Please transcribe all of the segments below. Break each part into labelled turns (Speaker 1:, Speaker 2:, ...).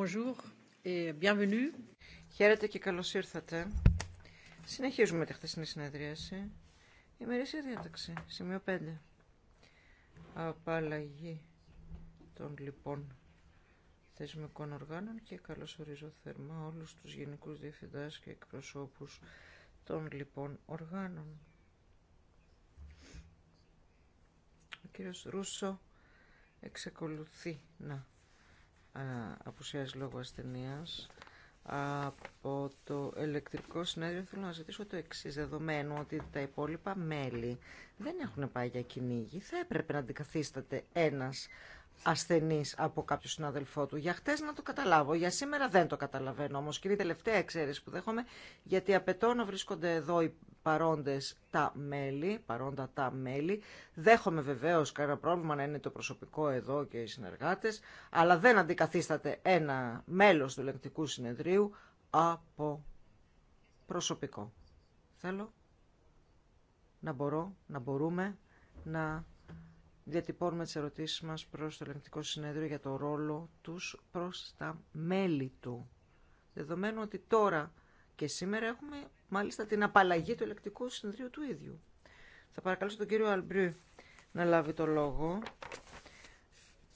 Speaker 1: Bonjour et bienvenue. Χαίρετε και καλώ ήρθατε. Συνεχίζουμε τη χθεσινή συνεδρίαση. Ημερήσια διάταξη, σημείο 5. Απαλλαγή των λοιπόν θεσμικών οργάνων και καλώς ορίζω θερμά όλους τους γενικούς διευθυντάς και εκπροσώπους των λοιπόν οργάνων. Ο κύριο Ρούσο εξακολουθεί να απουσίας λόγω ασθενείας από το ηλεκτρικό συνέδριο θέλω να ζητήσω το εξή δεδομένου ότι τα υπόλοιπα μέλη δεν έχουν πάει για κυνήγι θα έπρεπε να αντικαθίσταται ένας ασθενής από κάποιο συνάδελφό του για χτες να το καταλάβω, για σήμερα δεν το καταλαβαίνω όμως και τελευταία εξαίρεση που δέχομαι γιατί απαιτώ να βρίσκονται εδώ οι παρόντες τα μέλη, παρόντα τα μέλη. Δέχομαι βεβαίως κανένα πρόβλημα να είναι το προσωπικό εδώ και οι συνεργάτες, αλλά δεν αντικαθίσταται ένα μέλος του ελεγκτικού συνεδρίου από προσωπικό. Θέλω να μπορώ, να μπορούμε να διατυπώνουμε τις ερωτήσεις μας προς το ελεγκτικό συνέδριο για το ρόλο τους προς τα μέλη του. Δεδομένου ότι τώρα και σήμερα έχουμε μάλιστα την απαλλαγή του ελεκτικού Συνδρίου του ίδιου. Θα παρακαλώ τον κύριο Αλμπρίου να λάβει το λόγο.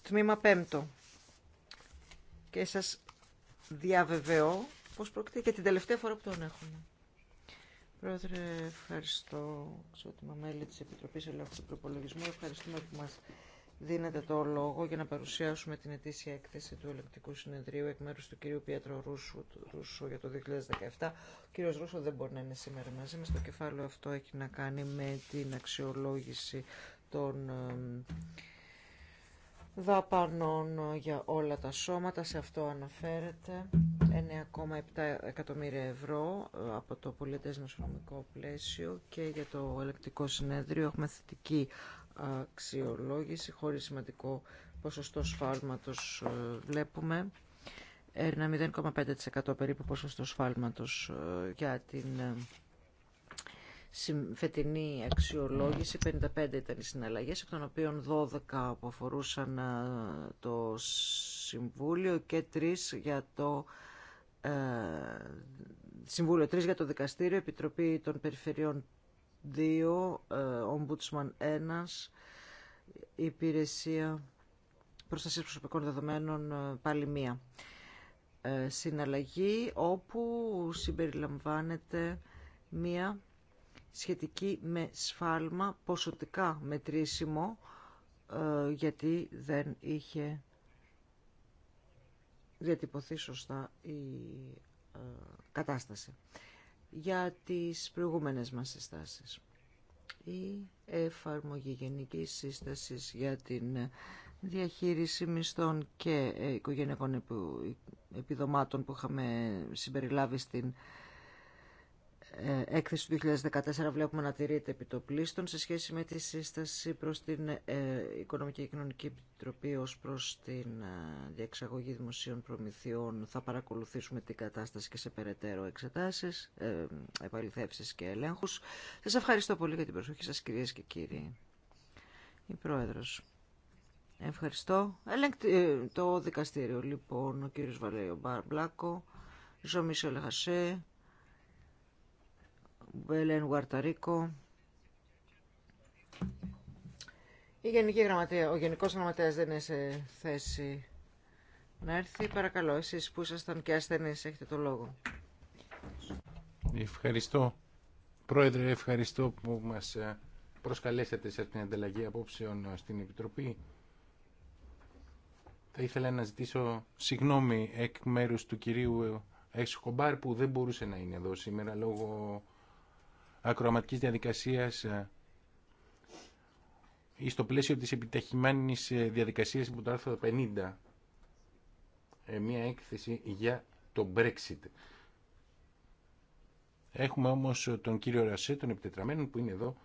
Speaker 1: Τμήμα 5. Και σας διαβεβαιώ πώς πρόκειται και την τελευταία φορά που τον έχουμε. Πρόεδρε, ευχαριστώ. είμαι μέλη της Επιτροπής Ελέγχου του Προπολογισμού. Ευχαριστούμε που μας δίνεται το λόγο για να παρουσιάσουμε την ετήσια έκθεση του Ελεκτικού Συνεδρίου εκ μέρους του κυρίου Πιέτρο Ρούσου, για το 2017. Ο κύριος Ρούσο δεν μπορεί να είναι σήμερα μαζί μας. Το κεφάλαιο αυτό έχει να κάνει με την αξιολόγηση των δαπανών για όλα τα σώματα. Σε αυτό αναφέρεται 9,7 εκατομμύρια ευρώ ε, από το πολιτές νοσονομικό πλαίσιο και για το ελεκτικό συνέδριο έχουμε θετική αξιολόγηση χωρίς σημαντικό ποσοστό σφάλματος ε, βλέπουμε ένα 0,5% περίπου ποσοστό σφάλματος ε, για την ε, φετινή αξιολόγηση 55 ήταν οι συναλλαγές εκ των οποίων 12 που αφορούσαν το Συμβούλιο και 3 για το Συμβούλιο 3 για το Δικαστήριο Επιτροπή των Περιφερειών 2, ε, Ombudsman ένας Υπηρεσία Προστασίας Προσωπικών Δεδομένων ε, πάλι μία. Ε, συναλλαγή όπου συμπεριλαμβάνεται μία σχετική με σφάλμα ποσοτικά μετρήσιμο γιατί δεν είχε διατυπωθεί σωστά η κατάσταση για τις προηγούμενες μας συστάσεις. Η εφαρμογή γενική σύσταση για την διαχείριση μισθών και οικογενειακών επιδομάτων που είχαμε συμπεριλάβει στην ε, έκθεση του 2014 βλέπουμε να τηρείται πλήστον σε σχέση με τη σύσταση προς την ε, Οικονομική και Κοινωνική Επιτροπή ως προς την ε, διεξαγωγή δημοσίων προμηθειών. Θα παρακολουθήσουμε την κατάσταση και σε περαιτέρω εξετάσεις, ε, και ελέγχους. Σας ευχαριστώ πολύ για την προσοχή σας κυρίες και κύριοι. Η Πρόεδρος. Ευχαριστώ. Ελέγχτε το δικαστήριο λοιπόν ο κύριος Βαλέιο Μπλάκο, Ζωμίσιο Λεχασέ, Βελέν Γουαρταρίκο. Η Γενική ο Γενικός Γραμματέας δεν είναι σε θέση να έρθει. Παρακαλώ, εσείς που ήσασταν και ασθενείς, έχετε το λόγο.
Speaker 2: Ευχαριστώ. Πρόεδρε, ευχαριστώ που μας ε, προσκαλέσατε σε αυτήν την ανταλλαγή απόψεων ε, στην Επιτροπή. Θα ήθελα να ζητήσω συγγνώμη εκ μέρους του κυρίου Εξκομπάρ που δεν μπορούσε να είναι εδώ σήμερα λόγω ακροαματικής διαδικασίας ε, ή στο πλαίσιο της επιταχυμένης ε, διαδικασίας που το άρθρο 50 ε, μια έκθεση για το Brexit. Έχουμε όμως τον κύριο Ρασέ, τον επιτετραμένο που είναι εδώ,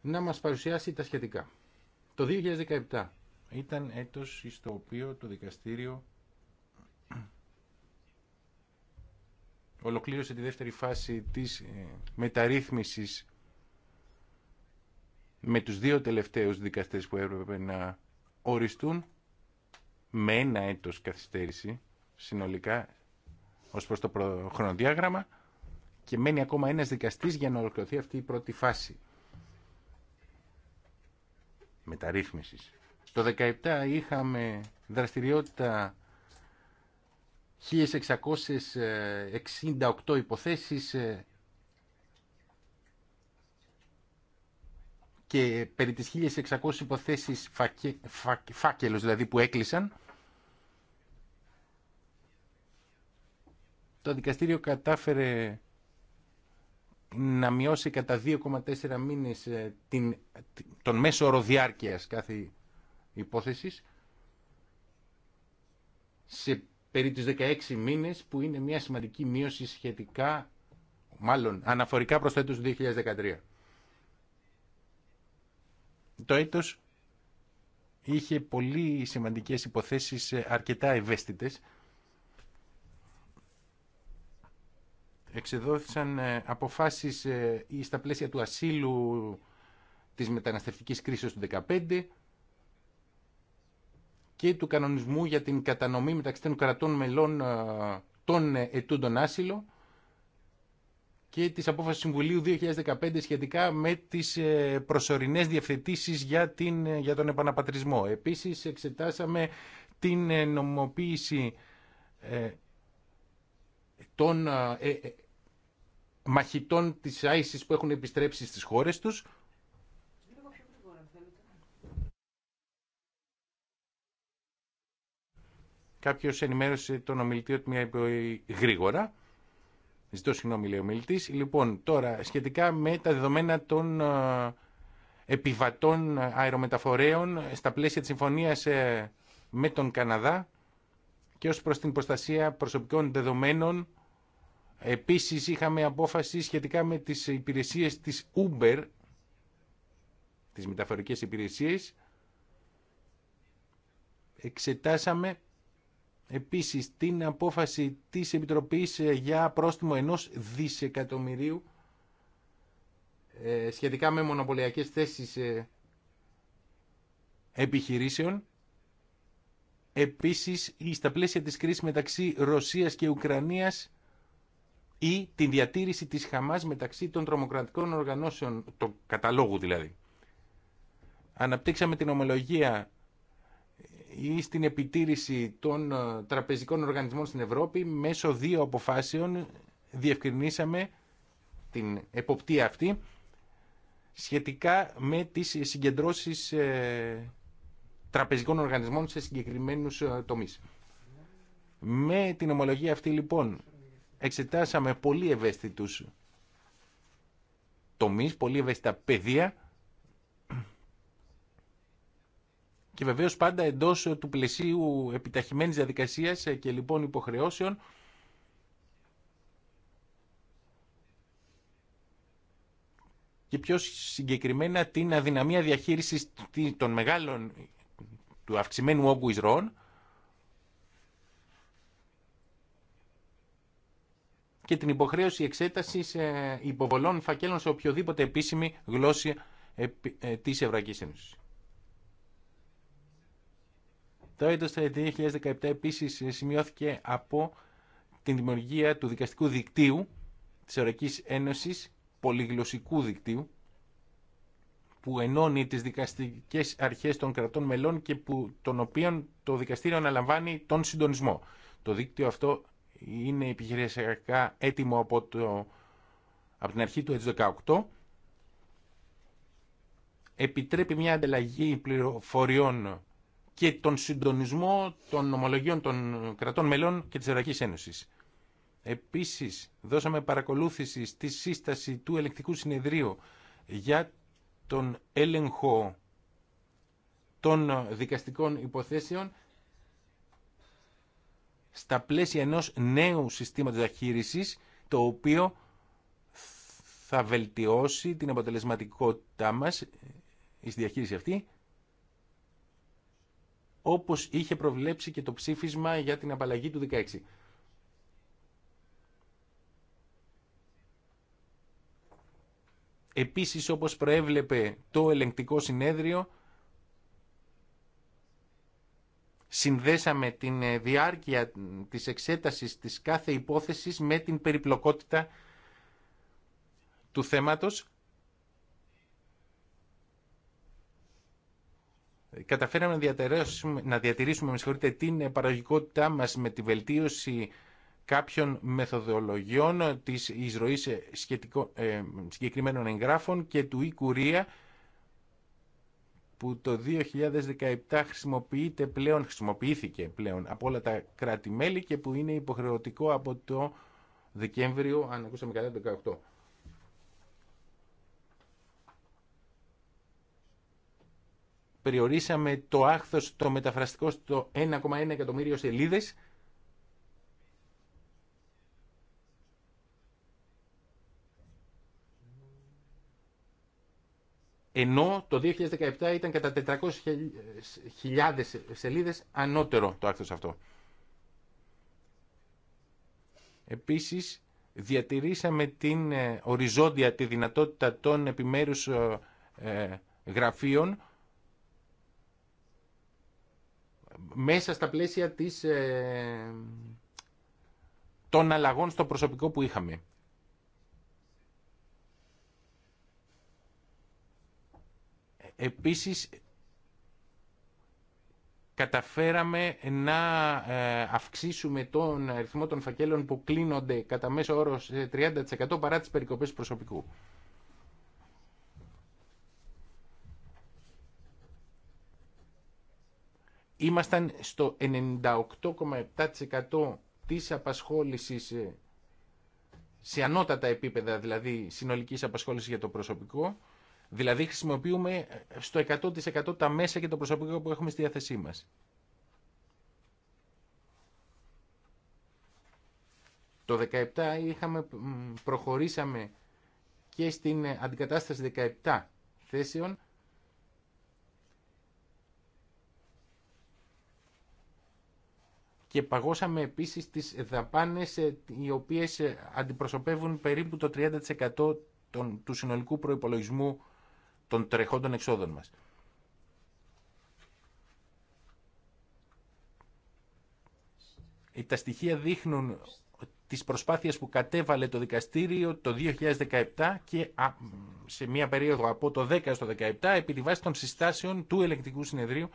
Speaker 2: να μας παρουσιάσει τα σχετικά. Το 2017 ήταν έτος στο οποίο το δικαστήριο ολοκλήρωσε τη δεύτερη φάση της ε, μεταρρύθμισης με τους δύο τελευταίους δικαστές που έπρεπε να οριστούν με ένα έτος καθυστέρηση συνολικά ως προς το χρονοδιάγραμμα και μένει ακόμα ένας δικαστής για να ολοκληρωθεί αυτή η πρώτη φάση μεταρρύθμισης. Το 17 είχαμε δραστηριότητα 1668 υποθέσεις ε, και περί τις 1600 υποθέσεις φάκε, δηλαδή που έκλεισαν το δικαστήριο κατάφερε να μειώσει κατά 2,4 μήνες ε, την, τον μέσο όρο κάθε υπόθεσης σε περί τις 16 μήνες που είναι μια σημαντική μείωση σχετικά, μάλλον αναφορικά προς το έτος 2013. Το έτος είχε πολύ σημαντικές υποθέσεις ε, αρκετά ευαίσθητες. Εξεδόθησαν ε, αποφάσεις ε, στα πλαίσια του ασύλου της μεταναστευτικής κρίσης του 2015, και του κανονισμού για την κατανομή μεταξύ των κρατών μελών ε, των ετούντων άσυλο και της απόφασης Συμβουλίου 2015 σχετικά με τις ε, προσωρινές διευθετήσεις για, την, ε, για τον επαναπατρισμό. Επίσης εξετάσαμε την νομοποίηση των μαχητών της ISIS που έχουν επιστρέψει στις χώρες τους Κάποιο ενημέρωσε τον ομιλητή ότι μια είπε γρήγορα. Ζητώ συγγνώμη, λέει ο ομιλητή. Λοιπόν, τώρα, σχετικά με τα δεδομένα των ε, επιβατών αερομεταφορέων στα πλαίσια της συμφωνίας ε, με τον Καναδά και ω προς την προστασία προσωπικών δεδομένων. Επίσης είχαμε απόφαση σχετικά με τις υπηρεσίες της Uber, τις μεταφορικές υπηρεσίες. Εξετάσαμε επίσης την απόφαση της Επιτροπής ε, για πρόστιμο ενός δισεκατομμυρίου ε, σχετικά με μονοπωλιακές θέσεις ε, επιχειρήσεων. Επίσης, στα πλαίσια της κρίσης μεταξύ Ρωσίας και Ουκρανίας ή την διατήρηση της Χαμάς μεταξύ των τρομοκρατικών οργανώσεων, το καταλόγου δηλαδή. Αναπτύξαμε την ομολογία ή στην επιτήρηση των ε, τραπεζικών οργανισμών στην Ευρώπη μέσω δύο αποφάσεων διευκρινίσαμε την εποπτεία αυτή σχετικά με τις συγκεντρώσεις ε, τραπεζικών οργανισμών σε συγκεκριμένους ε, τομείς. Με την ομολογία αυτή λοιπόν εξετάσαμε πολύ ευαίσθητους τομείς, πολύ ευαίσθητα πεδία και βεβαίως πάντα εντός ε, του πλαισίου επιταχυμένης διαδικασίας ε, και λοιπόν υποχρεώσεων και πιο συγκεκριμένα την αδυναμία διαχείρισης των μεγάλων του αυξημένου όγκου εισρώων και την υποχρέωση εξέτασης ε, υποβολών φακέλων σε οποιοδήποτε επίσημη γλώσσα της Ευρωπαϊκής Ένωσης. Το έτος 2017 επίσης σημειώθηκε από την δημιουργία του δικαστικού δικτύου της Ευρωπαϊκής Ένωσης, πολυγλωσσικού δικτύου, που ενώνει τις δικαστικές αρχές των κρατών μελών και που, των οποίων το δικαστήριο αναλαμβάνει τον συντονισμό. Το δίκτυο αυτό είναι επιχειρησιακά έτοιμο από, το, από την αρχή του 2018, 18 επιτρέπει μια ανταλλαγή πληροφοριών και τον συντονισμό των ομολογίων των κρατών μελών και της Ευρωπαϊκής Ένωσης. Επίσης, δώσαμε παρακολούθηση στη σύσταση του ελεκτικού συνεδρίου για τον έλεγχο των δικαστικών υποθέσεων στα πλαίσια ενός νέου συστήματος διαχείρισης, το οποίο θα βελτιώσει την αποτελεσματικότητά μας στη διαχείριση αυτή όπως είχε προβλέψει και το ψήφισμα για την απαλλαγή του 16. Επίσης, όπως προέβλεπε το ελεγκτικό συνέδριο, συνδέσαμε την ε, διάρκεια της εξέτασης της κάθε υπόθεσης με την περιπλοκότητα του θέματος καταφέραμε να διατηρήσουμε, να συγχωρείτε, την παραγωγικότητά μας με τη βελτίωση κάποιων μεθοδολογιών της εισρωής ε, σχετικό, ε, συγκεκριμένων εγγράφων και του e που το 2017 χρησιμοποιείται πλέον, χρησιμοποιήθηκε πλέον από όλα τα κράτη-μέλη και που είναι υποχρεωτικό από το Δεκέμβριο, αν ακούσαμε 18. περιορίσαμε το άχθος το μεταφραστικό στο 1,1 εκατομμύριο σελίδες ενώ το 2017 ήταν κατά 400.000 σελίδες ανώτερο το άκθος αυτό. Επίσης, διατηρήσαμε την ε, οριζόντια τη δυνατότητα των επιμέρους ε, ε, γραφείων μέσα στα πλαίσια της, ε, των αλλαγών στο προσωπικό που είχαμε. Επίσης, καταφέραμε να ε, αυξήσουμε τον αριθμό των φακέλων που κλείνονται κατά μέσο όρο σε 30% παρά τις περικοπές προσωπικού. ήμασταν στο 98,7% της απασχόλησης ε, σε ανώτατα επίπεδα, δηλαδή συνολικής απασχόλησης για το προσωπικό, δηλαδή χρησιμοποιούμε ε, στο 100% τα μέσα και το προσωπικό που έχουμε στη διάθεσή μας. Το 17 είχαμε, προχωρήσαμε και στην ε, αντικατάσταση 17 θέσεων και παγώσαμε επίσης τις δαπάνες ε, οι οποίες ε, αντιπροσωπεύουν περίπου το 30% του συνολικού προϋπολογισμού των τρεχόντων εξόδων μας. Ε, τα στοιχεία δείχνουν τις προσπάθειες που κατέβαλε το δικαστήριο το 2017 και σε μία περίοδο από το 10 στο 17 επί τη βάση των συστάσεων του ελεκτικού συνεδρίου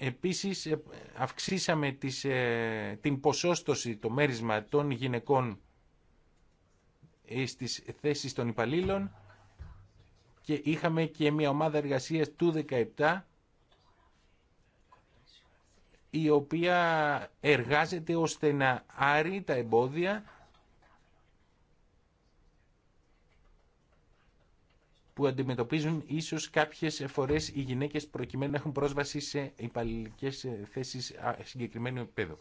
Speaker 2: Επίσης ε, αυξήσαμε τις, ε, την ποσόστοση, το μέρισμα των γυναικών ε, στις θέσεις των υπαλλήλων και είχαμε και μια ομάδα εργασίας του 17 η οποία εργάζεται ώστε να άρει τα εμπόδια που αντιμετωπίζουν ίσως κάποιες φορέ οι γυναίκες προκειμένου να έχουν πρόσβαση σε υπαλληλικέ ε, θέσεις συγκεκριμένου επίπεδου.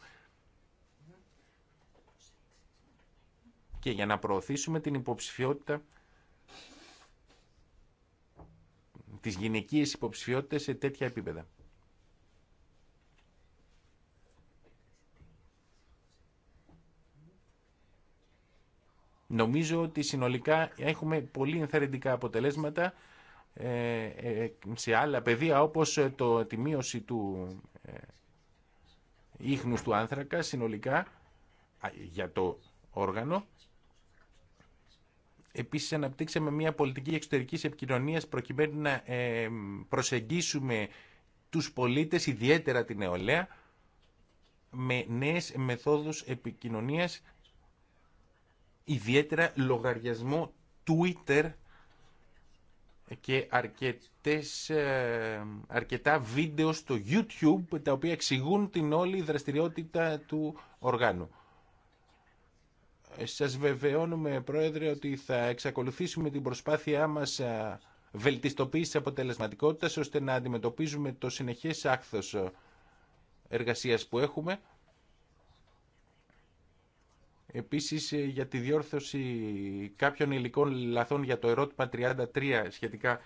Speaker 2: Και για να προωθήσουμε την υποψηφιότητα τις γυναικείες υποψηφιότητες σε τέτοια επίπεδα. Νομίζω ότι συνολικά έχουμε πολύ ενθαρρυντικά αποτελέσματα ε, ε, σε άλλα πεδία όπως ε, το, τη μείωση του ίχνους του άνθρακα συνολικά για το όργανο. Επίσης αναπτύξαμε μια πολιτική εξωτερικής επικοινωνίας προκειμένου να προσεγγίσουμε τους πολίτες, ιδιαίτερα την νεολαία, με νέες μεθόδους επικοινωνίας ιδιαίτερα λογαριασμό Twitter και αρκετές, ε, αρκετά βίντεο στο YouTube τα οποία εξηγούν την όλη δραστηριότητα του οργάνου. Σας βεβαιώνουμε, Πρόεδρε, ότι θα εξακολουθήσουμε την προσπάθειά μας ε, βελτιστοποίησης αποτελεσματικότητας ώστε να αντιμετωπίζουμε το συνεχές άκθος ε, εργασίας που έχουμε Επίσης ε, για τη διόρθωση κάποιων υλικών λαθών για το ερώτημα 33 σχετικά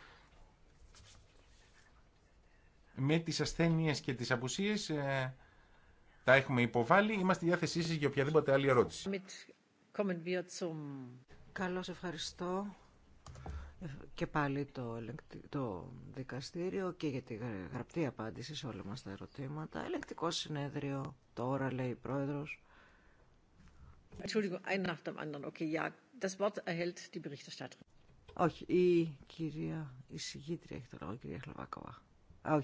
Speaker 2: με τις ασθένειες και τις απουσίες ε, τα έχουμε υποβάλει. Είμαστε διάθεσή για οποιαδήποτε άλλη ερώτηση.
Speaker 1: Καλώς ευχαριστώ και πάλι το, το δικαστήριο και για τη γραπτή απάντηση σε όλα μας τα ερωτήματα. Ελεκτικό συνέδριο τώρα λέει η Πρόεδρος. Όχι, η κυρία εισηγήτρια έχει τώρα η κυρία Χλαβάκοβα.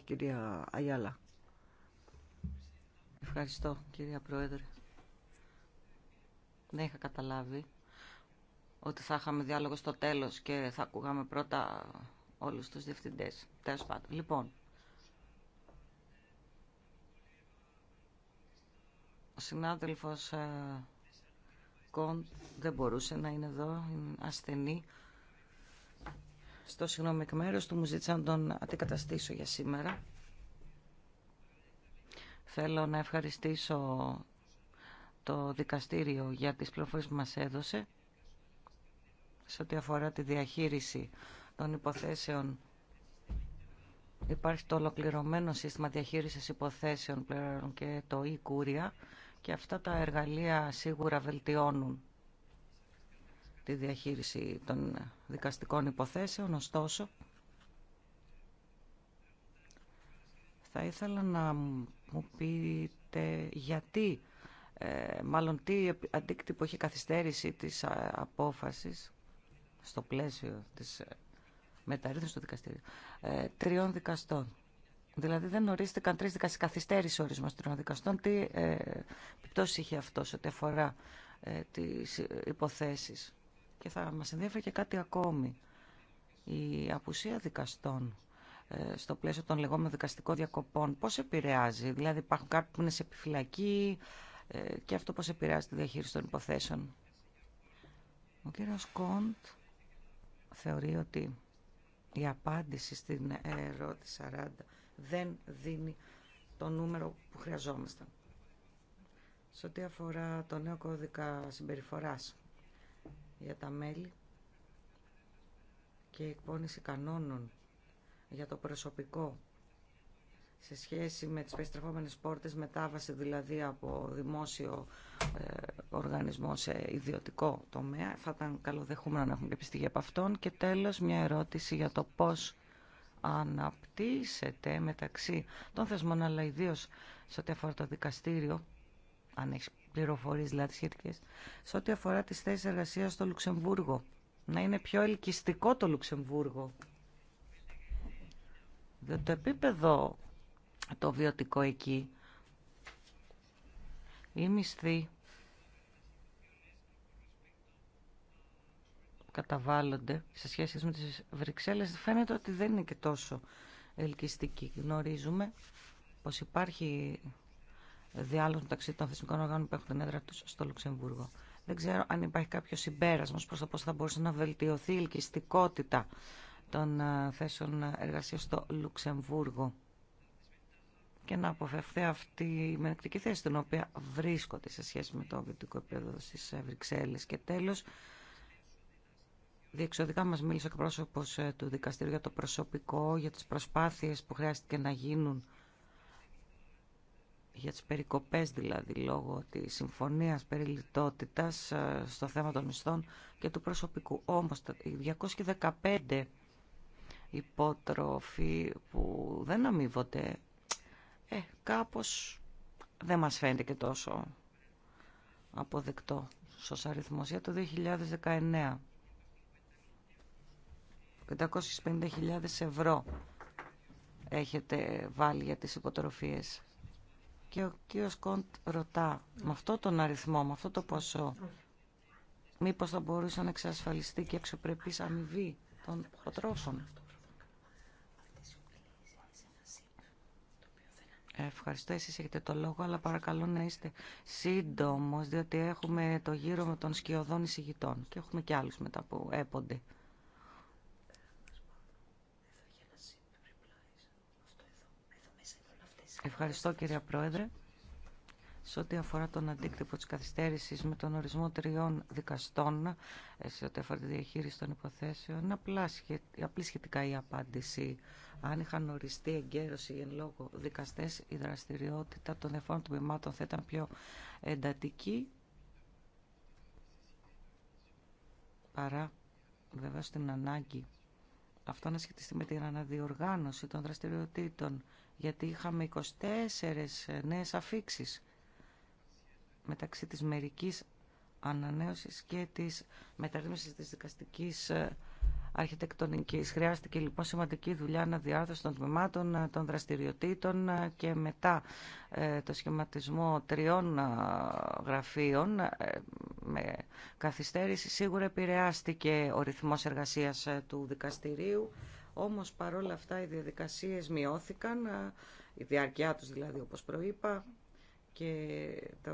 Speaker 1: κυρία Αγιάλα. Ευχαριστώ,
Speaker 3: κυρία Πρόεδρε. Δεν είχα καταλάβει ότι θα είχαμε διάλογο στο τέλος και θα ακούγαμε πρώτα όλους τους διευθυντές. Τέλος πάντων. Λοιπόν, ο συνάδελφος ε, δεν μπορούσε να είναι εδώ, είναι ασθενή. Στο συγγνώμη εκ μέρους του μου ζήτησα να τον αντικαταστήσω για σήμερα. Θέλω να ευχαριστήσω το δικαστήριο για τις πληροφορίες που μας έδωσε σε ό,τι αφορά τη διαχείριση των υποθέσεων υπάρχει το ολοκληρωμένο σύστημα διαχείρισης υποθέσεων πλέον και το e-Courier και αυτά τα εργαλεία σίγουρα βελτιώνουν τη διαχείριση των δικαστικών υποθέσεων, ωστόσο θα ήθελα να μου πείτε γιατί, ε, μάλλον τι αντίκτυπο έχει καθυστέρηση της ε, απόφασης στο πλαίσιο της ε, μεταρρύθμισης του δικαστήριου τριών δικαστών Δηλαδή δεν ορίστηκαν τρεις δικασίες, καθυστέρησε ορισμός των δικαστών. Τι ε, πτώση είχε σε ό,τι αφορά ε, τις υποθέσεις. Και θα μας ενδιαφέρει και κάτι ακόμη. Η απουσία δικαστών ε, στο πλαίσιο των λεγόμενων δικαστικών διακοπών, πώς επηρεάζει. Δηλαδή υπάρχουν κάποιοι που είναι σε επιφυλακή ε, και αυτό πώς επηρεάζει τη διαχείριση των υποθέσεων. Ο κύριος Κοντ θεωρεί ότι η απάντηση στην ερώτηση 40 δεν δίνει το νούμερο που χρειαζόμασταν. Σε ό,τι αφορά το νέο κώδικα συμπεριφοράς για τα μέλη και η εκπόνηση κανόνων για το προσωπικό σε σχέση με τις περιστρεφόμενες πόρτες, μετάβαση δηλαδή από δημόσιο ε, οργανισμό σε ιδιωτικό τομέα. Θα ήταν καλοδεχούμενο να έχουμε και από αυτόν. Και τέλος μια ερώτηση για το πώς αναπτύσσεται μεταξύ των θεσμών αλλά ιδίω σε ό,τι αφορά το δικαστήριο, αν έχει πληροφορίες δηλαδή σχετικές, σε ό,τι αφορά τις θέσεις εργασίας στο Λουξεμβούργο. Να είναι πιο ελκυστικό το Λουξεμβούργο. Διότι το επίπεδο το βιωτικό εκεί, η μισθή καταβάλλονται σε σχέση με τις Βρυξέλλες φαίνεται ότι δεν είναι και τόσο ελκυστική. Γνωρίζουμε πως υπάρχει διάλογο μεταξύ των θεσμικών οργάνων που έχουν την έδρα του στο Λουξεμβούργο. Δεν ξέρω αν υπάρχει κάποιο συμπέρασμα προς το πώς θα μπορούσε να βελτιωθεί η ελκυστικότητα των ε, θέσεων εργασίας στο Λουξεμβούργο και να αποφευθεί αυτή η μενεκτική θέση στην οποία βρίσκονται σε σχέση με το βιωτικό επίπεδο στις Βρυξέλλες. Και τέλος, Διεξοδικά μας μίλησε ο εκπρόσωπος ε, του δικαστήριου για το προσωπικό, για τις προσπάθειες που χρειάστηκε να γίνουν για τις περικοπές δηλαδή λόγω της συμφωνίας λιτότητας ε, στο θέμα των μισθών και του προσωπικού. Όμως οι 215 υπότροφοι που δεν αμείβονται ε, κάπως δεν μας φαίνεται και τόσο αποδεκτό στους αριθμός για το 2019. 550.000 ευρώ έχετε βάλει για τις υποτροφίες. Και ο κύριος Κοντ ρωτά, με αυτό τον αριθμό, με αυτό το ποσό, μήπως θα μπορούσε να εξασφαλιστεί και εξωπρεπής αμοιβή των υποτρόφων. Ευχαριστώ. Εσείς έχετε το λόγο, αλλά παρακαλώ να είστε σύντομος, διότι έχουμε το γύρο με τον σκιωδών εισηγητών και έχουμε και άλλους μετά που έπονται. Ευχαριστώ κυρία Πρόεδρε. Σε ό,τι αφορά τον αντίκτυπο της καθυστέρησης με τον ορισμό τριών δικαστών, ε, σε ό,τι αφορά τη διαχείριση των υποθέσεων, είναι απλά, απλή σχετικά η απάντηση. Αν είχαν οριστεί εγκαίρως οι εν λόγω δικαστές, η δραστηριότητα των του τμήματων θα ήταν πιο εντατική παρά βεβαίω την ανάγκη αυτό να σχετιστεί με την αναδιοργάνωση των δραστηριοτήτων γιατί είχαμε 24 ε, νέες αφήξεις μεταξύ της μερικής ανανέωσης και της μεταρρύθμισης της δικαστικής ε, αρχιτεκτονικής. Χρειάστηκε λοιπόν σημαντική δουλειά αναδιάρθρωση των τμήματων, ε, των δραστηριοτήτων και μετά το σχηματισμό τριών γραφείων με καθυστέρηση σίγουρα επηρεάστηκε ο ρυθμός εργασίας του δικαστηρίου όμως παρόλα αυτά οι διαδικασίες μειώθηκαν, η διάρκειά τους δηλαδή όπως προείπα, και το,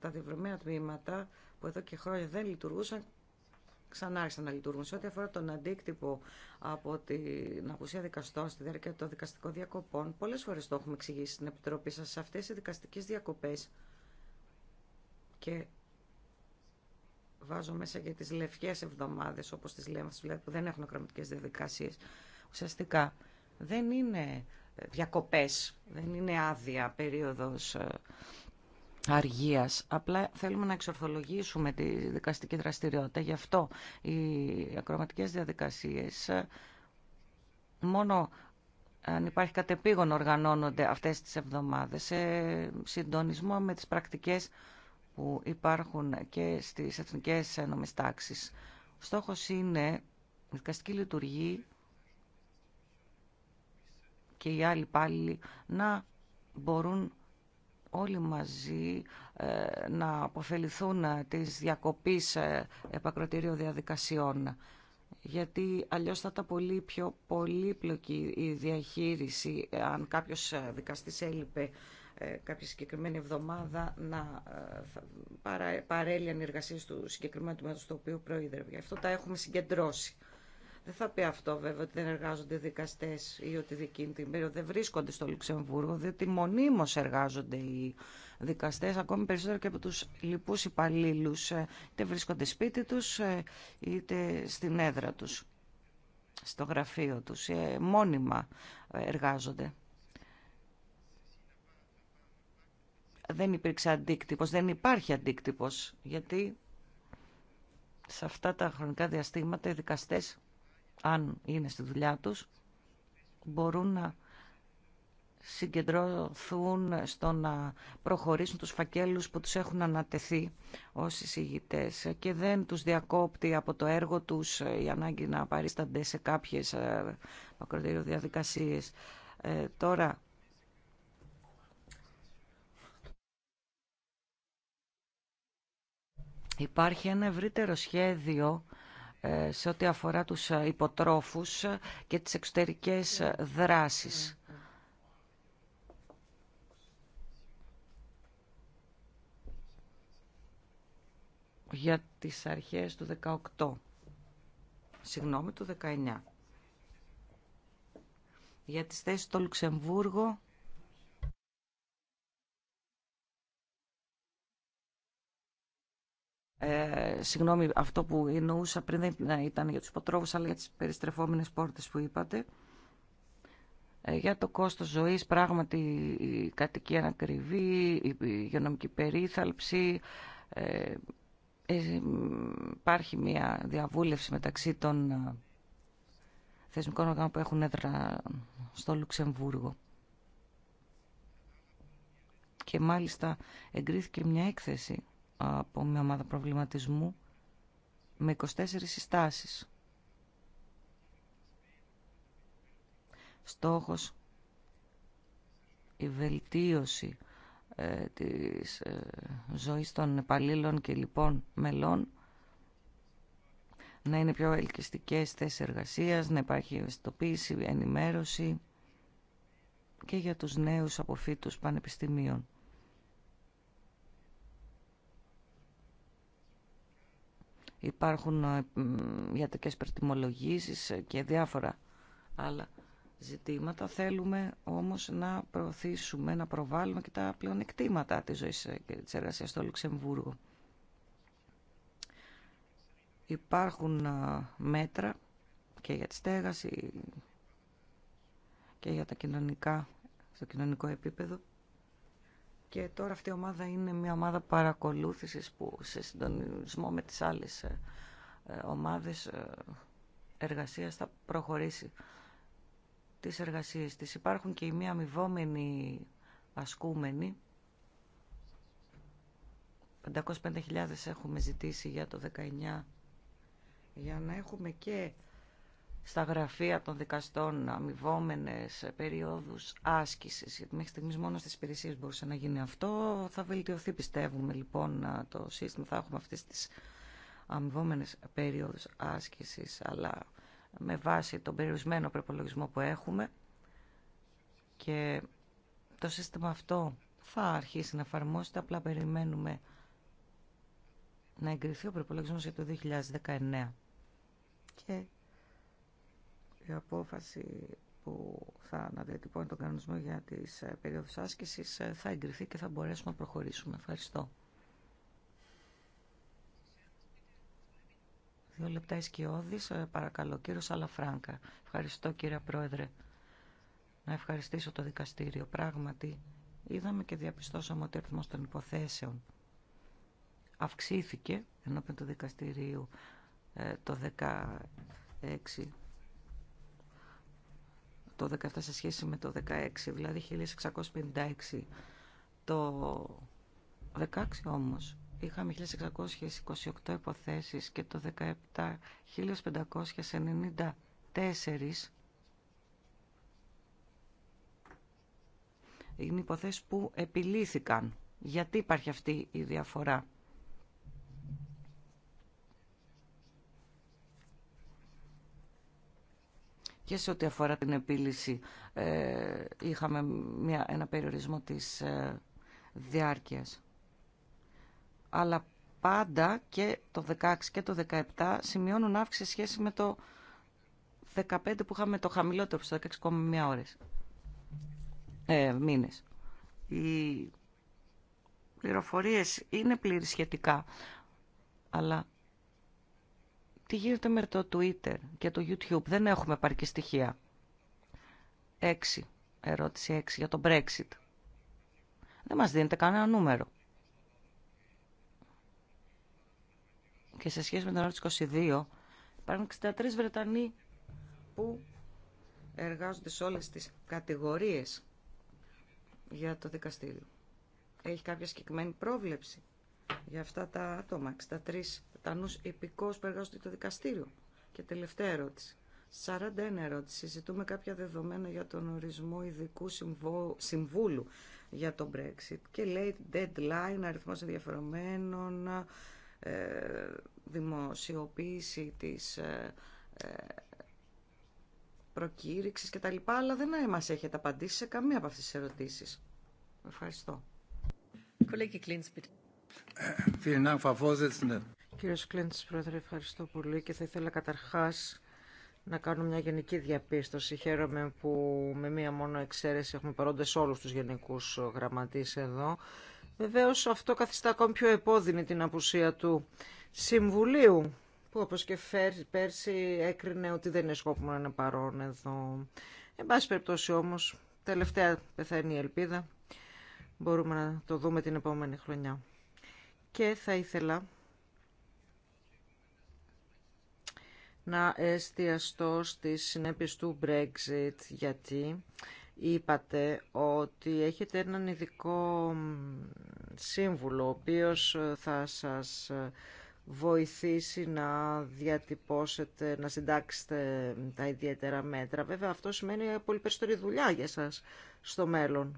Speaker 3: τα διευρωμένα τμήματα που εδώ και χρόνια δεν λειτουργούσαν ξανά άρχισαν να λειτουργούν. Σε ό,τι αφορά τον αντίκτυπο από την απουσία δικαστών στη διάρκεια των δικαστικών διακοπών, πολλές φορές το έχουμε εξηγήσει στην Επιτροπή σας, σε αυτές οι δικαστικές διακοπές και βάζω μέσα για τις λευκές εβδομάδες, όπως τις λέμε, δηλαδή που δεν έχουν ακροματικές διαδικασίες, Ουσιαστικά δεν είναι ε, διακοπές, δεν είναι άδεια περίοδος ε, αργίας. Απλά θέλουμε να εξορθολογήσουμε τη δικαστική δραστηριότητα. Γι' αυτό οι ακροματικές διαδικασίες ε, μόνο αν υπάρχει κατεπήγον οργανώνονται αυτές τις εβδομάδες σε συντονισμό με τις πρακτικές που υπάρχουν και στις εθνικές νομιστάξεις. Στόχος είναι η δικαστική λειτουργή και οι άλλοι πάλι να μπορούν όλοι μαζί ε, να αποφεληθούν ε, της διακοπής ε, επακροτηρίου διαδικασιών γιατί αλλιώς θα ήταν πολύ πιο πολύπλοκη η διαχείριση αν κάποιος δικαστής έλειπε κάποια συγκεκριμένη εβδομάδα να παρέλυαν οι εργασίες του συγκεκριμένου τμήματος το οποίο προείδρευε. Γι' αυτό τα έχουμε συγκεντρώσει. Δεν θα πει αυτό βέβαια ότι δεν εργάζονται δικαστέ ή ότι δικήν την περίοδο δεν βρίσκονται στο Λουξεμβούργο, διότι μονίμω εργάζονται οι δικαστέ, ακόμη περισσότερο και από του λοιπού υπαλλήλου. Ε, είτε βρίσκονται σπίτι του, ε, είτε στην έδρα του, στο γραφείο του. Ε, μόνιμα εργάζονται. Δεν υπήρξε αντίκτυπος, δεν υπάρχει αντίκτυπος, γιατί σε αυτά τα χρονικά διαστήματα οι δικαστές αν είναι στη δουλειά τους, μπορούν να συγκεντρωθούν στο να προχωρήσουν τους φακέλους που τους έχουν ανατεθεί ως εισηγητές και δεν τους διακόπτει από το έργο τους η ανάγκη να παρίστανται σε κάποιες ε, μακροτήριο διαδικασίες. Ε, τώρα, υπάρχει ένα ευρύτερο σχέδιο ε, σε ό,τι αφορά τους ε, υποτρόφους και τις εξωτερικές ε, δράσεις. Για τις αρχές του 18, συγγνώμη, του 19. Για τις θέσεις στο Λουξεμβούργο Ε, συγγνώμη, αυτό που εννοούσα πριν δεν ήταν για τους υποτρόφους αλλά για τις περιστρεφόμενες πόρτες που είπατε. Ε, για το κόστος ζωής, πράγματι η κατοικία ανακριβή, η υγειονομική περίθαλψη. Ε, ε, υπάρχει μια διαβούλευση μεταξύ των θεσμικών οργάνων που έχουν έδρα στο Λουξεμβούργο. Και μάλιστα εγκρίθηκε μια έκθεση από μια ομάδα προβληματισμού με 24 συστάσεις. Στόχος η βελτίωση ε, της ε, ζωής των επαλλήλων και λοιπόν μελών να είναι πιο ελκυστικές θέσεις εργασίας, να υπάρχει ευαισθητοποίηση, ενημέρωση και για τους νέους αποφύτους πανεπιστημίων. Υπάρχουν ε, ιατρικές περτιμολογήσεις και διάφορα άλλα ζητήματα. Θέλουμε όμως να προωθήσουμε, να προβάλλουμε και τα πλεονεκτήματα της ζωής ε, και της εργασίας στο Λουξεμβούργο. Υπάρχουν ε, μέτρα και για τη στέγαση και για τα κοινωνικά, στο κοινωνικό επίπεδο. Και τώρα αυτή η ομάδα είναι μια ομάδα παρακολούθησης που σε συντονισμό με τις άλλες ε, ε, ομάδες ε, εργασίας θα προχωρήσει τις εργασίες της. Υπάρχουν και οι μη αμοιβόμενοι ασκούμενοι. 505.000 έχουμε ζητήσει για το 19 για να έχουμε και στα γραφεία των δικαστών αμοιβόμενε περίοδους άσκησης, Γιατί μέχρι στιγμή μόνο στις υπηρεσίε μπορούσε να γίνει αυτό. Θα βελτιωθεί, πιστεύουμε, λοιπόν, το σύστημα. Θα έχουμε αυτέ τι αμοιβόμενε περιόδους άσκησης, αλλά με βάση τον περιορισμένο προπολογισμό που έχουμε. Και το σύστημα αυτό θα αρχίσει να εφαρμόζεται, απλά περιμένουμε να εγκριθεί ο προπολογισμό για το 2019. Και η απόφαση που θα αναδιατυπώνει τον κανονισμό για τις ε, περίοδους άσκησης ε, θα εγκριθεί και θα μπορέσουμε να προχωρήσουμε. Ευχαριστώ. Δύο λεπτά ισκιώδης, ε, παρακαλώ. Κύριο Αλαφράγκα. Ευχαριστώ κύριε Πρόεδρε. Να ευχαριστήσω το δικαστήριο. Πράγματι, είδαμε και διαπιστώσαμε ότι ο των υποθέσεων αυξήθηκε ενώπιον του δικαστηρίου το 16 το 17 σε σχέση με το 16, δηλαδή 1656. Το 16 όμως είχαμε 1628 υποθέσεις και το 17 1594 είναι υποθέσεις που επιλύθηκαν. Γιατί υπάρχει αυτή η διαφορά. και σε ό,τι αφορά την επίλυση ε, είχαμε μια, ένα περιορισμό της ε, διάρκειας. Αλλά πάντα και το 16 και το 17 σημειώνουν αύξηση σχέση με το 15 που είχαμε το χαμηλότερο, στο 16,1 ώρες, ε, μήνες. Οι πληροφορίες είναι πλήρη σχετικά, αλλά τι γίνεται με το Twitter και το YouTube. Δεν έχουμε επαρκή στοιχεία. 6. Ερώτηση 6 για το Brexit. Δεν μας δίνεται κανένα νούμερο. Και σε σχέση με τον ερώτηση 22, υπάρχουν 63 Βρετανοί που εργάζονται σε όλες τις κατηγορίες για το δικαστήριο. Έχει κάποια συγκεκριμένη πρόβλεψη για αυτά τα άτομα, 63 Τάνος υπηκόους που εργάζονται το δικαστήριο. Και τελευταία ερώτηση. 41 ερώτηση. Συζητούμε κάποια δεδομένα για τον ορισμό ειδικού συμβούλου για το Brexit και λέει deadline, αριθμός ενδιαφερομένων, ε, δημοσιοποίηση της ε, ε, προκήρυξης κτλ. Αλλά δεν μας έχετε απαντήσει σε καμία από αυτέ τις ερωτήσεις. Ευχαριστώ.
Speaker 1: Κολέγη Vorsitzende. Κύριος Κλίντς, Πρόεδρε, ευχαριστώ πολύ και θα ήθελα καταρχάς να κάνω μια γενική διαπίστωση. Χαίρομαι που με μία μόνο εξαίρεση έχουμε παρόντες όλους τους γενικούς γραμματείς εδώ. Βεβαίως αυτό καθιστά ακόμη πιο επώδυνη την απουσία του Συμβουλίου που όπως και πέρσι έκρινε ότι δεν είναι σκόπιμο να είναι παρόν εδώ. Εν πάση περιπτώσει όμως, τελευταία πεθαίνει η ελπίδα. Μπορούμε να το δούμε την επόμενη χρονιά. Και θα ήθελα να εστιαστώ στις συνέπειες του Brexit, γιατί είπατε ότι έχετε έναν ειδικό σύμβουλο, ο οποίος θα σας βοηθήσει να διατυπώσετε, να συντάξετε τα ιδιαίτερα μέτρα. Βέβαια αυτό σημαίνει πολύ περισσότερη δουλειά για σας στο μέλλον.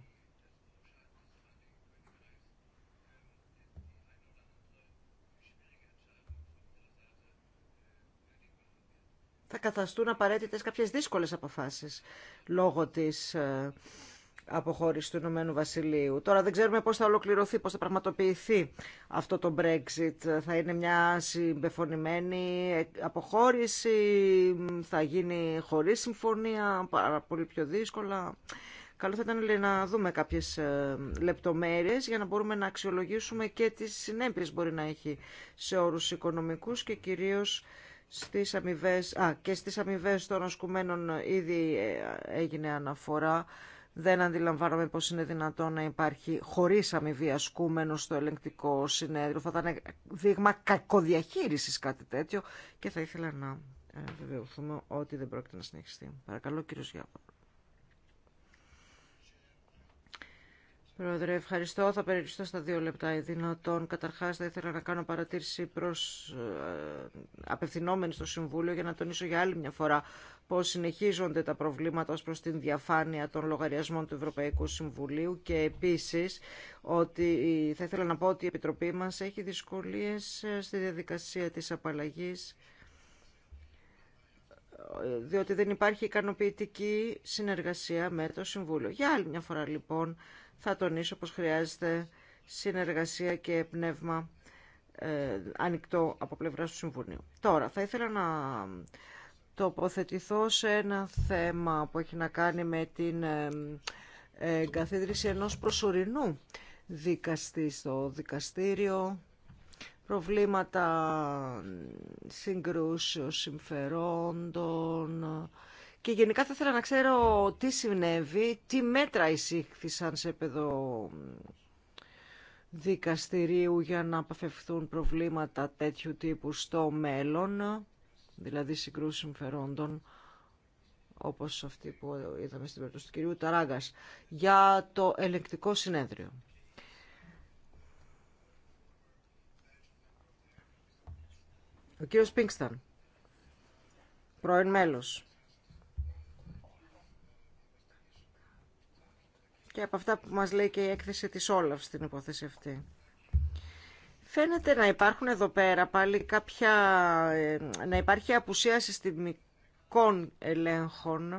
Speaker 1: θα καθαστούν απαραίτητες κάποιες δύσκολες αποφάσεις λόγω της ε, αποχώρηση του Ηνωμένου Βασιλείου. Τώρα δεν ξέρουμε πώς θα ολοκληρωθεί, πώς θα πραγματοποιηθεί αυτό το Brexit. Θα είναι μια συμπεφωνημένη αποχώρηση, θα γίνει χωρίς συμφωνία, πάρα πολύ πιο δύσκολα. Καλό θα ήταν λέει, να δούμε κάποιες ε, λεπτομέρειες για να μπορούμε να αξιολογήσουμε και τις συνέπειες μπορεί να έχει σε όρους οικονομικούς και κυρίως στις αμοιβές, α, και στις αμοιβέ των ασκουμένων ήδη ε, έγινε αναφορά. Δεν αντιλαμβάνομαι πώς είναι δυνατόν να υπάρχει χωρίς αμοιβή ασκούμενο στο ελεγκτικό συνέδριο. Θα ήταν δείγμα κακοδιαχείρισης κάτι τέτοιο και θα ήθελα να ε, βεβαιωθούμε ότι δεν πρόκειται να συνεχιστεί. Παρακαλώ κύριος Γιάννη. Πρόεδρε, ευχαριστώ. Θα περιοριστώ στα δύο λεπτά οι δυνατόν. Καταρχά, θα ήθελα να κάνω παρατήρηση προς ε, απευθυνόμενη στο Συμβούλιο για να τονίσω για άλλη μια φορά πώ συνεχίζονται τα προβλήματα ω προ την διαφάνεια των λογαριασμών του Ευρωπαϊκού Συμβουλίου και επίση ότι θα ήθελα να πω ότι η Επιτροπή μα έχει δυσκολίε ε, στη διαδικασία τη απαλλαγή διότι δεν υπάρχει ικανοποιητική συνεργασία με το Συμβούλιο. Για άλλη μια φορά λοιπόν θα τονίσω πως χρειάζεται συνεργασία και πνεύμα ε, ανοιχτό από πλευρά του Συμβουλίου. Τώρα, θα ήθελα να τοποθετηθώ σε ένα θέμα που έχει να κάνει με την ε, καθίδρυση ενός προσωρινού δικαστή στο δικαστήριο, προβλήματα συγκρούσεως συμφερόντων, και γενικά θα ήθελα να ξέρω τι συνέβη, τι μέτρα εισήχθησαν σε επίπεδο δικαστηρίου για να απαφευθούν προβλήματα τέτοιου τύπου στο μέλλον, δηλαδή συγκρούς συμφερόντων, όπως αυτή που είδαμε στην περίπτωση του κυρίου Ταράγκας, για το ελεκτικό συνέδριο. Ο κύριος Πίνξταν, πρώην μέλος και από αυτά που μας λέει και η έκθεση της Όλαφ στην υπόθεση αυτή. Φαίνεται να υπάρχουν εδώ πέρα πάλι κάποια, ε, να υπάρχει απουσία συστημικών ελέγχων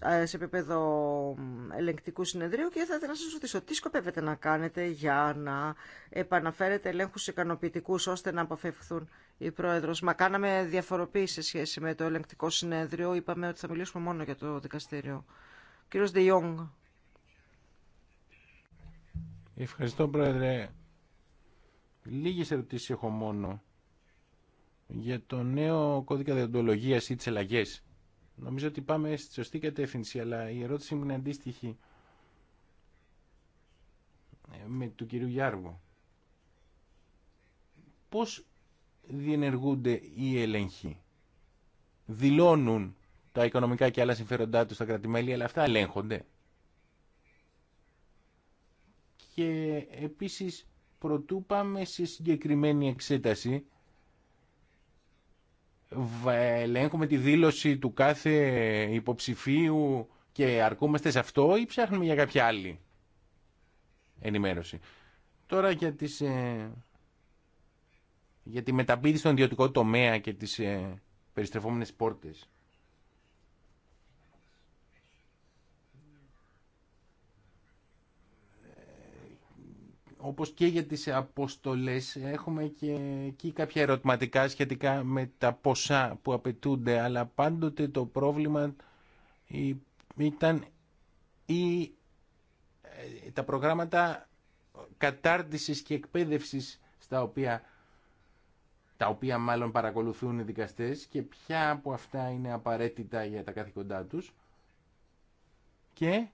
Speaker 1: ε, σε επίπεδο ελεγκτικού συνεδρίου και θα ήθελα να σας ρωτήσω τι σκοπεύετε να κάνετε για να επαναφέρετε ελέγχους ικανοποιητικού ώστε να αποφευχθούν οι πρόεδρος. Μα κάναμε διαφοροποίηση σε σχέση με το ελεγκτικό συνέδριο. Είπαμε ότι θα μιλήσουμε μόνο για το δικαστήριο. Κύριος Δε
Speaker 2: Ευχαριστώ Πρόεδρε. Λίγες ερωτήσεις έχω μόνο για το νέο κώδικα διοντολογίας ή τις ελλαγές. Νομίζω ότι πάμε στη σωστή κατεύθυνση, αλλά η ερώτηση μου είναι αντίστοιχη με του κυρίου Γιάργου. Πώς διενεργούνται οι έλεγχοι. Δηλώνουν τα οικονομικά και άλλα συμφέροντά τους στα κρατημέλη, αλλά αυτά ελέγχονται και επίσης προτού πάμε σε συγκεκριμένη εξέταση ελέγχουμε τη δήλωση του κάθε υποψηφίου και αρκούμαστε σε αυτό ή ψάχνουμε για κάποια άλλη ενημέρωση. Τώρα για, τις, ε, για τη μεταπίδηση στον ιδιωτικό τομέα και τις ε, περιστρεφόμενες πόρτες. όπως και για τις αποστολές έχουμε και εκεί κάποια ερωτηματικά σχετικά με τα ποσά που απαιτούνται αλλά πάντοτε το πρόβλημα ήταν ή ε, τα προγράμματα κατάρτισης και εκπαίδευσης στα οποία, τα οποία μάλλον παρακολουθούν οι δικαστές και ποια από αυτά είναι απαραίτητα για τα καθηκοντά τους και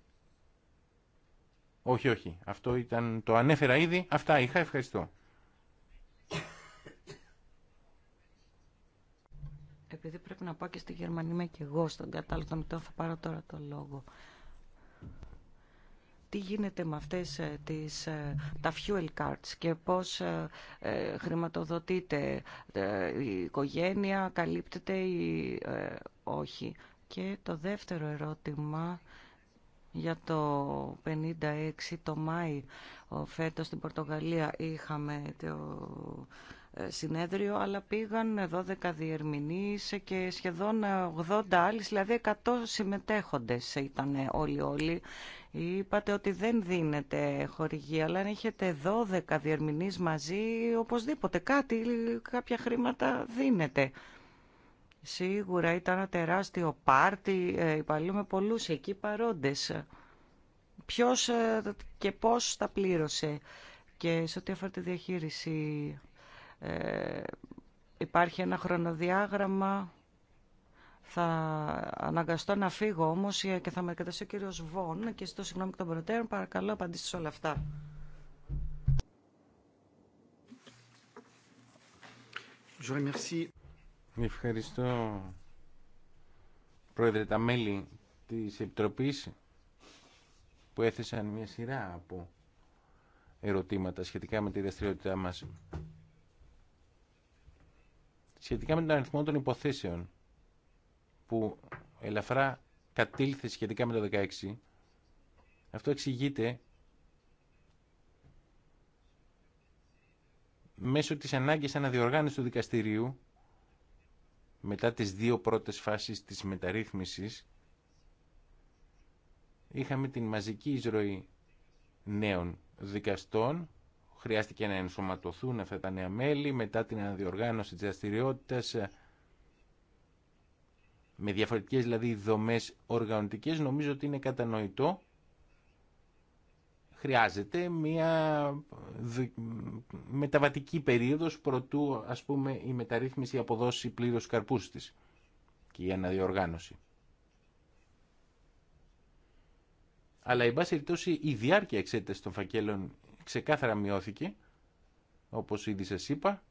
Speaker 2: όχι, όχι. Αυτό ήταν, το ανέφερα ήδη. Αυτά είχα. Ευχαριστώ.
Speaker 3: Επειδή πρέπει να πάω και στη Γερμανία, και εγώ στον κατάλληλο των θα πάρω τώρα το λόγο. Τι γίνεται με αυτές ε, τις, ε, τα fuel cards και πώς ε, ε χρηματοδοτείται η οικογένεια, καλύπτεται ή όχι. Και το δεύτερο ερώτημα για το 56 το Μάη φέτος στην Πορτογαλία είχαμε το ε, συνέδριο αλλά πήγαν 12 διερμηνείς και σχεδόν 80 άλλοι δηλαδή 100 συμμετέχοντες ήταν όλοι όλοι είπατε ότι δεν δίνετε χορηγία αλλά αν έχετε 12 διερμηνείς μαζί οπωσδήποτε κάτι κάποια χρήματα δίνετε Σίγουρα ήταν ένα τεράστιο πάρτι, ε, υπαλλήλου με πολλούς εκεί παρόντες. Ποιος ε, και πώς τα πλήρωσε. Και σε ό,τι αφορά τη διαχείριση ε, υπάρχει ένα χρονοδιάγραμμα. Θα αναγκαστώ να φύγω όμως ε, και θα με εκτεθεί ο κύριος Βόν και στο συγγνώμη των προτέρων παρακαλώ απαντήστε σε όλα αυτά.
Speaker 1: Je remercie.
Speaker 2: Ευχαριστώ, Πρόεδρε, τα μέλη της Επιτροπής που έθεσαν μια σειρά από ερωτήματα σχετικά με τη δραστηριότητά μας. Σχετικά με τον αριθμό των υποθέσεων που ελαφρά κατήλθε σχετικά με το 16, αυτό εξηγείται μέσω της ανάγκης αναδιοργάνωσης του δικαστηρίου μετά τις δύο πρώτες φάσεις της μεταρρύθμισης είχαμε την μαζική εισρωή νέων δικαστών χρειάστηκε να ενσωματωθούν αυτά τα νέα μέλη μετά την αναδιοργάνωση της δραστηριότητα ε, με διαφορετικές δηλαδή δομές οργανωτικές νομίζω ότι είναι κατανοητό χρειάζεται μια μεταβατική περίοδος προτού ας πούμε η μεταρρύθμιση αποδώσει πλήρως καρπούς της και η αναδιοργάνωση. Αλλά η βάση ρητώση η διάρκεια εξέταση των φακέλων ξεκάθαρα μειώθηκε όπως ήδη σας είπα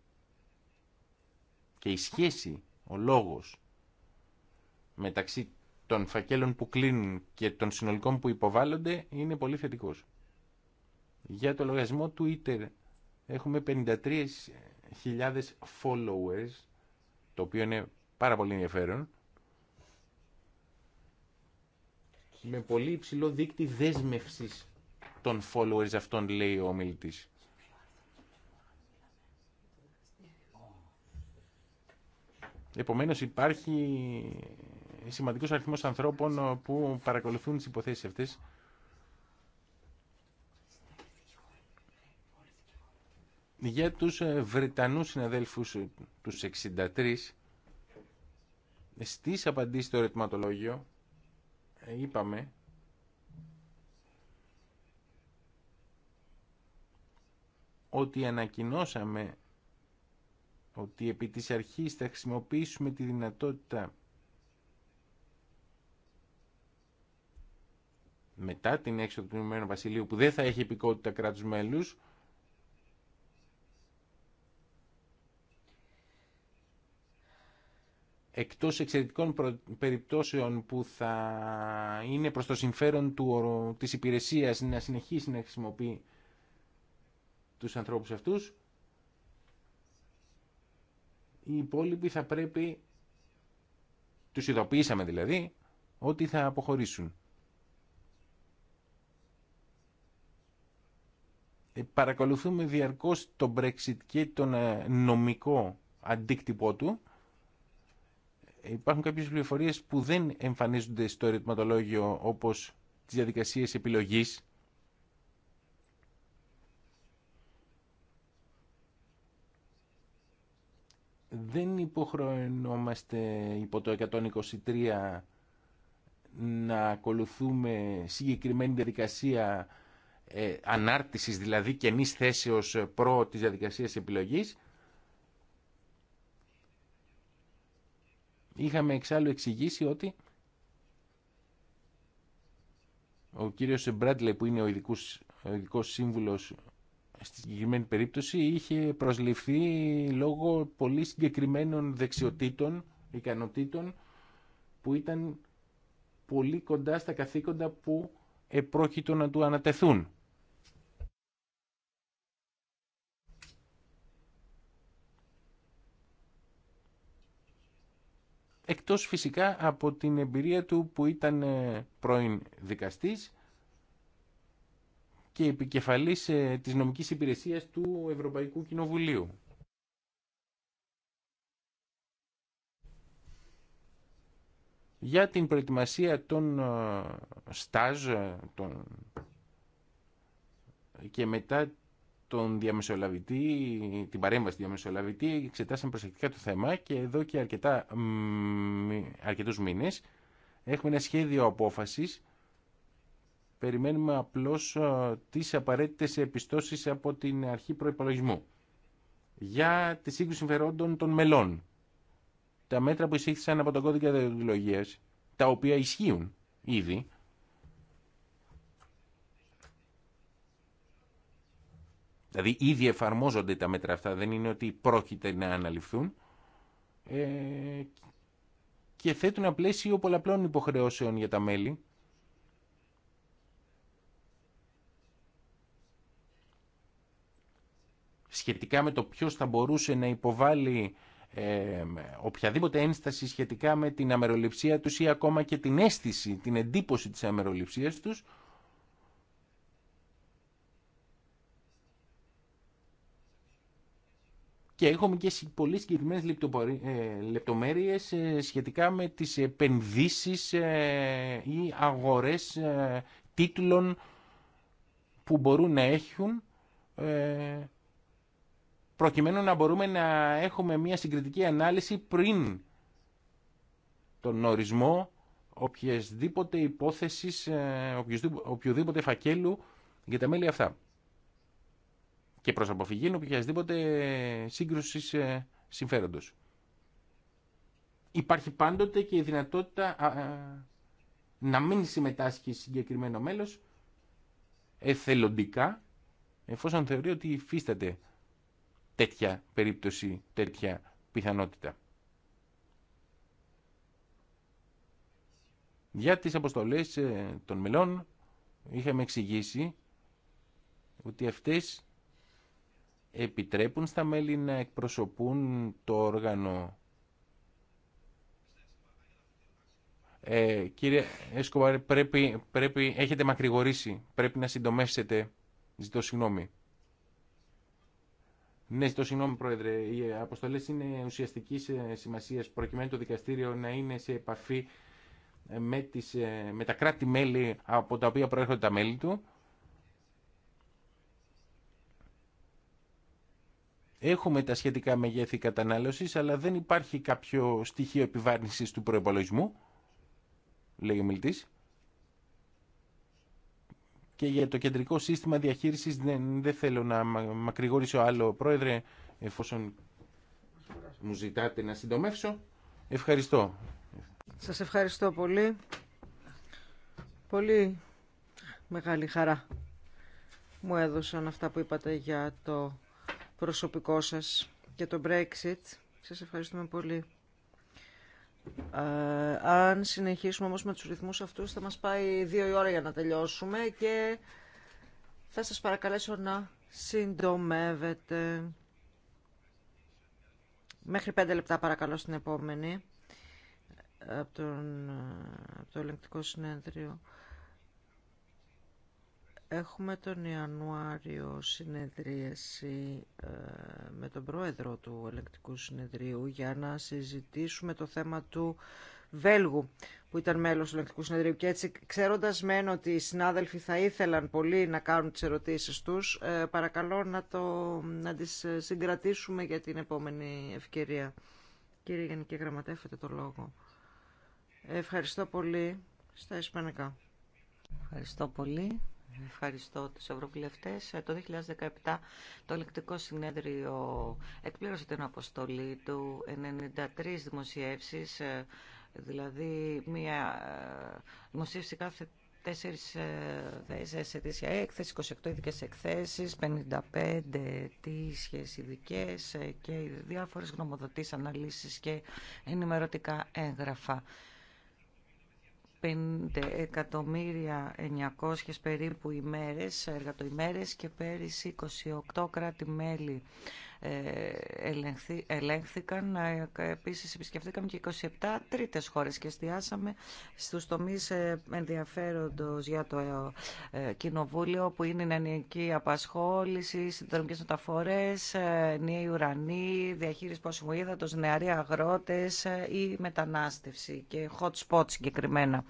Speaker 2: και η σχέση, ο λόγος μεταξύ των φακέλων που κλείνουν και των συνολικών που υποβάλλονται είναι πολύ θετικός. Για το λογαριασμό Twitter έχουμε 53.000 followers, το οποίο είναι πάρα πολύ ενδιαφέρον. Με πολύ υψηλό δείκτη δέσμευσης των followers αυτών, λέει ο ομιλητής. Επομένως υπάρχει σημαντικός αριθμός ανθρώπων που παρακολουθούν τις υποθέσεις αυτές Για τους ε, Βρετανούς συναδέλφους ε, τους 63 ε, στις απαντήσεις στο ερωτηματολόγιο είπαμε ότι ανακοινώσαμε ότι επί της αρχής θα χρησιμοποιήσουμε τη δυνατότητα μετά την έξοδο του Ηνωμένου Βασιλείου που δεν θα έχει επικότητα κράτους μέλους εκτός εξαιρετικών περιπτώσεων που θα είναι προς το συμφέρον του, της υπηρεσίας να συνεχίσει να χρησιμοποιεί τους ανθρώπους αυτούς, οι υπόλοιποι θα πρέπει, τους ειδοποιήσαμε δηλαδή, ότι θα αποχωρήσουν. Ε, παρακολουθούμε διαρκώς το Brexit και τον ε, νομικό αντίκτυπό του υπάρχουν κάποιες πληροφορίες που δεν εμφανίζονται στο ερωτηματολόγιο όπως τις διαδικασίες επιλογής. Δεν υποχρεωνόμαστε υπό το 123 να ακολουθούμε συγκεκριμένη διαδικασία ε, ανάρτησης, δηλαδή καινής θέσεως προ της διαδικασίας επιλογής, Είχαμε εξάλλου εξηγήσει ότι ο κύριος Μπράντλε που είναι ο ειδικός, ο σύμβουλος στη συγκεκριμένη περίπτωση είχε προσληφθεί λόγω πολύ συγκεκριμένων δεξιοτήτων, ικανοτήτων που ήταν πολύ κοντά στα καθήκοντα που επρόκειτο να του ανατεθούν. εκτός φυσικά από την εμπειρία του που ήταν ε, πρώην δικαστής και επικεφαλής ε, της νομικής υπηρεσίας του Ευρωπαϊκού Κοινοβουλίου. Για την προετοιμασία των ε, στάζ των... και μετά τον διαμεσολαβητή, την παρέμβαση του διαμεσολαβητή, εξετάσαμε προσεκτικά το θέμα και εδώ και αρκετά, αρκετούς μήνες έχουμε ένα σχέδιο απόφασης. Περιμένουμε απλώς τις απαραίτητες επιστώσεις από την αρχή προϋπολογισμού για τη σύγκριση συμφερόντων των μελών. Τα μέτρα που εισήχθησαν από τον κώδικα διοντολογίας, τα οποία ισχύουν ήδη, Δηλαδή ήδη εφαρμόζονται τα μέτρα αυτά, δεν είναι ότι πρόκειται να αναλυφθούν ε, και θέτουν ένα πλαίσιο πολλαπλών υποχρεώσεων για τα μέλη. Σχετικά με το ποιος θα μπορούσε να υποβάλει ε, οποιαδήποτε ένσταση σχετικά με την αμεροληψία τους ή ακόμα και την αίσθηση, την εντύπωση της αμεροληψίας τους και έχουμε και πολύ συγκεκριμένε ε, λεπτομέρειες ε, σχετικά με τις επενδύσεις ε, ή αγορές τίτλων που μπορούν να έχουν προκειμένου να μπορούμε να έχουμε μια συγκριτική ανάλυση πριν τον ορισμό οποιασδήποτε υπόθεσης, οποιοδήποτε φακέλου για τα μέλη αυτά και προς αποφυγή οποιασδήποτε σύγκρουση ε, συμφέροντος. Υπάρχει πάντοτε και η δυνατότητα να μην συμμετάσχει συγκεκριμένο μέλος εθελοντικά εφόσον θεωρεί ότι υφίσταται τέτοια περίπτωση, τέτοια πιθανότητα. Για τις αποστολές ε, των μελών είχαμε εξηγήσει ότι αυτές επιτρέπουν στα μέλη να εκπροσωπούν το όργανο. Ε, κύριε Εσκοβάρη, πρέπει, πρέπει, έχετε μακρηγορήσει, πρέπει να συντομεύσετε. Ζητώ συγγνώμη. Ναι, ζητώ συγγνώμη, Πρόεδρε. Οι αποστολές είναι ουσιαστική ε, σημασία προκειμένου το δικαστήριο να είναι σε επαφή ε, με, τις, ε, με τα κράτη-μέλη από τα οποία προέρχονται τα μέλη του Έχουμε τα σχετικά μεγέθη κατανάλωσης, αλλά δεν υπάρχει κάποιο στοιχείο επιβάρυνσης του προϋπολογισμού, λέει ο μιλτής. Και για το κεντρικό σύστημα διαχείρισης δεν, ναι, δεν θέλω να μακρηγορήσω άλλο πρόεδρε, εφόσον μου ζητάτε να συντομεύσω. Ευχαριστώ.
Speaker 1: Σας ευχαριστώ πολύ. Πολύ μεγάλη χαρά μου έδωσαν αυτά που είπατε για το προσωπικό σας για το Brexit. Σας ευχαριστούμε πολύ. Ε, αν συνεχίσουμε όμως με τους ρυθμούς αυτούς θα μας πάει δύο η ώρα για να τελειώσουμε και θα σας παρακαλέσω να συντομεύετε. Μέχρι πέντε λεπτά παρακαλώ στην επόμενη ε, από, ε, από το ελεγκτικό συνέδριο. Έχουμε τον Ιανουάριο συνεδρίαση ε, με τον πρόεδρο του Ελεκτικού Συνεδρίου για να συζητήσουμε το θέμα του Βέλγου που ήταν μέλος του Ελεκτικού Συνεδρίου και έτσι ξέροντας μεν ότι οι συνάδελφοι θα ήθελαν πολύ να κάνουν τις ερωτήσεις τους ε, παρακαλώ να, το, να τις ε, συγκρατήσουμε για την επόμενη ευκαιρία. Κύριε Γενική Γραμματέφετε το λόγο. Ευχαριστώ πολύ στα Ισπανικά.
Speaker 3: Ευχαριστώ πολύ. Ευχαριστώ τους ευρωβουλευτές. Ε, το 2017 το Ελεκτικό Συνέδριο εκπλήρωσε την αποστολή του 93 δημοσιεύσεις, ε, δηλαδή μια ε, δημοσίευση κάθε τέσσερις θέσεις ετήσια έκθεση, 28 ειδικέ εκθέσεις, 55 αιτήσιες ειδικέ και διάφορες γνωμοδοτήσεις, αναλύσεις και ενημερωτικά έγγραφα. 50 εκατομμύρια 900 περίπου ημέρες, εργατοημέρες και πέρυσι 28 κράτη-μέλη ε, ελέγχθηκαν. Ε, επίσης επισκεφτήκαμε και 27 τρίτε χώρε και εστιάσαμε στους τομείς ε, ενδιαφέροντος για το Κοινοβούλιο που είναι η νεανική απασχόληση, συνδρομικές μεταφορέ, νέοι ουρανοί, διαχείριση πόσιμου ύδατο, νεαροί αγρότες ή μετανάστευση και hot spots συγκεκριμένα.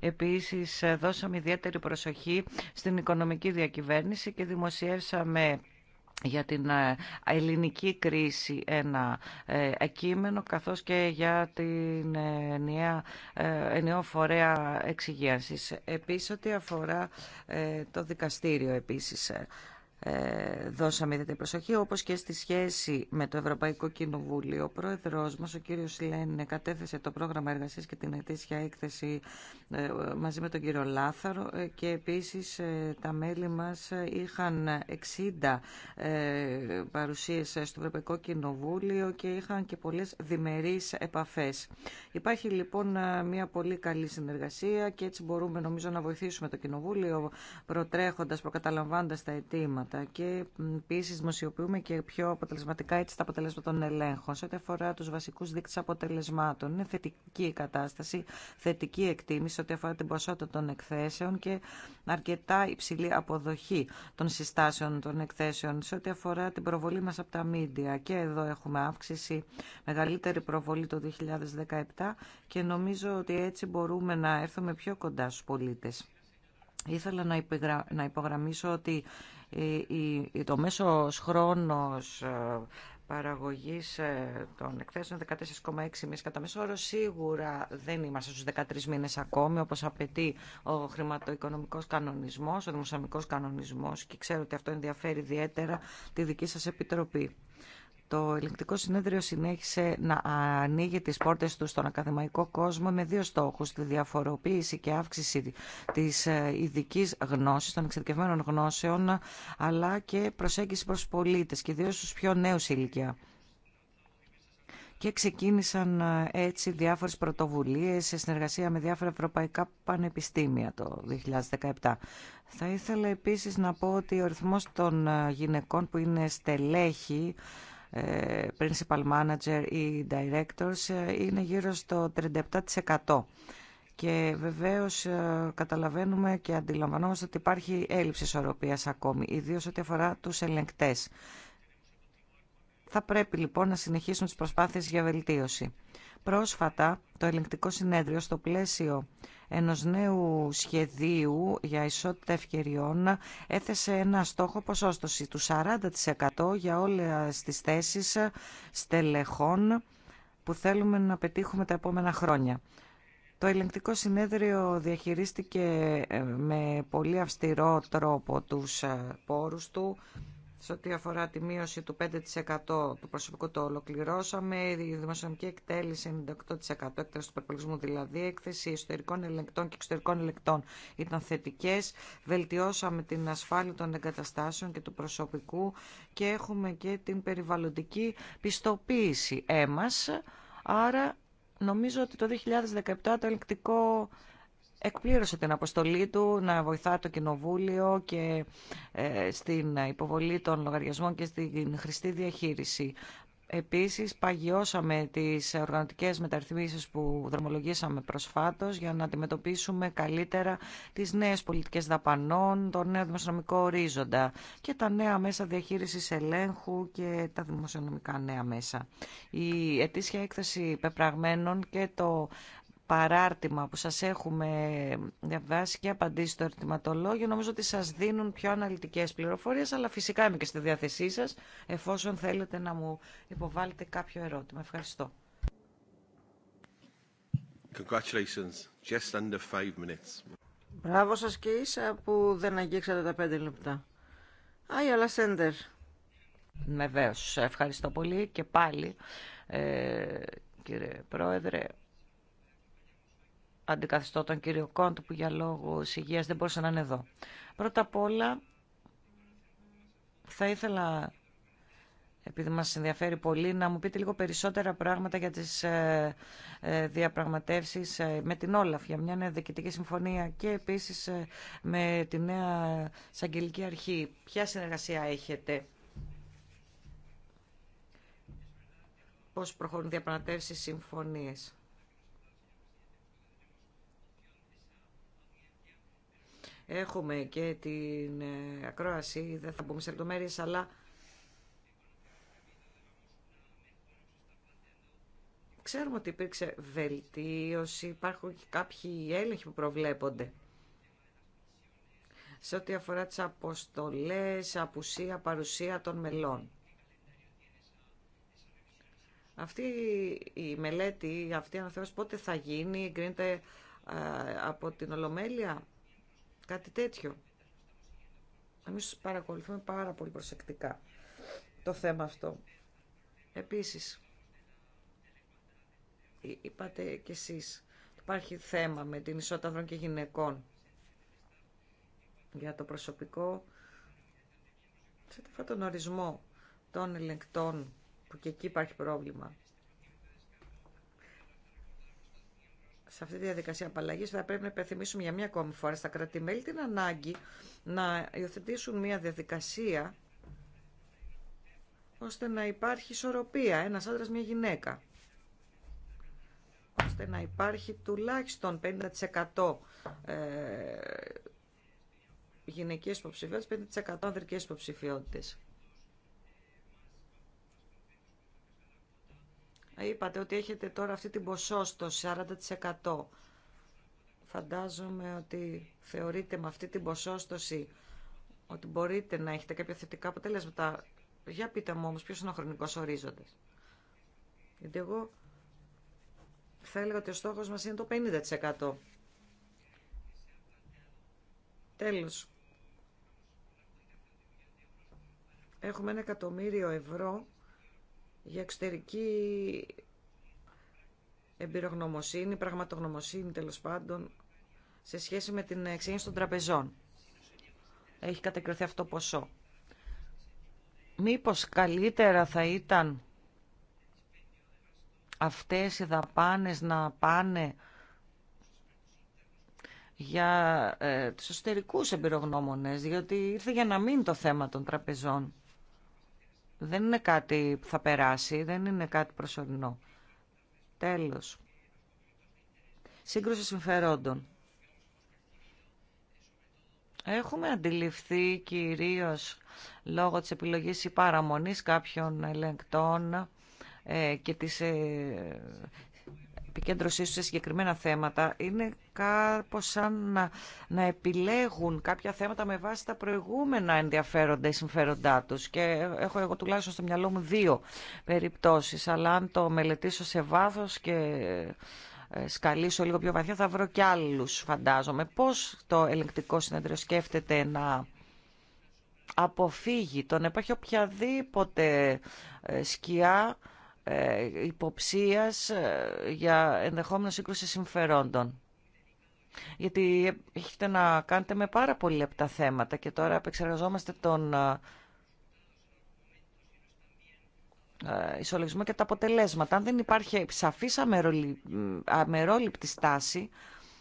Speaker 3: Επίσης, δώσαμε ιδιαίτερη προσοχή στην οικονομική διακυβέρνηση και δημοσιεύσαμε για την ε, ελληνική κρίση ένα ε, εκείμενο, καθώς και για την ε, ενιαία, ενιαίο φορέα εξυγίανσης. Επίσης, ό,τι αφορά το δικαστήριο επίσης ε, δώσαμε ιδιαίτερη προσοχή, όπως και στη σχέση με το Ευρωπαϊκό Κοινοβούλιο. Ο πρόεδρος μας, ο κύριος Λέν, κατέθεσε το πρόγραμμα εργασίας και την ετήσια έκθεση ε, μαζί με τον κύριο Λάθαρο ε, και επίσης τα μέλη μας είχαν 60 παρουσίες στο Ευρωπαϊκό Κοινοβούλιο και είχαν και πολλές διμερείς επαφές. Υπάρχει λοιπόν μια πολύ καλή συνεργασία και έτσι μπορούμε νομίζω να βοηθήσουμε το Κοινοβούλιο προτρέχοντας, προκαταλαμβάνοντας τα αιτήματα και επίση δημοσιοποιούμε και πιο αποτελεσματικά έτσι τα αποτελέσματα των ελέγχων. Σε ό,τι αφορά του βασικού δείκτε αποτελεσμάτων, είναι θετική η κατάσταση, θετική εκτίμηση σε ό,τι αφορά την ποσότητα των εκθέσεων και αρκετά υψηλή αποδοχή των συστάσεων των εκθέσεων. Σε ό,τι αφορά την προβολή μα από τα μίντια, και εδώ έχουμε αύξηση, μεγαλύτερη προβολή το 2017 και νομίζω ότι έτσι μπορούμε να έρθουμε πιο κοντά στου πολίτε. Ήθελα να, να υπογραμμίσω ότι ε, το μέσος χρόνος ε, παραγωγής ε, των εκθέσεων 14,6 μήνες κατά μέσο όρο. Σίγουρα δεν είμαστε στους 13 μήνες ακόμη, όπως απαιτεί ο χρηματοοικονομικός κανονισμός, ο δημοσιονομικός κανονισμός και ξέρω ότι αυτό ενδιαφέρει ιδιαίτερα τη δική σας επιτροπή το ηλεκτρικό συνέδριο συνέχισε να ανοίγει τις πόρτες του στον ακαδημαϊκό κόσμο με δύο στόχους, τη διαφοροποίηση και αύξηση της ε, ειδική γνώσης, των εξειδικευμένων γνώσεων, αλλά και προσέγγιση προς πολίτες και ιδίως στους πιο νέους ηλικία. Και ξεκίνησαν ε, έτσι διάφορες πρωτοβουλίες σε συνεργασία με διάφορα ευρωπαϊκά πανεπιστήμια το 2017. Θα ήθελα επίσης να πω ότι ο ρυθμός των ε, γυναικών που είναι στελέχη ε, principal manager ή directors ε, είναι γύρω στο 37%. Και βεβαίως ε, καταλαβαίνουμε και αντιλαμβανόμαστε ότι υπάρχει έλλειψη ισορροπίας ακόμη, ιδίως ό,τι αφορά τους ελεγκτές. Θα πρέπει λοιπόν να συνεχίσουν τις προσπάθειες για βελτίωση. Πρόσφατα, το ελεγκτικό συνέδριο στο πλαίσιο ενός νέου σχεδίου για ισότητα ευκαιριών έθεσε ένα στόχο ποσόστοση του 40% για όλες τις θέσεις στελεχών που θέλουμε να πετύχουμε τα επόμενα χρόνια. Το ελεγκτικό συνέδριο διαχειρίστηκε ε, με πολύ αυστηρό τρόπο τους ε, πόρους του, σε ό,τι αφορά τη μείωση του 5% του προσωπικού το ολοκληρώσαμε. Η δημοσιονομική εκτέλεση 98% έκταση του προπολογισμού, δηλαδή έκθεση εσωτερικών ελεγκτών και εξωτερικών ελεγκτών ήταν θετικέ. Βελτιώσαμε την ασφάλεια των εγκαταστάσεων και του προσωπικού και έχουμε και την περιβαλλοντική πιστοποίηση έμας. Άρα νομίζω ότι το 2017 το ελεκτικό εκπλήρωσε την αποστολή του να βοηθά το Κοινοβούλιο και ε, στην υποβολή των λογαριασμών και στην χρηστή διαχείριση. Επίσης, παγιώσαμε τις οργανωτικές μεταρρυθμίσεις που δρομολογήσαμε προσφάτως για να αντιμετωπίσουμε καλύτερα τις νέες πολιτικές δαπανών, το νέο δημοσιονομικό ορίζοντα και τα νέα μέσα διαχείρισης ελέγχου και τα δημοσιονομικά νέα μέσα. Η ετήσια έκθεση πεπραγμένων και το παράρτημα που σας έχουμε διαβάσει και απαντήσει στο ερωτηματολόγιο νομίζω ότι σας δίνουν πιο αναλυτικές πληροφορίες αλλά φυσικά είμαι και στη διάθεσή σας εφόσον θέλετε να μου υποβάλλετε κάποιο ερώτημα. Ευχαριστώ.
Speaker 1: Μπράβο σας και ίσα που δεν αγγίξατε τα πέντε λεπτά. Άι, αλλά σέντερ.
Speaker 3: Βεβαίω. Ευχαριστώ πολύ και πάλι, ε, κύριε Πρόεδρε αντικαθιστώ τον κύριο Κόντου που για λόγους υγεία δεν μπορούσε να είναι εδώ. Πρώτα απ' όλα θα ήθελα, επειδή μας ενδιαφέρει πολύ, να μου πείτε λίγο περισσότερα πράγματα για τις ε, ε, διαπραγματεύσεις ε, με την Όλαφ για μια νέα διοικητική συμφωνία και επίσης με τη νέα Σαγγελική Αρχή. Ποια συνεργασία έχετε. Πώς προχωρούν διαπραγματεύσεις συμφωνίες. Έχουμε και την ε, ακρόαση, δεν θα πούμε σε λεπτομέρειε, αλλά ξέρουμε ότι υπήρξε βελτίωση, υπάρχουν και κάποιοι έλεγχοι που προβλέπονται. Σε ό,τι αφορά τις αποστολές, απουσία, παρουσία των μελών. Αυτή η μελέτη, αυτή η αναθεώρηση πότε θα γίνει, εγκρίνεται ε, από την Ολομέλεια. Κάτι τέτοιο. Εμείς παρακολουθούμε πάρα πολύ προσεκτικά το θέμα αυτό. Επίσης, είπατε κι εσείς, υπάρχει θέμα με την ισότητα ανδρών και γυναικών για το προσωπικό, σε τον ορισμό των ελεγκτών, που και εκεί υπάρχει πρόβλημα. σε αυτή τη διαδικασία απαλλαγή θα πρέπει να υπενθυμίσουμε για μία ακόμη φορά στα κρατημέλη την ανάγκη να υιοθετήσουν μία διαδικασία ώστε να υπάρχει ισορροπία, ενα άντρα μία γυναίκα. Ώστε να υπάρχει τουλάχιστον 50% ε, γυναικείες υποψηφιότητες, 50% ανδρικές υποψηφιότητες. Είπατε ότι έχετε τώρα αυτή την ποσόστοση 40%. Φαντάζομαι ότι θεωρείτε με αυτή την ποσόστοση ότι μπορείτε να έχετε κάποια θετικά αποτελέσματα. Για πείτε μου όμως ποιος είναι ο χρονικός ορίζοντας. Γιατί εγώ θα έλεγα ότι ο στόχος μας είναι το 50%. Τέλος. Έχουμε ένα εκατομμύριο ευρώ για εξωτερική εμπειρογνωμοσύνη, πραγματογνωμοσύνη τέλο πάντων, σε σχέση με την εξήγηση των τραπεζών. Έχει κατακριθεί αυτό ποσό. Μήπως καλύτερα θα ήταν αυτές οι δαπάνες να πάνε για ε, τους εσωτερικούς εμπειρογνώμονες, διότι ήρθε για να μείνει το θέμα των τραπεζών δεν είναι κάτι που θα περάσει, δεν είναι κάτι προσωρινό. Τέλος. Σύγκρουση συμφερόντων. Έχουμε αντιληφθεί κυρίως λόγω της επιλογής ή παραμονής κάποιων ελεγκτών ε, και της ε, επικέντρωσή σε συγκεκριμένα θέματα είναι κάπως σαν να, επιλέγουν κάποια θέματα με βάση τα προηγούμενα ενδιαφέροντα ή συμφέροντά τους. Και έχω εγώ τουλάχιστον στο μυαλό μου δύο περιπτώσεις, αλλά αν το μελετήσω σε βάθος και ε, σκαλίσω λίγο πιο βαθιά θα βρω κι άλλους φαντάζομαι. Πώς το ελεγκτικό συνέδριο σκέφτεται να αποφύγει τον να υπάρχει οποιαδήποτε ε, σκιά ε, υποψίας ε, για ενδεχόμενο σύγκρουση συμφερόντων. Γιατί έχετε να κάνετε με πάρα πολύ λεπτά θέματα και τώρα επεξεργαζόμαστε τον ε, ισολογισμό και τα αποτελέσματα. Αν δεν υπάρχει σαφής αμερόληπτη στάση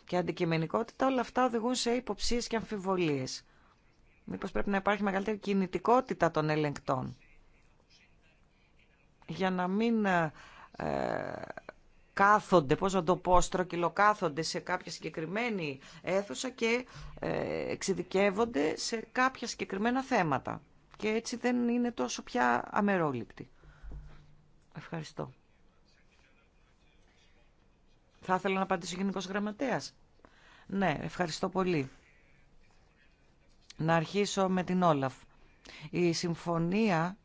Speaker 3: και αντικειμενικότητα, όλα αυτά οδηγούν σε υποψίες και αμφιβολίες. Μήπως πρέπει να υπάρχει μεγαλύτερη κινητικότητα των ελεγκτών για να μην ε, ε, κάθονται, πώς να το πω, στροκυλοκάθονται σε κάποια συγκεκριμένη αίθουσα και ε, εξειδικεύονται σε κάποια συγκεκριμένα θέματα. Και έτσι δεν είναι τόσο πια αμερόληπτοι. Ευχαριστώ. Θα ήθελα να απαντήσω ο γραμματέα. Γραμματέας. Ναι, ευχαριστώ πολύ. Να αρχίσω με την Όλαφ. Η συμφωνία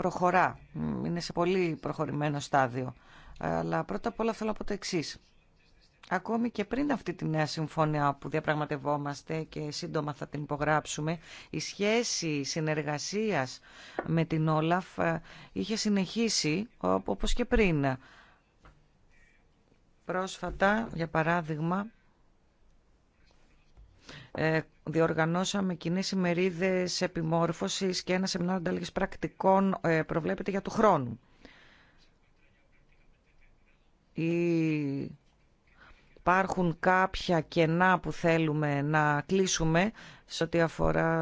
Speaker 3: προχωρά, είναι σε πολύ προχωρημένο στάδιο. Αλλά πρώτα απ' όλα θέλω να πω το εξή. Ακόμη και πριν αυτή τη νέα συμφωνία που διαπραγματευόμαστε και σύντομα θα την υπογράψουμε, η σχέση συνεργασίας με την Όλαφ ε, είχε συνεχίσει όπως και πριν. Πρόσφατα, για παράδειγμα, ε, διοργανώσαμε κοινέ ημερίδε επιμόρφωσης και ένα σεμινάριο ανταλλαγή πρακτικών ε, προβλέπεται για του χρόνου. Υπάρχουν κάποια κενά που θέλουμε να κλείσουμε σε ό,τι αφορά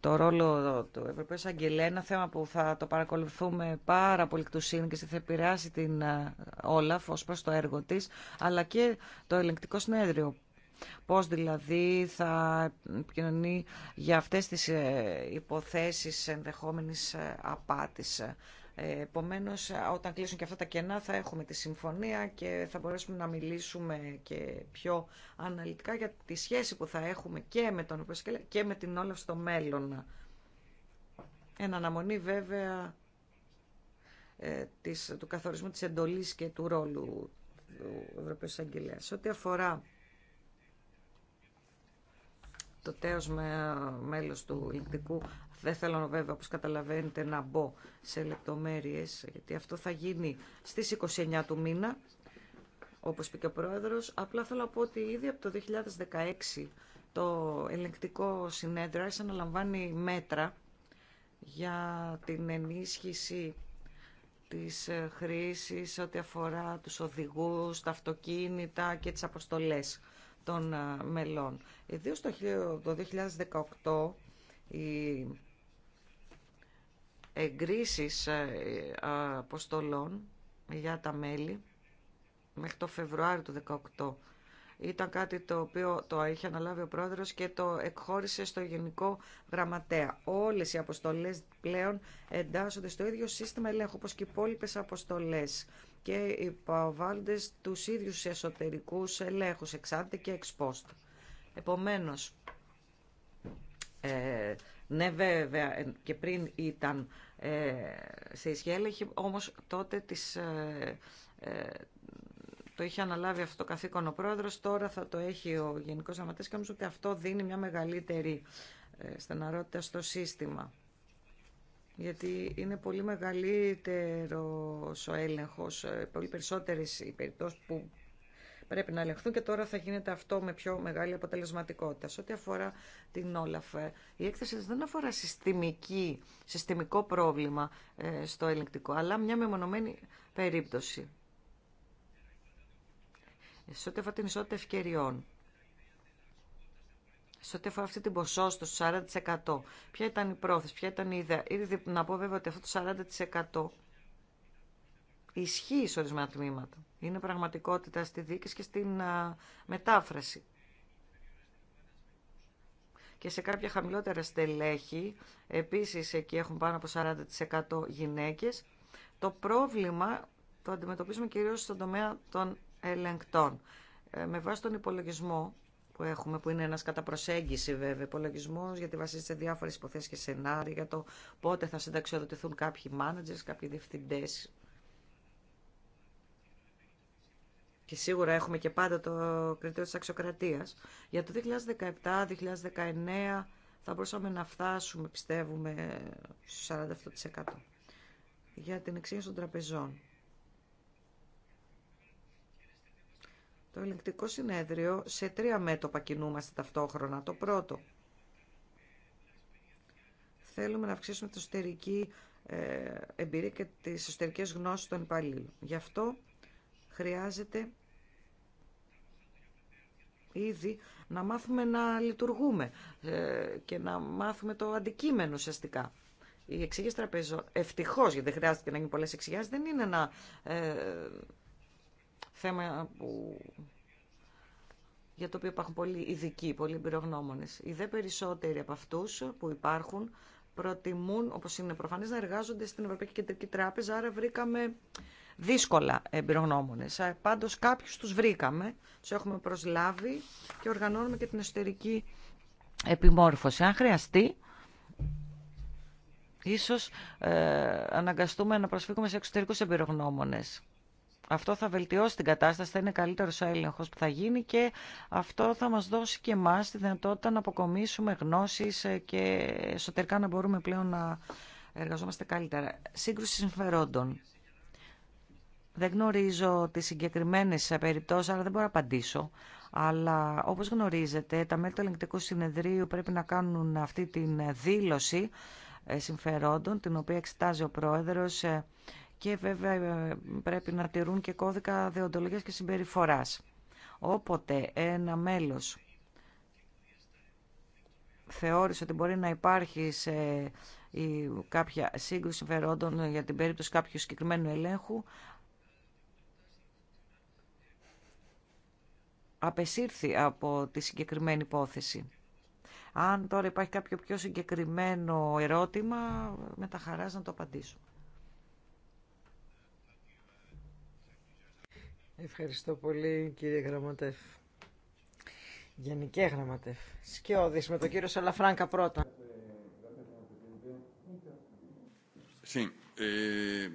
Speaker 3: το ρόλο του Ευρωπαίου Αγγελέα. Ένα θέμα που θα το παρακολουθούμε πάρα πολύ σύνδεση και θα επηρεάσει την ε, Όλαφ ως προς το έργο της, αλλά και το ελεγκτικό συνέδριο Πώς δηλαδή θα επικοινωνεί για αυτές τις ε, υποθέσεις ενδεχόμενης ε, απάτης. Ε, Επομένω, όταν κλείσουν και αυτά τα κενά θα έχουμε τη συμφωνία και θα μπορέσουμε να μιλήσουμε και πιο αναλυτικά για τη σχέση που θα έχουμε και με τον Ευρωπαϊκό και με την Όλαφ στο μέλλον. Εν αναμονή βέβαια της, του καθορισμού της εντολής και του ρόλου του Ευρωπαίου Αγγελέας. Ό,τι αφορά το τέος με, μέλος του ελεκτικού. Δεν θέλω βέβαια, όπως καταλαβαίνετε, να μπω σε λεπτομέρειες, γιατί αυτό θα γίνει στις 29 του μήνα, όπως είπε και ο Πρόεδρος. Απλά θέλω να πω ότι ήδη από το 2016 το ελεγκτικό συνέδριο άρχισε να λαμβάνει μέτρα για την ενίσχυση της ε, χρήσης ό,τι αφορά τους οδηγούς, τα αυτοκίνητα και τις αποστολές των μελών. Ιδίω το 2018 οι εγκρίσεις ε, ε, αποστολών για τα μέλη μέχρι το Φεβρουάριο του 2018 ήταν κάτι το οποίο το είχε αναλάβει ο πρόεδρος και το εκχώρησε στο Γενικό Γραμματέα. Όλες οι αποστολές πλέον εντάσσονται στο ίδιο σύστημα ελέγχου, όπως και οι υπόλοιπε αποστολές και υποβάλλονται τους ίδιους εσωτερικούς ελέγχους, εξάντε και εξπόστο. Επομένως, ε, ναι βέβαια και πριν ήταν ε, σε ισχύ έλεγχη, όμως τότε τις, ε, ε, το είχε αναλάβει αυτό το καθήκον ο πρόεδρος, τώρα θα το έχει ο Γενικός Γραμματέας και νομίζω ότι αυτό δίνει μια μεγαλύτερη ε, στεναρότητα στο σύστημα γιατί είναι πολύ μεγαλύτερο ο έλεγχο, ε, πολύ περισσότερες οι περιπτώσει που πρέπει να ελεγχθούν και τώρα θα γίνεται αυτό με πιο μεγάλη αποτελεσματικότητα. Σε ό,τι αφορά την Όλαφ, ε, η έκθεση δεν αφορά συστημική, συστημικό πρόβλημα ε, στο ελεγκτικό, αλλά μια μεμονωμένη περίπτωση. Σε ό,τι αφορά την ισότητα ευκαιριών, σε ό,τι αφορά αυτή την ποσόστοση του 40%. Ποια ήταν η πρόθεση, ποια ήταν η ιδέα. Ήδη να πω βέβαια ότι αυτό το 40% ισχύει σε ορισμένα τμήματα. Είναι πραγματικότητα στη δίκη και στην μετάφραση. Και σε κάποια χαμηλότερα στελέχη, επίσης εκεί έχουν πάνω από 40% γυναίκες, το πρόβλημα το αντιμετωπίζουμε κυρίως στον τομέα των ελεγκτών. Ε, με βάση τον υπολογισμό που έχουμε, που είναι ένα κατά προσέγγιση βέβαια υπολογισμό, γιατί βασίζεται σε διάφορε υποθέσει και σενάρια, για το πότε θα συνταξιοδοτηθούν κάποιοι managers, κάποιοι διευθυντέ. Και σίγουρα έχουμε και πάντα το κριτήριο τη αξιοκρατία. Για το 2017-2019 θα μπορούσαμε να φτάσουμε, πιστεύουμε, στους 47% για την εξήγηση των τραπεζών. Το ελεγκτικό συνέδριο σε τρία μέτωπα κινούμαστε ταυτόχρονα. Το πρώτο, θέλουμε να αυξήσουμε την εσωτερική ε, εμπειρία και τις εσωτερικέ γνώσεις των υπαλλήλων. Γι' αυτό χρειάζεται ήδη να μάθουμε να λειτουργούμε ε, και να μάθουμε το αντικείμενο ουσιαστικά. Η εξήγηση τραπεζών, ευτυχώ γιατί δεν χρειάζεται να γίνουν πολλέ εξηγήσει, δεν είναι να ε, θέμα που, για το οποίο υπάρχουν πολλοί ειδικοί, πολλοί εμπειρογνώμονε. Οι δε περισσότεροι από αυτού που υπάρχουν προτιμούν, όπω είναι προφανέ να εργάζονται στην Ευρωπαϊκή Κεντρική Τράπεζα, άρα βρήκαμε δύσκολα εμπειρογνώμονε. Πάντω κάποιου του βρήκαμε, του έχουμε προσλάβει και οργανώνουμε και την εσωτερική επιμόρφωση. Αν χρειαστεί, ίσως ε, αναγκαστούμε να προσφύγουμε σε εξωτερικούς εμπειρογνώμονες. Αυτό θα βελτιώσει την κατάσταση, θα είναι καλύτερο ο έλεγχο που θα γίνει και αυτό θα μα δώσει και εμά τη δυνατότητα να αποκομίσουμε γνώσει ε, και εσωτερικά να μπορούμε πλέον να εργαζόμαστε καλύτερα. Σύγκρουση συμφερόντων. Δεν γνωρίζω τις συγκεκριμένες περιπτώσεις, αλλά δεν μπορώ να απαντήσω. Αλλά όπως γνωρίζετε, τα μέλη του ελεγκτικού συνεδρίου πρέπει να κάνουν αυτή τη δήλωση ε, συμφερόντων, την οποία εξετάζει ο πρόεδρος ε, και βέβαια ε, πρέπει να τηρούν και κώδικα δεοντολογίας και συμπεριφοράς. Όποτε ένα μέλος θεώρησε ότι μπορεί να υπάρχει σε κάποια σύγκρουση συμφερόντων για την περίπτωση κάποιου συγκεκριμένου ελέγχου, απεσύρθη από τη συγκεκριμένη υπόθεση. Αν τώρα υπάρχει κάποιο πιο συγκεκριμένο ερώτημα, με τα χαράς να το
Speaker 1: απαντήσω. Ευχαριστώ πολύ κύριε Γραμματεύ. Γενικέ Γραμματεύ. Σκιώδης με τον κύριο Σαλαφράνκα πρώτα.
Speaker 3: Ε,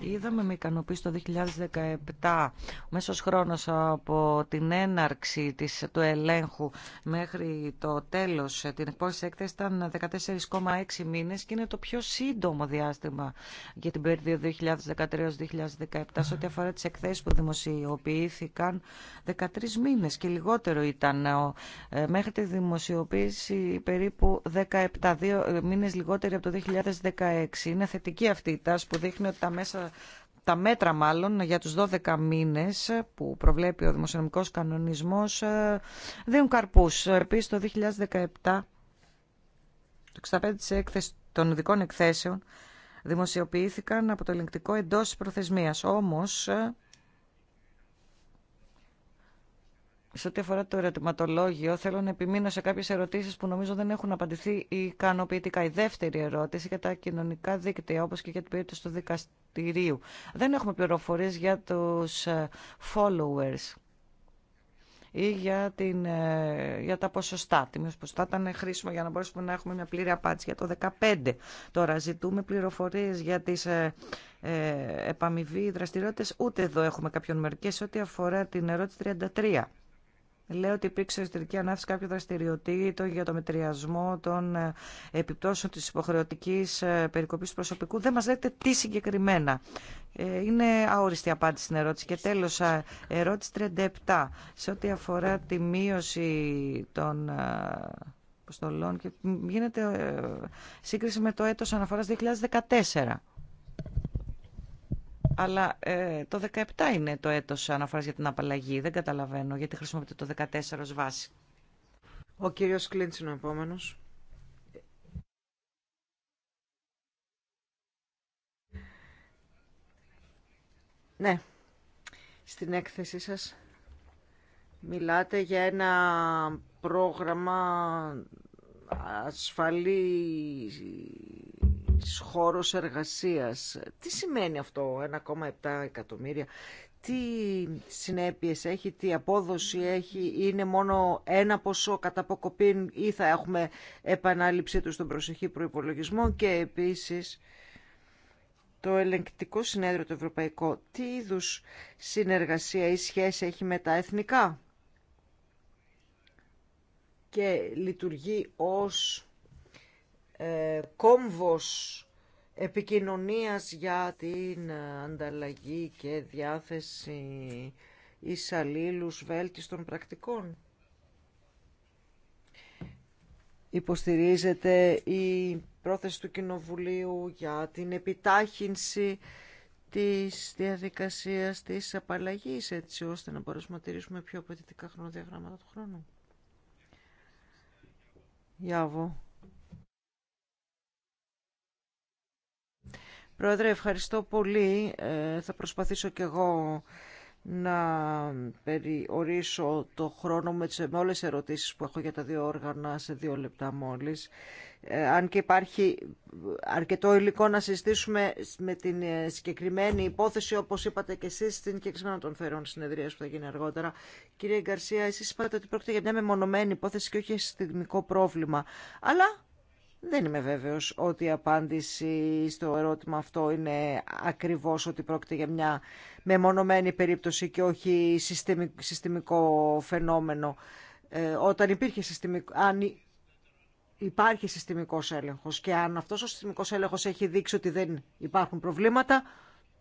Speaker 3: Είδαμε με ικανοποίηση το 2017 μέσο μέσος χρόνος από την έναρξη της, του ελέγχου μέχρι το τέλος ε, την εκπόσης έκθεση ήταν 14,6 μήνες και είναι το πιο σύντομο διάστημα για την περίοδο 2013-2017 σε ό,τι αφορά τις εκθέσεις που δημοσιοποιήθηκαν 13 μήνες και λιγότερο ήταν ε, ε, μέχρι τη δημοσιοποίηση περίπου 17 μήνες λιγότεροι από το 2017 είναι θετική αυτή η τάση που δείχνει ότι τα μέσα τα μέτρα μάλλον για τους 12 μήνες που προβλέπει ο δημοσιονομικός κανονισμός ε, δίνουν καρπούς. Επίσης το 2017 το 65 των ειδικών εκθέσεων δημοσιοποιήθηκαν από το ελεγκτικό εντός προθεσμίας. Όμως ε, Σε ό,τι αφορά το ερωτηματολόγιο, θέλω να επιμείνω σε κάποιε ερωτήσει που νομίζω δεν έχουν απαντηθεί ικανοποιητικά. Η δεύτερη ερώτηση για τα κοινωνικά δίκτυα, όπω και για την περίπτωση του δικαστηρίου. Δεν έχουμε πληροφορίε για του ε, followers ή για, την, ε, για τα ποσοστά. Τι ποσοστά ήταν χρήσιμο για να μπορέσουμε να έχουμε μια πλήρη απάντηση για το 2015. Τώρα ζητούμε πληροφορίε για τι ε, ε, επαμοιβή δραστηριότητες. Ούτε εδώ έχουμε κάποιον σε ό,τι αφορά την ερώτηση 33. Λέω ότι υπήρξε εσωτερική ανάθεση κάποιων δραστηριοτήτων για το μετριασμό των ε, επιπτώσεων της υποχρεωτικής ε, περικοπής του προσωπικού. Δεν μας λέτε τι συγκεκριμένα. Ε, είναι αόριστη απάντηση στην ερώτηση. Και τέλος, ερώτηση 37. Σε ό,τι αφορά τη μείωση των αποστολών γίνεται σύγκριση με το έτος αναφοράς 2014. Αλλά ε, το 17 είναι το έτος αναφοράς για την απαλλαγή. Δεν καταλαβαίνω γιατί χρησιμοποιείτε το
Speaker 1: 14 ως βάση. Ο κύριος Κλίντς είναι ο επόμενος. Ναι, στην έκθεσή σας μιλάτε για ένα πρόγραμμα ασφαλή χώρος εργασίας. Τι σημαίνει αυτό 1,7 εκατομμύρια, τι συνέπειες έχει, τι απόδοση έχει, είναι μόνο ένα ποσό κατά ή θα έχουμε επανάληψή του στον προσεχή προϋπολογισμό και επίσης το ελεγκτικό συνέδριο το ευρωπαϊκό, τι είδους συνεργασία ή σχέση έχει με τα εθνικά και λειτουργεί ως ε, κόμβος επικοινωνίας για την ανταλλαγή και διάθεση εισαλλήλους βέλτιστων πρακτικών. Υποστηρίζεται η πρόθεση του Κοινοβουλίου για την επιτάχυνση της διαδικασίας της απαλλαγής, έτσι ώστε να μπορέσουμε να τηρήσουμε πιο απαιτητικά χρονοδιαγράμματα του χρόνου. Γιάβο. Πρόεδρε, ευχαριστώ πολύ. Ε, θα προσπαθήσω κι εγώ να περιορίσω το χρόνο με, τις, με όλες τις ερωτήσεις που έχω για τα δύο όργανα σε δύο λεπτά μόλις. Ε, αν και υπάρχει αρκετό υλικό να συζητήσουμε με την ε, συγκεκριμένη υπόθεση, όπως είπατε και εσείς, στην κεκλεισμένα των φερών συνεδρίας που θα γίνει αργότερα. Κύριε Γκαρσία, εσείς είπατε ότι πρόκειται για μια μεμονωμένη υπόθεση και όχι συστημικό πρόβλημα. Αλλά δεν είμαι βέβαιος ότι η απάντηση στο ερώτημα αυτό είναι ακριβώς ότι πρόκειται για μια μεμονωμένη περίπτωση και όχι συστημικό φαινόμενο. Ε, όταν υπήρχε αν υπάρχει συστημικός έλεγχος και αν αυτός ο συστημικός έλεγχος έχει δείξει ότι δεν υπάρχουν προβλήματα,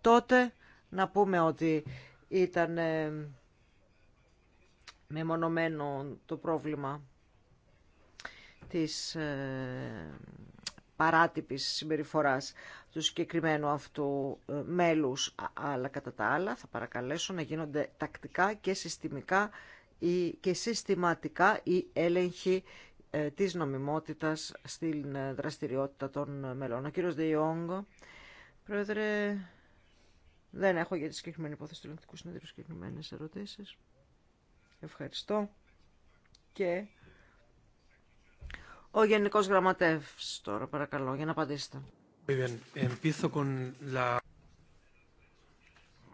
Speaker 1: τότε να πούμε ότι ήταν ε, μεμονωμένο το πρόβλημα της ε, παράτυπης συμπεριφοράς του συγκεκριμένου αυτού ε, μέλους, αλλά κατά τα άλλα θα παρακαλέσω να γίνονται τακτικά και συστημικά ή και συστηματικά η έλεγχη ε, της νομιμότητας στην δραστηριότητα των μελών. Ο κύριος Ιόγκο, πρόεδρε, δεν έχω για τη συγκεκριμένη υπόθεση του ελεγκτικού συνέδριου συγκεκριμένε Ευχαριστώ και ο Γενικός Γραμματεύς τώρα παρακαλώ για να απαντήσετε.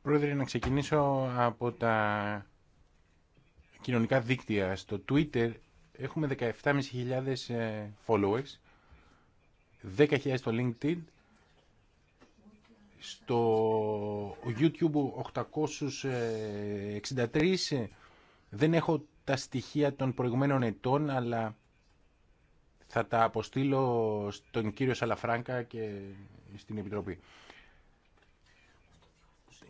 Speaker 2: Πρόεδρε, να ξεκινήσω από τα κοινωνικά δίκτυα. Στο Twitter έχουμε 17.500 ε, followers, 10.000 στο LinkedIn, στο YouTube 863 δεν έχω τα στοιχεία των προηγουμένων ετών αλλά θα τα αποστείλω στον κύριο Σαλαφράγκα και στην Επιτροπή.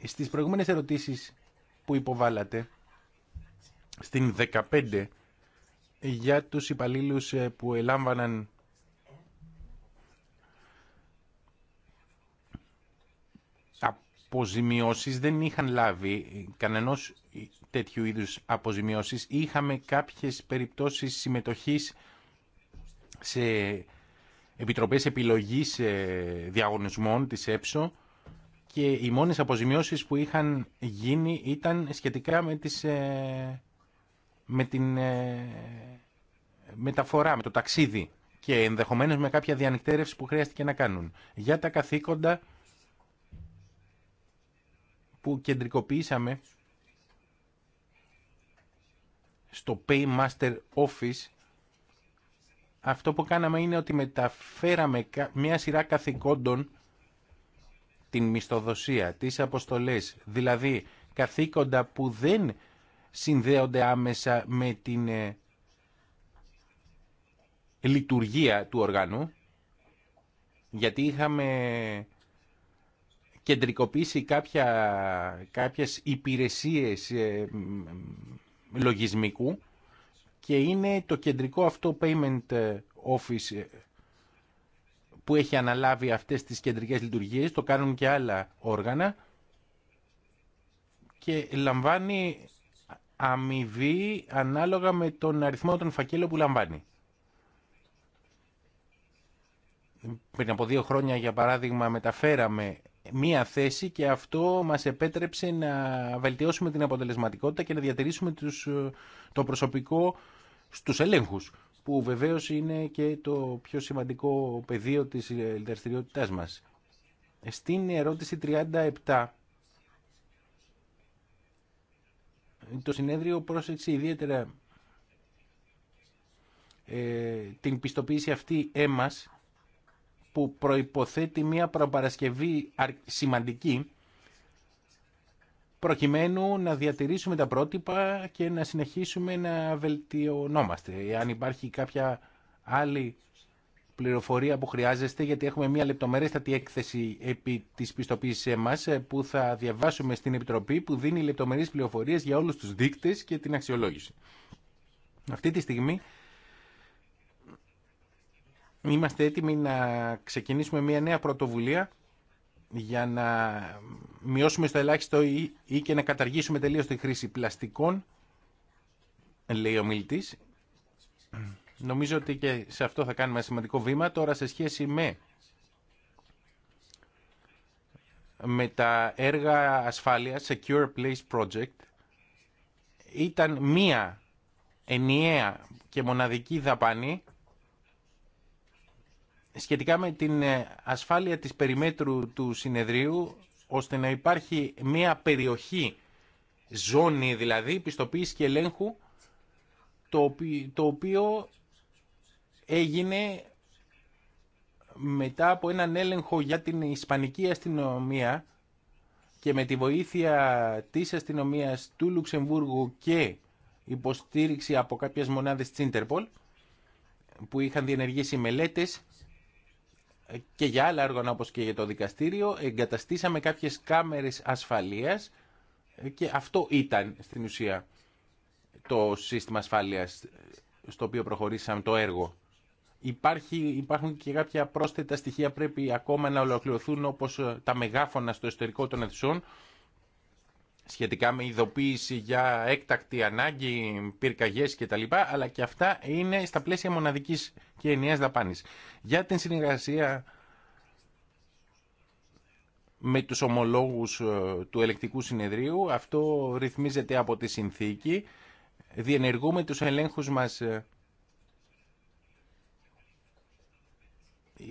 Speaker 2: Στις προηγούμενες ερωτήσεις που υποβάλατε, στην 15, για τους υπαλλήλους ε, που ελάμβαναν αποζημιώσεις δεν είχαν λάβει κανένας τέτοιου είδους αποζημιώσεις. Είχαμε κάποιες περιπτώσεις συμμετοχής σε επιτροπές επιλογής ε, διαγωνισμών της ΕΠΣΟ και οι μόνες αποζημιώσεις που είχαν γίνει ήταν σχετικά με, τις, ε, με την ε, μεταφορά, με το ταξίδι και ενδεχομένως με κάποια διανυκτέρευση που χρειάστηκε να κάνουν. Για τα καθήκοντα που κεντρικοποιήσαμε στο Paymaster Office αυτό που κάναμε είναι ότι μεταφέραμε μια σειρά καθηκόντων την μισθοδοσία, τις αποστολές, δηλαδή καθήκοντα που δεν συνδέονται άμεσα με την ε, λειτουργία του οργάνου, γιατί είχαμε κεντρικοποιήσει κάποια, κάποιες υπηρεσίες ε, λογισμικού, και είναι το κεντρικό αυτό payment ε, office ε, που έχει αναλάβει αυτές τις κεντρικές λειτουργίες, το κάνουν και άλλα όργανα και λαμβάνει αμοιβή ανάλογα με τον αριθμό των φακέλων που λαμβάνει. Πριν από δύο χρόνια, για παράδειγμα, μεταφέραμε μία θέση και αυτό μας επέτρεψε να βελτιώσουμε την αποτελεσματικότητα και να διατηρήσουμε τους, ε, το προσωπικό στους ελέγχους που βεβαίως είναι και το πιο σημαντικό πεδίο της ε, δραστηριότητά μας. Στην ερώτηση 37 το συνέδριο πρόσεξε ιδιαίτερα ε, την πιστοποίηση αυτή έμας που προϋποθέτει μια προπαρασκευή σημαντική προκειμένου να διατηρήσουμε τα πρότυπα και να συνεχίσουμε να βελτιωνόμαστε. Αν υπάρχει κάποια άλλη πληροφορία που χρειάζεστε, γιατί έχουμε μια λεπτομερέστατη έκθεση επί της πιστοποίησης μας, ε, που θα διαβάσουμε στην Επιτροπή, που δίνει λεπτομερείς πληροφορίες για όλους τους δείκτες και την αξιολόγηση. Αυτή τη στιγμή είμαστε έτοιμοι να ξεκινήσουμε μια νέα πρωτοβουλία για να μειώσουμε στο ελάχιστο ή, και να καταργήσουμε τελείως τη χρήση πλαστικών, λέει ο μιλητής. Νομίζω ότι και σε αυτό θα κάνουμε ένα σημαντικό βήμα. Τώρα σε σχέση με, με τα έργα ασφάλεια, Secure Place Project, ήταν μία ενιαία και μοναδική δαπάνη σχετικά με την ε, ασφάλεια της περιμέτρου του συνεδρίου ώστε να υπάρχει μια περιοχή, ζώνη δηλαδή, πιστοποίηση και ελέγχου το οποίο έγινε μετά από έναν έλεγχο για την Ισπανική αστυνομία και με τη βοήθεια της αστυνομίας του Λουξεμβούργου και υποστήριξη από κάποιες μονάδες της Ιντερπολ, που είχαν διενεργήσει μελέτες και για άλλα έργα όπως και για το δικαστήριο εγκαταστήσαμε κάποιες κάμερες ασφαλείας και αυτό ήταν στην ουσία το σύστημα ασφάλειας στο οποίο προχωρήσαμε το έργο. Υπάρχει, υπάρχουν και κάποια πρόσθετα στοιχεία πρέπει ακόμα να ολοκληρωθούν όπως τα μεγάφωνα στο εσωτερικό των αιθουσών σχετικά με ειδοποίηση για έκτακτη ανάγκη, πυρκαγιέ κτλ. Αλλά και αυτά είναι στα πλαίσια μοναδικής και ενιαία δαπάνη. Για την συνεργασία με τους ομολόγους ε, του ελεκτικού συνεδρίου, αυτό ρυθμίζεται από τη συνθήκη, διενεργούμε τους ελέγχους μας ε,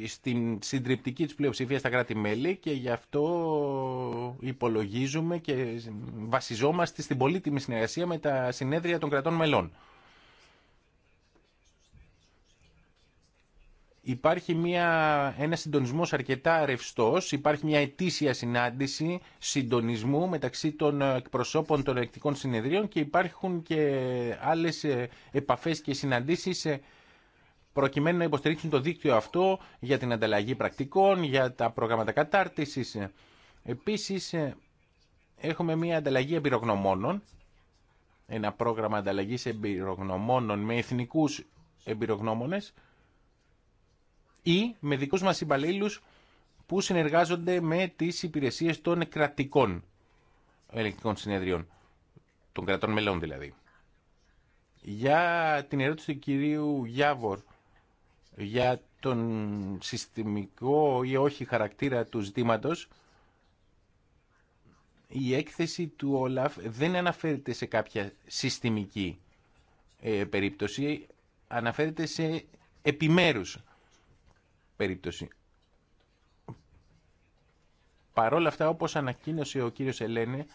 Speaker 2: στην συντριπτική της πλειοψηφία στα κράτη-μέλη και γι' αυτό υπολογίζουμε και βασιζόμαστε στην πολύτιμη συνεργασία με τα συνέδρια των κρατών μελών. Υπάρχει μια, ένα συντονισμός αρκετά ρευστός, υπάρχει μια ετήσια συνάντηση συντονισμού μεταξύ των εκπροσώπων των ελεκτικών συνεδρίων και υπάρχουν και άλλες ε, επαφές και συναντήσεις ε, προκειμένου να υποστηρίξουν το δίκτυο αυτό για την ανταλλαγή πρακτικών, για τα προγράμματα κατάρτισης. Επίσης, έχουμε μια ανταλλαγή εμπειρογνωμόνων, ένα πρόγραμμα ανταλλαγής εμπειρογνωμόνων με εθνικούς εμπειρογνώμονες ή με δικούς μας υπαλλήλους που συνεργάζονται με τις υπηρεσίες των κρατικών ελεκτικών συνεδριών, των κρατών μελών δηλαδή. Για την ερώτηση του κυρίου Γιάβορ για τον συστημικό ή όχι χαρακτήρα του ζητήματος, η έκθεση του Όλαφ δεν αναφέρεται σε κάποια συστημική ε, περίπτωση, αναφέρεται σε επιμέρους περίπτωση. Παρόλα αυτά, όπως ανακοίνωσε ο κύριος Ελένε,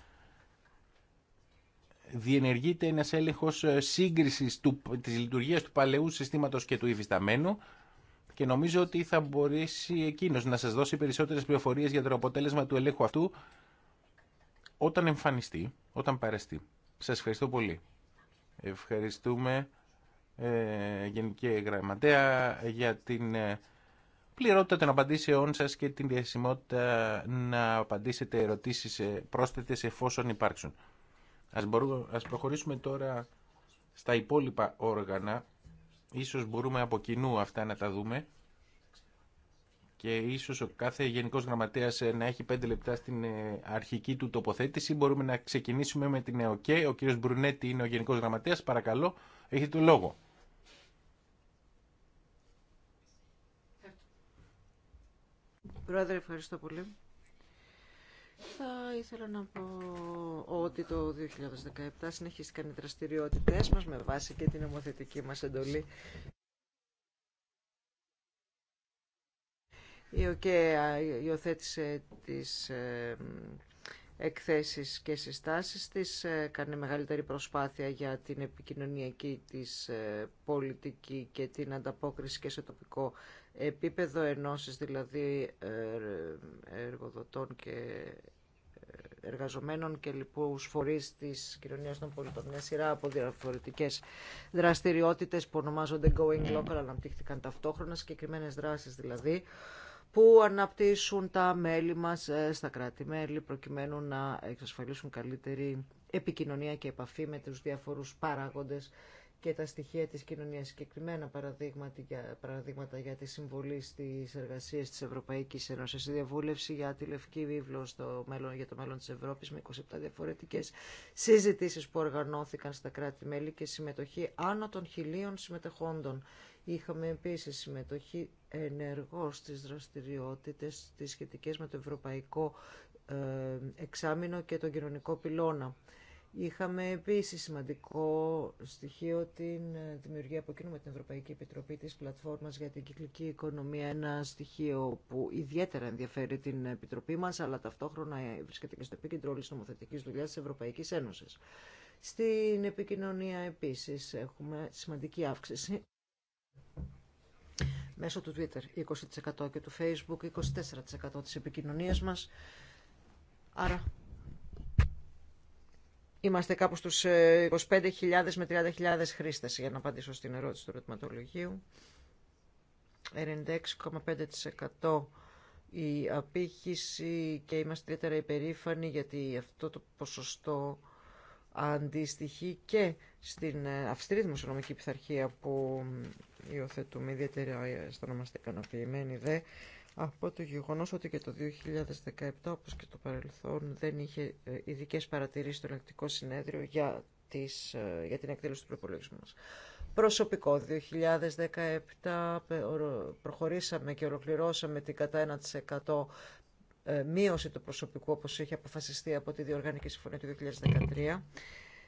Speaker 2: διενεργείται ένας έλεγχος ε, σύγκρισης του, της λειτουργίας του παλαιού συστήματος και του υφισταμένου και νομίζω ότι θα μπορέσει εκείνος να σας δώσει περισσότερες πληροφορίες για το αποτέλεσμα του ελέγχου αυτού όταν εμφανιστεί, όταν παρεστεί. Σας ευχαριστώ πολύ. Ευχαριστούμε ε, Γενική Γραμματέα για την ε, πληρότητα των απαντήσεών σας και την διασημότητα να απαντήσετε ερωτήσεις ε, πρόσθετες εφόσον υπάρξουν. Ας, ας προχωρήσουμε τώρα στα υπόλοιπα όργανα. Ίσως μπορούμε από κοινού αυτά να τα δούμε και ίσως ο κάθε Γενικός Γραμματέας ε, να έχει πέντε λεπτά στην ε, αρχική του τοποθέτηση. Μπορούμε να ξεκινήσουμε με την ΕΟΚΕ. Ο κύριος Μπρουνέτη είναι ο Γενικός Γραμματέας. Παρακαλώ,
Speaker 1: έχετε το λόγο. Πρόεδρε, ευχαριστώ πολύ. Θα ήθελα να πω ότι το 2017 συνεχίστηκαν οι δραστηριότητες μας με βάση και την νομοθετική μας εντολή. Η ΟΚΕΑ υιοθέτησε τις ε, εκθέσεις και συστάσεις της, ε, κάνει μεγαλύτερη προσπάθεια για την επικοινωνιακή της ε, πολιτική και την ανταπόκριση και σε τοπικό επίπεδο ενώσεις δηλαδή ε, εργοδοτών και ε, εργαζομένων και λοιπούς φορείς της κοινωνίας των πολιτών. Μια σειρά από διαφορετικές δραστηριότητες που ονομάζονται going local αναπτύχθηκαν ταυτόχρονα, συγκεκριμένε δράσεις δηλαδή, που αναπτύσσουν τα μέλη μας ε, στα κράτη-μέλη προκειμένου να εξασφαλίσουν καλύτερη επικοινωνία και επαφή με τους διαφορούς παράγοντες και τα στοιχεία της κοινωνίας, συγκεκριμένα παραδείγματα για, παραδείγματα για τη συμβολή στις εργασίες της Ευρωπαϊκής Ένωσης, η διαβούλευση για τη Λευκή Βίβλο στο μέλλον, για το μέλλον της Ευρώπης με 27 διαφορετικές συζητήσεις που οργανώθηκαν στα κράτη-μέλη και συμμετοχή άνω των χιλίων συμμετεχόντων. Είχαμε επίσης συμμετοχή ενεργό στις δραστηριότητες τις σχετικές με το Ευρωπαϊκό ε, Εξάμεινο και τον Κοινωνικό Πυλώνα. Είχαμε επίσης σημαντικό στοιχείο την δημιουργία από εκείνο με την Ευρωπαϊκή Επιτροπή της Πλατφόρμας για την Κυκλική Οικονομία, ένα στοιχείο που ιδιαίτερα ενδιαφέρει την Επιτροπή μας, αλλά ταυτόχρονα βρίσκεται και στο επίκεντρο όλης νομοθετικής δουλειάς της Ευρωπαϊκής Ένωσης. Στην επικοινωνία επίσης έχουμε σημαντική αύξηση. Μέσω του Twitter 20% και του Facebook 24% της επικοινωνίας μας. Άρα Είμαστε κάπου στους 25.000 ε, με 30.000 χρήστες, για να απαντήσω στην ερώτηση του ερωτηματολογίου. 96,5% η απήχηση και είμαστε ιδιαίτερα υπερήφανοι γιατί αυτό το ποσοστό αντιστοιχεί και στην ε, αυστηρή δημοσιονομική πειθαρχία που ε, υιοθετούμε ιδιαίτερα αισθανόμαστε ικανοποιημένοι δε από το γεγονός ότι και το 2017 όπως και το παρελθόν δεν είχε ε, ειδικέ παρατηρήσεις στο ελεκτικό συνέδριο για, τις, ε, για την εκτέλεση του προπολογισμού μας. Προσωπικό 2017 προχωρήσαμε και ολοκληρώσαμε την κατά 1% ε, μείωση του προσωπικού όπως είχε αποφασιστεί από τη Διοργανική Συμφωνία του 2013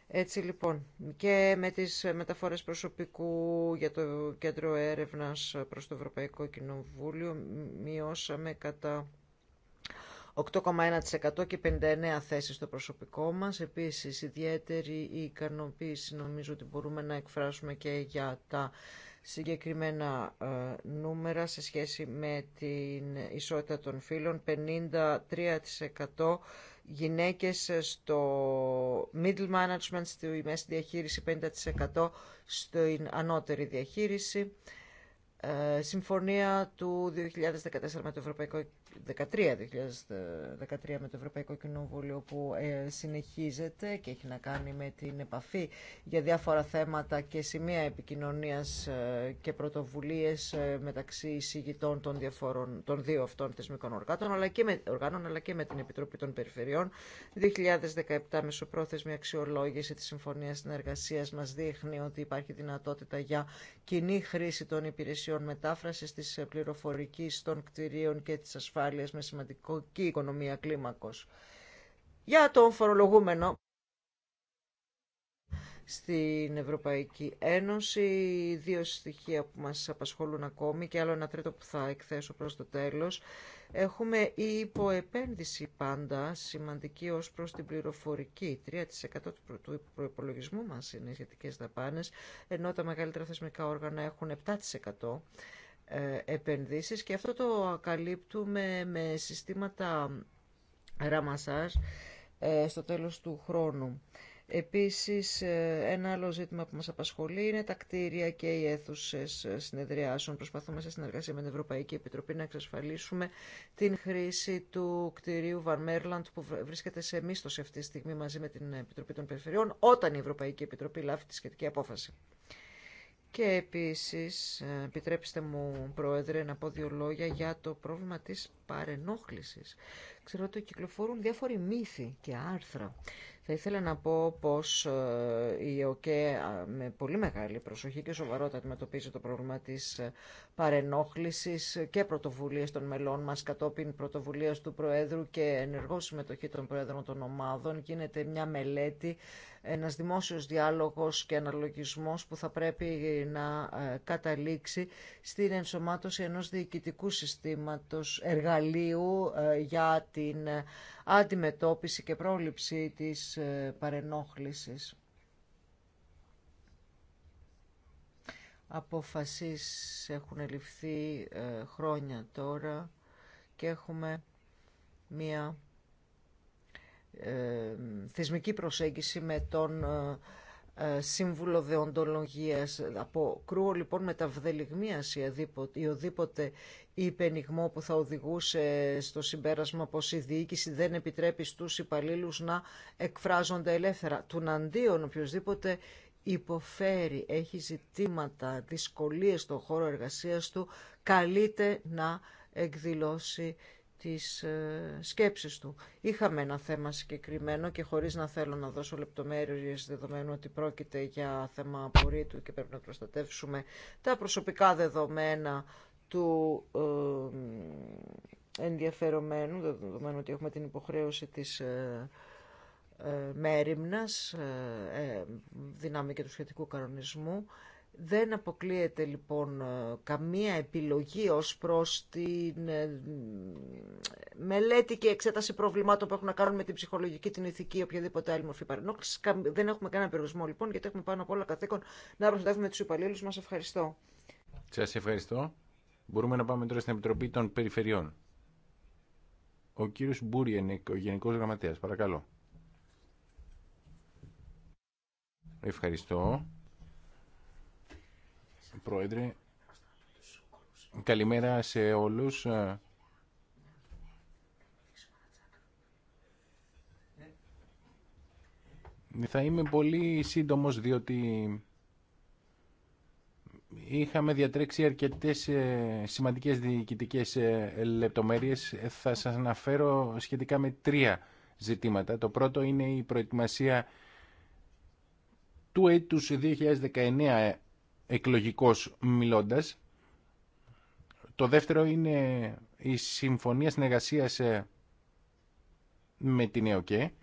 Speaker 1: έτσι λοιπόν και με τις μεταφορές προσωπικού για το κέντρο έρευνας προς το Ευρωπαϊκό Κοινοβούλιο μειώσαμε κατά 8,1% και 59 θέσεις στο προσωπικό μας. Επίσης, ιδιαίτερη η ικανοποίηση νομίζω ότι μπορούμε να εκφράσουμε και για τα συγκεκριμένα ε, νούμερα σε σχέση με την ισότητα των φύλων. 53% γυναίκες στο middle management, στη μέση διαχείριση 50% στην ανώτερη διαχείριση. Ε, συμφωνία του 2014 με το Ευρωπαϊκό 2013, με το Ευρωπαϊκό Κοινοβούλιο που ε, συνεχίζεται και έχει να κάνει με την επαφή για διάφορα θέματα και σημεία επικοινωνίας ε, και πρωτοβουλίες ε, μεταξύ εισηγητών των, διαφορών, των δύο αυτών θεσμικών οργάνων αλλά, και με, οργάνων αλλά και με την Επιτροπή των Περιφερειών. 2017 μεσοπρόθεσμη αξιολόγηση της Συμφωνίας Συνεργασίας μας δείχνει ότι υπάρχει δυνατότητα για κοινή χρήση των υπηρεσιών μετάφρασης της πληροφορικής των κτηρίων και της ασφάλειας ασφάλειας με σημαντικό και οικονομία κλίμακος. Για τον φορολογούμενο στην Ευρωπαϊκή Ένωση, δύο στοιχεία που μας απασχολούν ακόμη και άλλο ένα τρίτο που θα εκθέσω προς το τέλος. Έχουμε η υποεπένδυση πάντα σημαντική ως προς την πληροφορική. 3% του προϋπολογισμού μας είναι οι σχετικές δαπάνες, ενώ τα μεγαλύτερα θεσμικά όργανα έχουν 7%. Ε, επενδύσεις και αυτό το καλύπτουμε με συστήματα ραμασάζ ε, στο τέλος του χρόνου. Επίσης, ε, ένα άλλο ζήτημα που μας απασχολεί είναι τα κτίρια και οι αίθουσε συνεδριάσεων. Προσπαθούμε σε συνεργασία με την Ευρωπαϊκή Επιτροπή να εξασφαλίσουμε την χρήση του κτηρίου Βαρμέρλαντ που βρίσκεται σε μίσθωση αυτή τη στιγμή μαζί με την Επιτροπή των Περιφερειών όταν η Ευρωπαϊκή Επιτροπή λάβει τη σχετική απόφαση. Και επίσης, επιτρέψτε μου, Πρόεδρε, να πω δύο λόγια για το πρόβλημα της παρενόχλησης. Ξέρω ότι κυκλοφορούν διάφοροι μύθοι και άρθρα. Θα ήθελα να πω πως ε, η ΟΚΕ με πολύ μεγάλη προσοχή και σοβαρότητα αντιμετωπίζει το πρόβλημα της ε, παρενόχλησης και πρωτοβουλίες των μελών μας κατόπιν πρωτοβουλίας του Προέδρου και ενεργό συμμετοχή των Προέδρων των Ομάδων. Γίνεται μια μελέτη ένας δημόσιος διάλογος και αναλογισμός που θα πρέπει να ε, καταλήξει στην ενσωμάτωση ενός διοικητικού συστήματος εργαλείου ε, για την ε, αντιμετώπιση και πρόληψη της παρενόχλησης. απόφασίς έχουν ληφθεί χρόνια τώρα και έχουμε μία ε, θεσμική προσέγγιση με τον ε, ε, σύμβουλο από κρούο λοιπόν με τα ή οδήποτε υπενιγμό που θα οδηγούσε στο συμπέρασμα πως η διοίκηση δεν επιτρέπει στους υπαλλήλου να εκφράζονται ελεύθερα. Του αντίον οποιοδήποτε υποφέρει, έχει ζητήματα, δυσκολίες στον χώρο εργασίας του, καλείται να εκδηλώσει τις ε, σκέψεις του. Είχαμε ένα θέμα συγκεκριμένο και χωρίς να θέλω να δώσω λεπτομέρειες δεδομένου ότι πρόκειται για θέμα απορρίτου και πρέπει να προστατεύσουμε τα προσωπικά δεδομένα του ε, ενδιαφερομένου, δεδομένου ότι έχουμε την υποχρέωση της ε, μέρημνας, δυνάμει και του σχετικού κανονισμού. Δεν αποκλείεται λοιπόν ε, καμία επιλογή ως προς την ε, μελέτη και εξέταση προβλημάτων που έχουν να κάνουν με την ψυχολογική, την ηθική, οποιαδήποτε άλλη μορφή παρενόχληση. Δεν έχουμε κανένα περιορισμό λοιπόν, γιατί έχουμε πάνω απ' όλα καθήκον να προστατεύουμε τους υπαλλήλους μας. Ευχαριστώ.
Speaker 2: Σας ευχαριστώ. Μπορούμε να πάμε τώρα στην Επιτροπή των Περιφερειών. Ο κύριος Μπούριεν, ο Γενικός Γραμματέας, παρακαλώ. Ευχαριστώ. Πρόεδρε. Καλημέρα σε όλους. Θα είμαι πολύ σύντομος διότι είχαμε διατρέξει αρκετές ε, σημαντικές διοικητικές ε, λεπτομέρειες. Θα σας αναφέρω σχετικά με τρία ζητήματα. Το πρώτο είναι η προετοιμασία του έτους 2019 εκλογικός μιλώντας. Το δεύτερο είναι η συμφωνία συνεργασίας ε, με την ΕΟΚΕ,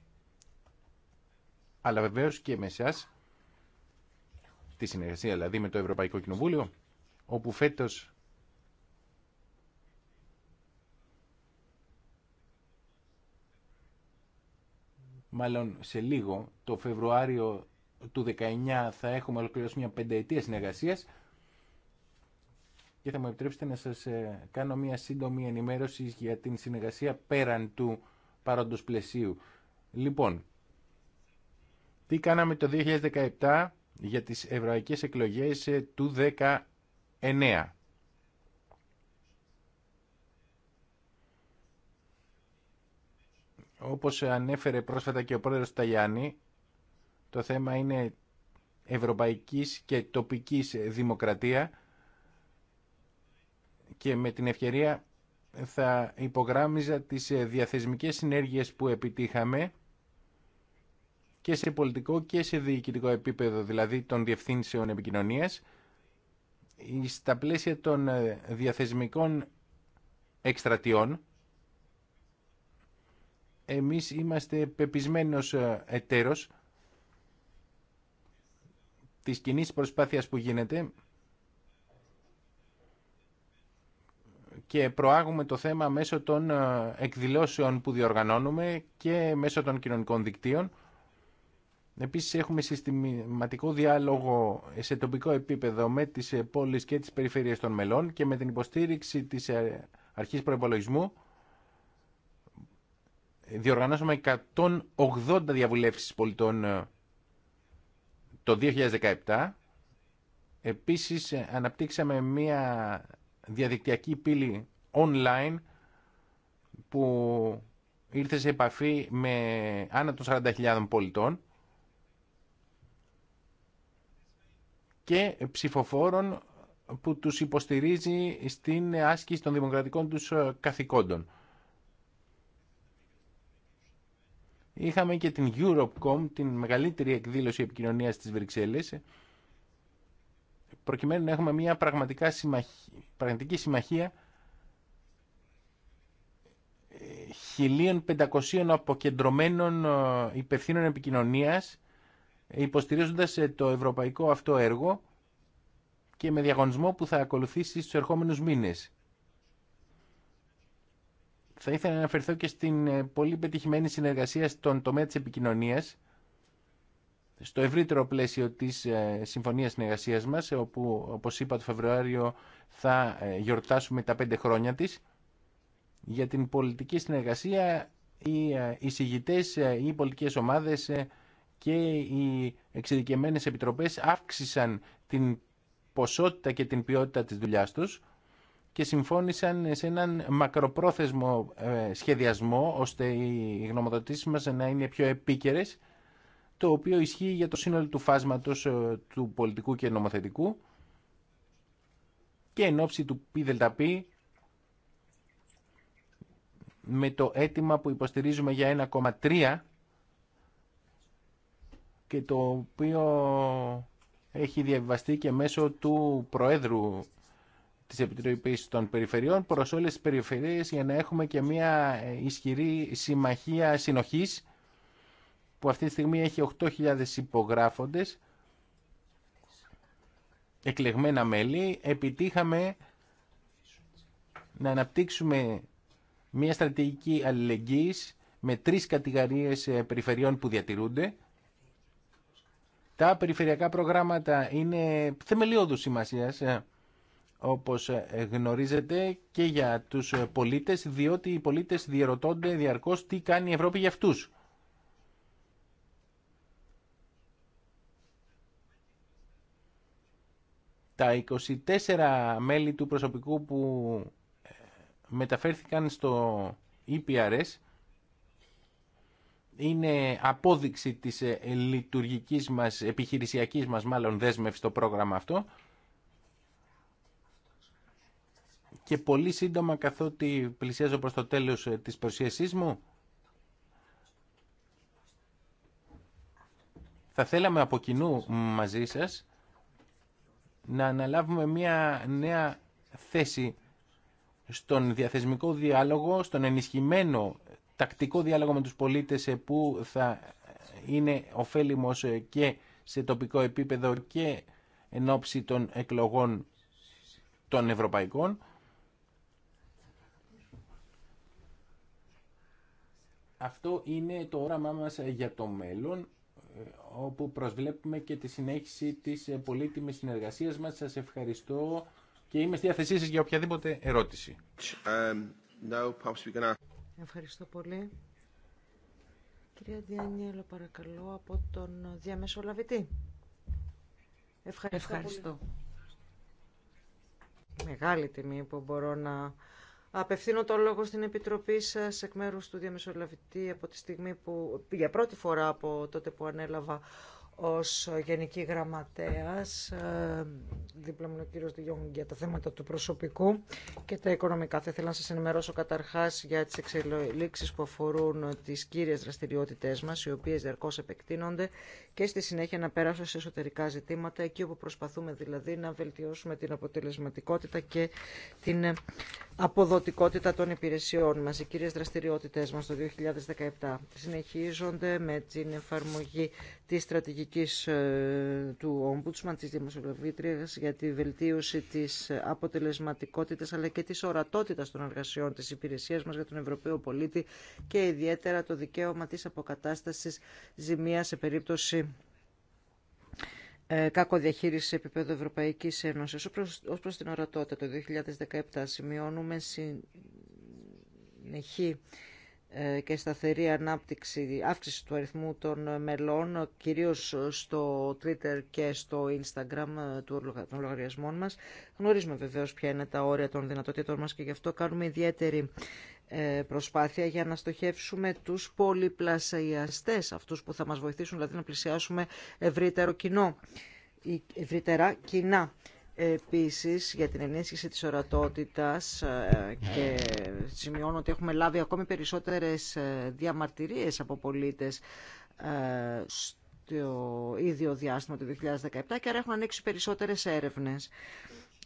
Speaker 2: αλλά βεβαίως και με εσάς, τη συνεργασία δηλαδή με το Ευρωπαϊκό Κοινοβούλιο, όπου φέτος μάλλον σε λίγο, το Φεβρουάριο του 19 θα έχουμε ολοκληρώσει μια πενταετία συνεργασίας και θα μου επιτρέψετε να σας ε, κάνω μια σύντομη ενημέρωση για την συνεργασία πέραν του παρόντος πλαισίου. Λοιπόν, τι κάναμε το 2017 για τις ευρωαϊκές εκλογές ε, του 19. Όπως ανέφερε πρόσφατα και ο πρόεδρος Ταγιάννη, το θέμα είναι ευρωπαϊκής και τοπικής δημοκρατία και με την ευκαιρία θα υπογράμμιζα τις διαθεσμικές συνέργειες που επιτύχαμε και σε πολιτικό και σε διοικητικό επίπεδο, δηλαδή των διευθύνσεων επικοινωνίας, στα πλαίσια των διαθεσμικών εκστρατιών, εμείς είμαστε πεπισμένος εταίρος της κοινή προσπάθειας που γίνεται και προάγουμε το θέμα μέσω των ε, εκδηλώσεων που διοργανώνουμε και μέσω των κοινωνικών δικτύων. Επίσης έχουμε συστηματικό διάλογο σε τοπικό επίπεδο με τις ε, πόλεις και τις περιφέρειες των μελών και με την υποστήριξη της ε, αρχής προϋπολογισμού διοργανώσαμε 180 διαβουλεύσεις πολιτών το 2017 επίσης αναπτύξαμε μια διαδικτυακή πύλη online που ήρθε σε επαφή με άνω των 40.000 πολιτών και ψηφοφόρων που τους υποστηρίζει στην άσκηση των δημοκρατικών τους καθηκόντων. Είχαμε και την Europe.com, την μεγαλύτερη εκδήλωση επικοινωνίας της Βρυξέλλες, προκειμένου να έχουμε μια πραγματικά πραγματική συμμαχία 1500 αποκεντρωμένων ε, υπευθύνων επικοινωνίας υποστηρίζοντας ε, το ευρωπαϊκό αυτό έργο και με διαγωνισμό που θα ακολουθήσει στους ερχόμενους μήνες. Θα ήθελα να αναφερθώ και στην ε, πολύ πετυχημένη συνεργασία στον τομέα της επικοινωνίας, στο ευρύτερο πλαίσιο της ε, συμφωνίας συνεργασίας μας, όπου, όπως είπα, το Φεβρουάριο θα ε, γιορτάσουμε τα πέντε χρόνια της. Για την πολιτική συνεργασία, οι εισηγητές, οι πολιτικές ομάδες και οι εξειδικεμένες επιτροπές αύξησαν την ποσότητα και την ποιότητα της δουλειάς τους, και συμφώνησαν σε έναν μακροπρόθεσμο ε, σχεδιασμό ώστε οι γνωμοδοτήσεις μας να είναι πιο επίκαιρες το οποίο ισχύει για το σύνολο του φάσματος ε, του πολιτικού και νομοθετικού και εν ώψη του ΠΔΠ με το αίτημα που υποστηρίζουμε για 1,3 και το οποίο έχει διαβιβαστεί και μέσω του Προέδρου της Επιτροπής των Περιφερειών προς όλες τις περιφερειές για να έχουμε και μια ε, ισχυρή συμμαχία συνοχής που αυτή τη στιγμή έχει 8.000 υπογράφοντες εκλεγμένα μέλη επιτύχαμε να αναπτύξουμε μια στρατηγική αλληλεγγύης με τρεις κατηγορίες ε, περιφερειών που διατηρούνται. Τα περιφερειακά προγράμματα είναι θεμελιώδους σημασίας ε, όπως ε, γνωρίζετε και για τους ε, πολίτες διότι οι πολίτες διερωτώνται διαρκώς τι κάνει η Ευρώπη για αυτούς. Τα 24 μέλη του προσωπικού που ε, μεταφέρθηκαν στο EPRS είναι απόδειξη της λειτουργικής μας, επιχειρησιακής μας μάλλον δέσμευσης στο πρόγραμμα αυτό και πολύ σύντομα καθότι πλησιάζω προς το τέλος ε, της παρουσίασής μου. Θα θέλαμε από κοινού μαζί σας να αναλάβουμε μια νέα θέση στον διαθεσμικό διάλογο, στον ενισχυμένο τακτικό διάλογο με τους πολίτες ε, που θα είναι ωφέλιμος ε, και σε τοπικό επίπεδο και εν των εκλογών των ευρωπαϊκών Αυτό είναι το όραμά μας για το μέλλον, όπου προσβλέπουμε και τη συνέχιση της πολύτιμης συνεργασίας μας. Σας ευχαριστώ και είμαι στη διάθεσή σας για οποιαδήποτε ερώτηση. Um,
Speaker 1: ευχαριστώ πολύ. Κυρία Διανιέλο, παρακαλώ, από τον διαμεσολαβητή. Ευχαριστώ. Ευχαριστώ. Μεγάλη τιμή που μπορώ να Απευθύνω το λόγο στην Επιτροπή σας εκ μέρους του Διαμεσολαβητή από τη στιγμή που, για πρώτη φορά από τότε που ανέλαβα ως Γενική Γραμματέας, ε, δίπλα μου ο κύριος για τα θέματα του προσωπικού και τα οικονομικά. Θα ήθελα να σας ενημερώσω καταρχάς για τις εξελίξεις που αφορούν τις κύριες δραστηριότητές μας, οι οποίες διαρκώς επεκτείνονται και στη συνέχεια να περάσω σε εσωτερικά ζητήματα, εκεί όπου προσπαθούμε δηλαδή να βελτιώσουμε την αποτελεσματικότητα και την ε, αποδοτικότητα των υπηρεσιών μας. Οι κύριες δραστηριότητες μας το 2017 συνεχίζονται με την εφαρμογή της στρατηγικής ε, του Ombudsman της Δημοσιογραφήτριας για τη βελτίωση της αποτελεσματικότητας αλλά και της ορατότητας των εργασιών της υπηρεσίας μας για τον Ευρωπαίο πολίτη και ιδιαίτερα το δικαίωμα της αποκατάστασης ζημίας σε περίπτωση ε, διαχείριση σε επίπεδο Ευρωπαϊκής Ένωση Ως προς, την ορατότητα το 2017 σημειώνουμε συνεχή ε, και σταθερή ανάπτυξη, αύξηση του αριθμού των μελών, κυρίως στο Twitter και στο Instagram ε, των λογαριασμών μας. Γνωρίζουμε βεβαίως ποια είναι τα όρια των δυνατοτήτων μας και γι' αυτό κάνουμε ιδιαίτερη ε, προσπάθεια για να στοχεύσουμε τους πολυπλασιαστές, αυτούς που θα μας βοηθήσουν δηλαδή να πλησιάσουμε ευρύτερο κοινό, ευρύτερα κοινά. Επίσης, για την ενίσχυση της ορατότητας ε, και σημειώνω ότι έχουμε λάβει ακόμη περισσότερες ε, διαμαρτυρίες από πολίτες στο ίδιο διάστημα του 2017 και άρα έχουν ανοίξει περισσότερες έρευνες.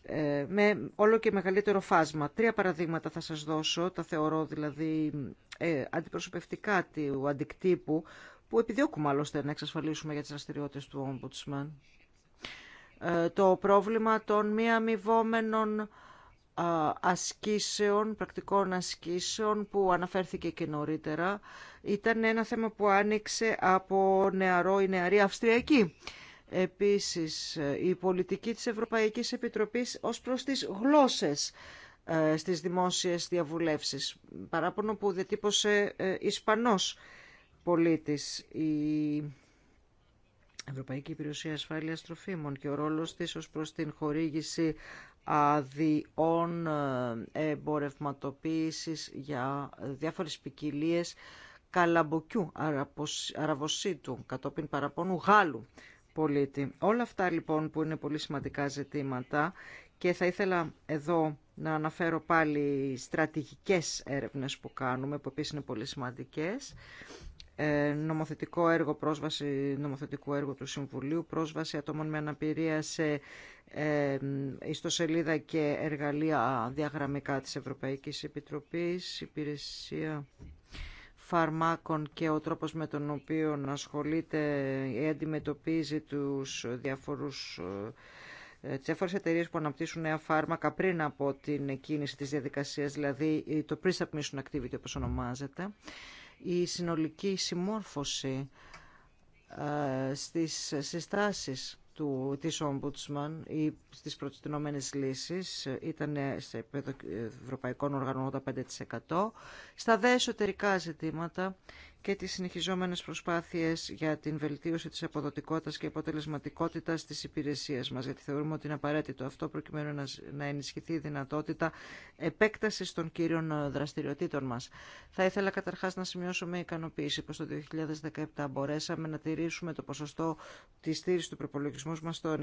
Speaker 1: Ε, με όλο και μεγαλύτερο φάσμα. Τρία παραδείγματα θα σας δώσω, τα θεωρώ δηλαδή ε, αντιπροσωπευτικά του αντικτύπου, που επιδιώκουμε άλλωστε να εξασφαλίσουμε για τις δραστηριότητε του Ombudsman. Ε, το πρόβλημα των μη αμοιβόμενων ασκήσεων, πρακτικών ασκήσεων που αναφέρθηκε και νωρίτερα ήταν ένα θέμα που άνοιξε από νεαρό ή νεαρή Αυστριακή Επίσης, η πολιτική της Ευρωπαϊκής Επιτροπής ως προς τις γλώσσες ε, στις δημόσιες διαβουλεύσεις. Παράπονο που διατύπωσε ε, Ισπανός πολίτης η Ευρωπαϊκή Υπηρεσία Ασφάλειας Τροφίμων και ο ρόλος της ως προς την χορήγηση αδειών ε, εμπορευματοποίησης για διάφορες ποικιλίε καλαμποκιού αραβοσίτου κατόπιν παραπονού Γάλλου Όλα αυτά λοιπόν που είναι πολύ σημαντικά ζητήματα και θα ήθελα εδώ να αναφέρω πάλι στρατηγικές έρευνες που κάνουμε, που επίσης είναι πολύ σημαντικές. Ε, νομοθετικό έργο, πρόσβαση νομοθετικού έργου του Συμβουλίου, πρόσβαση ατόμων με αναπηρία σε ε, ιστοσελίδα και εργαλεία διαγραμμικά της Ευρωπαϊκής Επιτροπής, υπηρεσία φαρμάκων και ο τρόπος με τον οποίο ασχολείται ή αντιμετωπίζει τους διαφορούς ε, τις διάφορες εταιρείε που αναπτύσσουν νέα φάρμακα πριν από την κίνηση της διαδικασίας, δηλαδή το pre-submission activity όπως ονομάζεται, η συνολική συμμόρφωση ε, στις συστάσεις του, της Ombudsman ή στις προτινόμενες λύσεις ήταν σε επίπεδο ευρωπαϊκών οργανών 85%. Στα δε εσωτερικά ζητήματα και τις συνεχιζόμενες προσπάθειες για την βελτίωση της αποδοτικότητας και αποτελεσματικότητας της υπηρεσίας μας, γιατί θεωρούμε ότι είναι απαραίτητο αυτό προκειμένου να, ενισχυθεί η δυνατότητα επέκτασης των κύριων ε, δραστηριοτήτων μας. Θα ήθελα καταρχάς να σημειώσω με ικανοποίηση πως το 2017 μπορέσαμε να τηρήσουμε το ποσοστό της στήριξης του προπολογισμού μας στο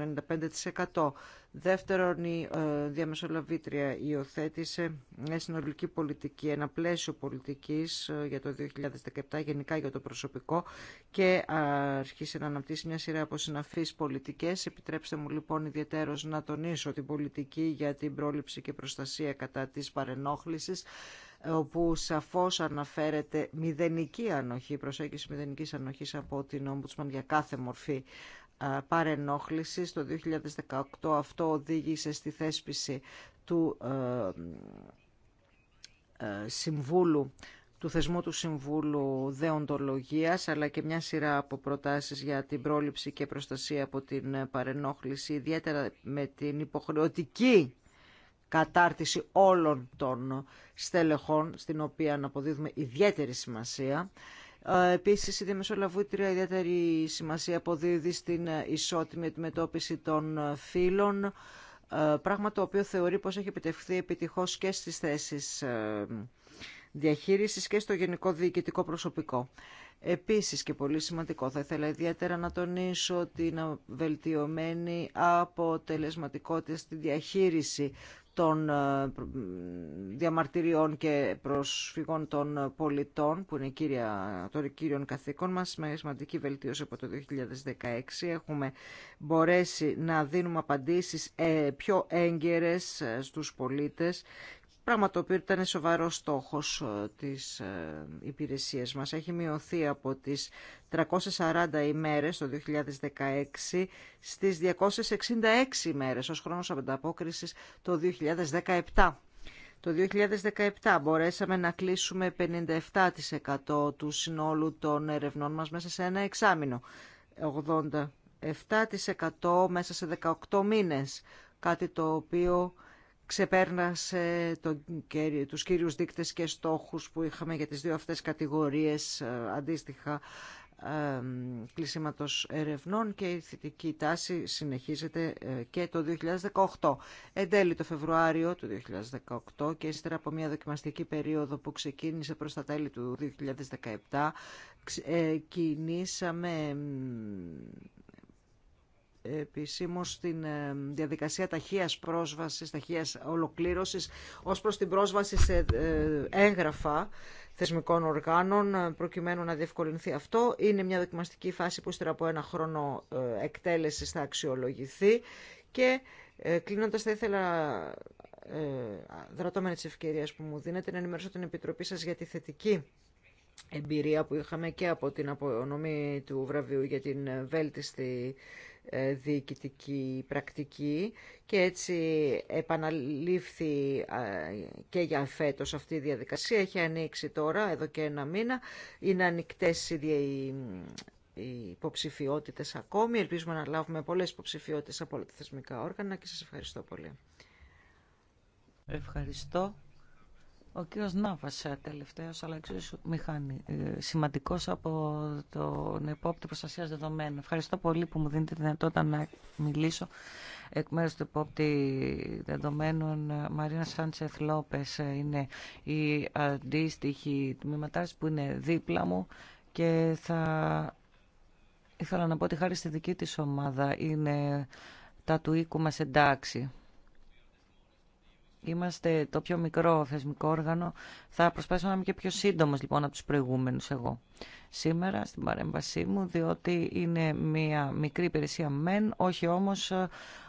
Speaker 1: 95%. Δεύτερον, η ε, διαμεσολαβήτρια υιοθέτησε μια συνολική πολιτική, ένα πλαίσιο πολιτικής ε, για το 2017 γενικά για το προσωπικό και αρχίσει να αναπτύσσει μια σειρά από συναφείς πολιτικές. Επιτρέψτε μου λοιπόν ιδιαίτερος να τονίσω την πολιτική για την πρόληψη και προστασία κατά της παρενόχλησης όπου σαφώς αναφέρεται μηδενική ανοχή, προσέγγιση μηδενικής ανοχής από την Ομπουτσμαν για κάθε μορφή παρενόχληση. Το 2018 αυτό οδήγησε στη θέσπιση του ε, ε, Συμβούλου του θεσμού του Συμβούλου Δεοντολογίας αλλά και μια σειρά από προτάσεις για την πρόληψη και προστασία από την παρενόχληση ιδιαίτερα με την υποχρεωτική κατάρτιση όλων των στελεχών στην οποία αναποδίδουμε ιδιαίτερη σημασία. Ε, επίσης, η Διαμεσολαβούτρια ιδιαίτερη σημασία αποδίδει στην ισότιμη αντιμετώπιση των φύλων, ε, πράγμα το οποίο θεωρεί πως έχει επιτευχθεί επιτυχώς και στις θέσεις ε, διαχείρισης και στο γενικό διοικητικό προσωπικό. Επίσης και πολύ σημαντικό, θα ήθελα ιδιαίτερα να τονίσω την βελτιωμένη αποτελεσματικότητα στη διαχείριση των ε, διαμαρτυριών και προσφυγών των πολιτών, που είναι κύρια, των κύριων καθήκων μας, με σημαντική βελτίωση από το 2016. Έχουμε μπορέσει να δίνουμε απαντήσεις ε, πιο έγκαιρες ε, στους πολίτες πράγμα το οποίο ήταν σοβαρό στόχος ε, της ε, υπηρεσίας μας. Έχει μειωθεί από τις 340 ημέρες το 2016 στις 266 ημέρες ως χρόνος ανταπόκρισης το 2017. Το 2017 μπορέσαμε να κλείσουμε 57% του συνόλου των ερευνών μας μέσα σε ένα εξάμεινο. 87% μέσα σε 18 μήνες, κάτι το οποίο ξεπέρνασε τον, τους κύριους δείκτες και στόχους που είχαμε για τις δύο αυτές κατηγορίες ε, αντίστοιχα κλεισίματος ερευνών και η θετική τάση συνεχίζεται ε, και το 2018. Εν τέλει το Φεβρουάριο του 2018 και ύστερα από μια δοκιμαστική περίοδο που ξεκίνησε προς τα τέλη του 2017 ε, κινήσαμε Επίσημώ στην ε, διαδικασία ταχεία πρόσβαση, ταχεία ολοκλήρωσης ως προ την πρόσβαση σε ε, έγγραφα θεσμικών οργάνων ε, προκειμένου να διευκολυνθεί αυτό. Είναι μια δοκιμαστική φάση που ύστερα από ένα χρόνο εκτέλεσης θα αξιολογηθεί και κλείνοντα θα ήθελα δρατώμενη τη ευκαιρία που μου δίνετε να ενημερώσω την Επιτροπή σα για τη θετική εμπειρία που είχαμε και από την απονομή του βραβείου για την βέλτιστη ε, διοικητική πρακτική και έτσι επαναλήφθη και για φέτος αυτή η διαδικασία. Έχει ανοίξει τώρα, εδώ και ένα μήνα. Είναι ανοιχτές οι υποψηφιότητες ακόμη. Ελπίζουμε να λάβουμε πολλές υποψηφιότητες από όλα τα θεσμικά όργανα και σας ευχαριστώ πολύ. Ευχαριστώ. Ο κύριος
Speaker 3: Νάβας ε, τελευταίος, αλλά εξίσου μηχανή, ε, σημαντικός από τον επόπτη προστασίας δεδομένων. Ευχαριστώ πολύ που μου δίνετε τη δυνατότητα να μιλήσω εκ μέρους του υπόπτη δεδομένων. Μαρίνα Σάντσεθ Λόπες ε, είναι η αντίστοιχη τμήματάρση που είναι δίπλα μου και θα ήθελα να πω ότι χάρη στη δική της ομάδα είναι τα του οίκου μας εντάξει. Είμαστε το πιο μικρό θεσμικό όργανο. Θα προσπαθήσω να είμαι και πιο σύντομος λοιπόν από τους προηγούμενους εγώ σήμερα στην παρέμβασή μου, διότι είναι μια μικρή υπηρεσία μεν, όχι όμως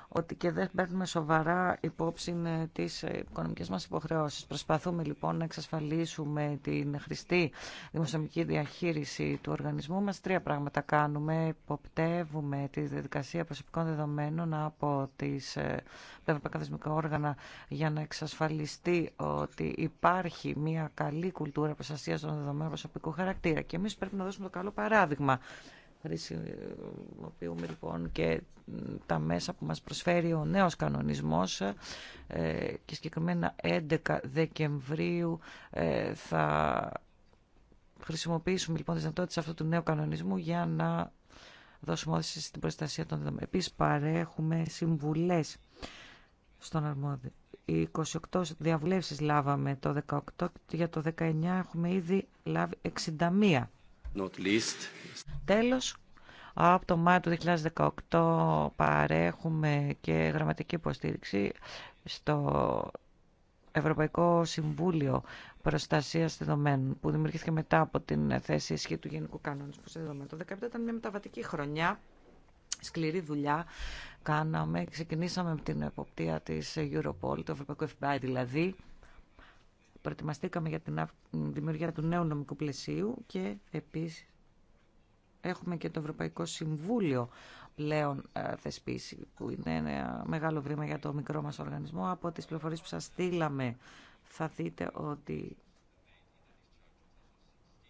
Speaker 3: ότι και δεν παίρνουμε σοβαρά υπόψη τις οικονομικές μας υποχρεώσεις. Προσπαθούμε λοιπόν να εξασφαλίσουμε την χρηστή δημοσιονομική διαχείριση του οργανισμού μας. Τρία πράγματα κάνουμε. Υποπτεύουμε τη διαδικασία προσωπικών δεδομένων από τις ε, ευρωπαϊκά όργανα για να εξασφαλιστεί ότι υπάρχει μια καλή κουλτούρα προστασία των δεδομένων προσωπικού χαρακτήρα. Και εμείς πρέπει να δώσουμε το καλό παράδειγμα Χρησιμοποιούμε λοιπόν και τα μέσα που μας προσφέρει ο νέος κανονισμός ε, και συγκεκριμένα 11 Δεκεμβρίου ε, θα χρησιμοποιήσουμε λοιπόν τις δυνατότητες αυτού του νέου κανονισμού για να δώσουμε όθηση στην προστασία των δεδομένων. Επίσης παρέχουμε συμβουλές στον αρμόδιο. Οι 28 διαβουλεύσεις λάβαμε το 18 και για το 19 έχουμε ήδη λάβει 61 Τέλος, από το Μάιο του 2018 παρέχουμε και γραμματική υποστήριξη στο Ευρωπαϊκό Συμβούλιο Προστασίας Δεδομένων που δημιουργήθηκε μετά από την θέση ισχύ του Γενικού Κανόνισμου Δεδομένων. Το 2017 ήταν μια μεταβατική χρονιά σκληρή δουλειά κάναμε. Ξεκινήσαμε με την εποπτεία της Europol, του Ευρωπαϊκού FBI δηλαδή, Προετοιμαστήκαμε για την δημιουργία του νέου νομικού πλαισίου και επίσης έχουμε και το Ευρωπαϊκό Συμβούλιο πλέον ε, θεσπίσει, που είναι ένα μεγάλο βρήμα για το μικρό μας οργανισμό. Από τις πληροφορίες που σας στείλαμε θα δείτε ότι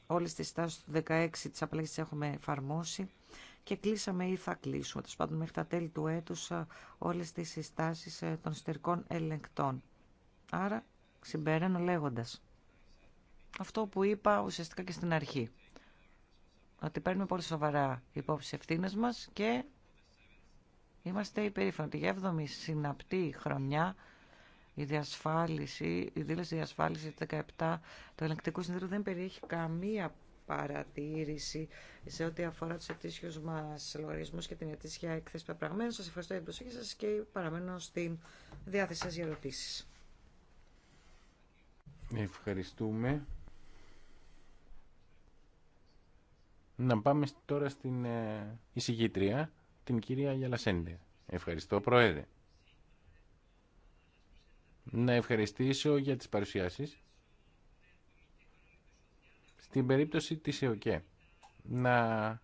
Speaker 3: όλες τις στάσεις του 16 της απαλλαγές έχουμε εφαρμόσει και κλείσαμε ή θα κλείσουμε, τόσο πάντων μέχρι τα τέλη του έτους, ε, όλες τις συστάσεις ε, των εσωτερικών ελεγκτών. Άρα Συμπεραίνω λέγοντας αυτό που είπα ουσιαστικά και στην αρχή. Ότι παίρνουμε πολύ σοβαρά υπόψη ευθύνε μας και είμαστε υπερήφανοι ότι για 7η συναπτή χρονιά η διασφάλιση, η δήλωση διασφάλιση 17 του Ελεκτικού Συνδέρου δεν περιέχει καμία παρατήρηση σε ό,τι αφορά του ετήσιου μα λογαριασμού και την ετήσια έκθεση πεπραγμένου. Σα ευχαριστώ για την προσοχή σα και παραμένω στην διάθεση σα για ερωτήσει.
Speaker 2: Ευχαριστούμε. Να πάμε τώρα στην ε, εισηγήτρια, την κυρία Γιαλασέντε. Ευχαριστώ, Πρόεδρε. Να ευχαριστήσω για τις παρουσιάσεις. Στην περίπτωση της ΕΟΚΕ, να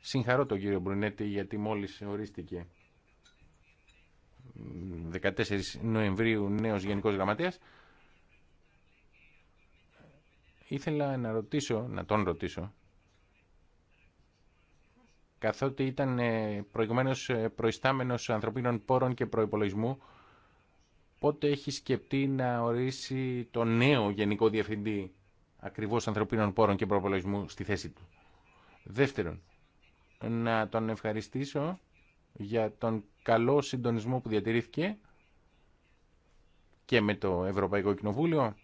Speaker 2: συγχαρώ τον κύριο Μπρουνέτη γιατί μόλις ορίστηκε 14 Νοεμβρίου νέος Γενικός Γραμματέας ήθελα να ρωτήσω, να τον ρωτήσω, καθότι ήταν ε, προηγουμένως ε, προϊστάμενος ανθρωπίνων πόρων και προϋπολογισμού, πότε έχει σκεφτεί να ορίσει το νέο Γενικό Διευθυντή ακριβώς ανθρωπίνων πόρων και προϋπολογισμού στη θέση του. Δεύτερον, να τον ευχαριστήσω για τον καλό συντονισμό που διατηρήθηκε και με το Ευρωπαϊκό Κοινοβούλιο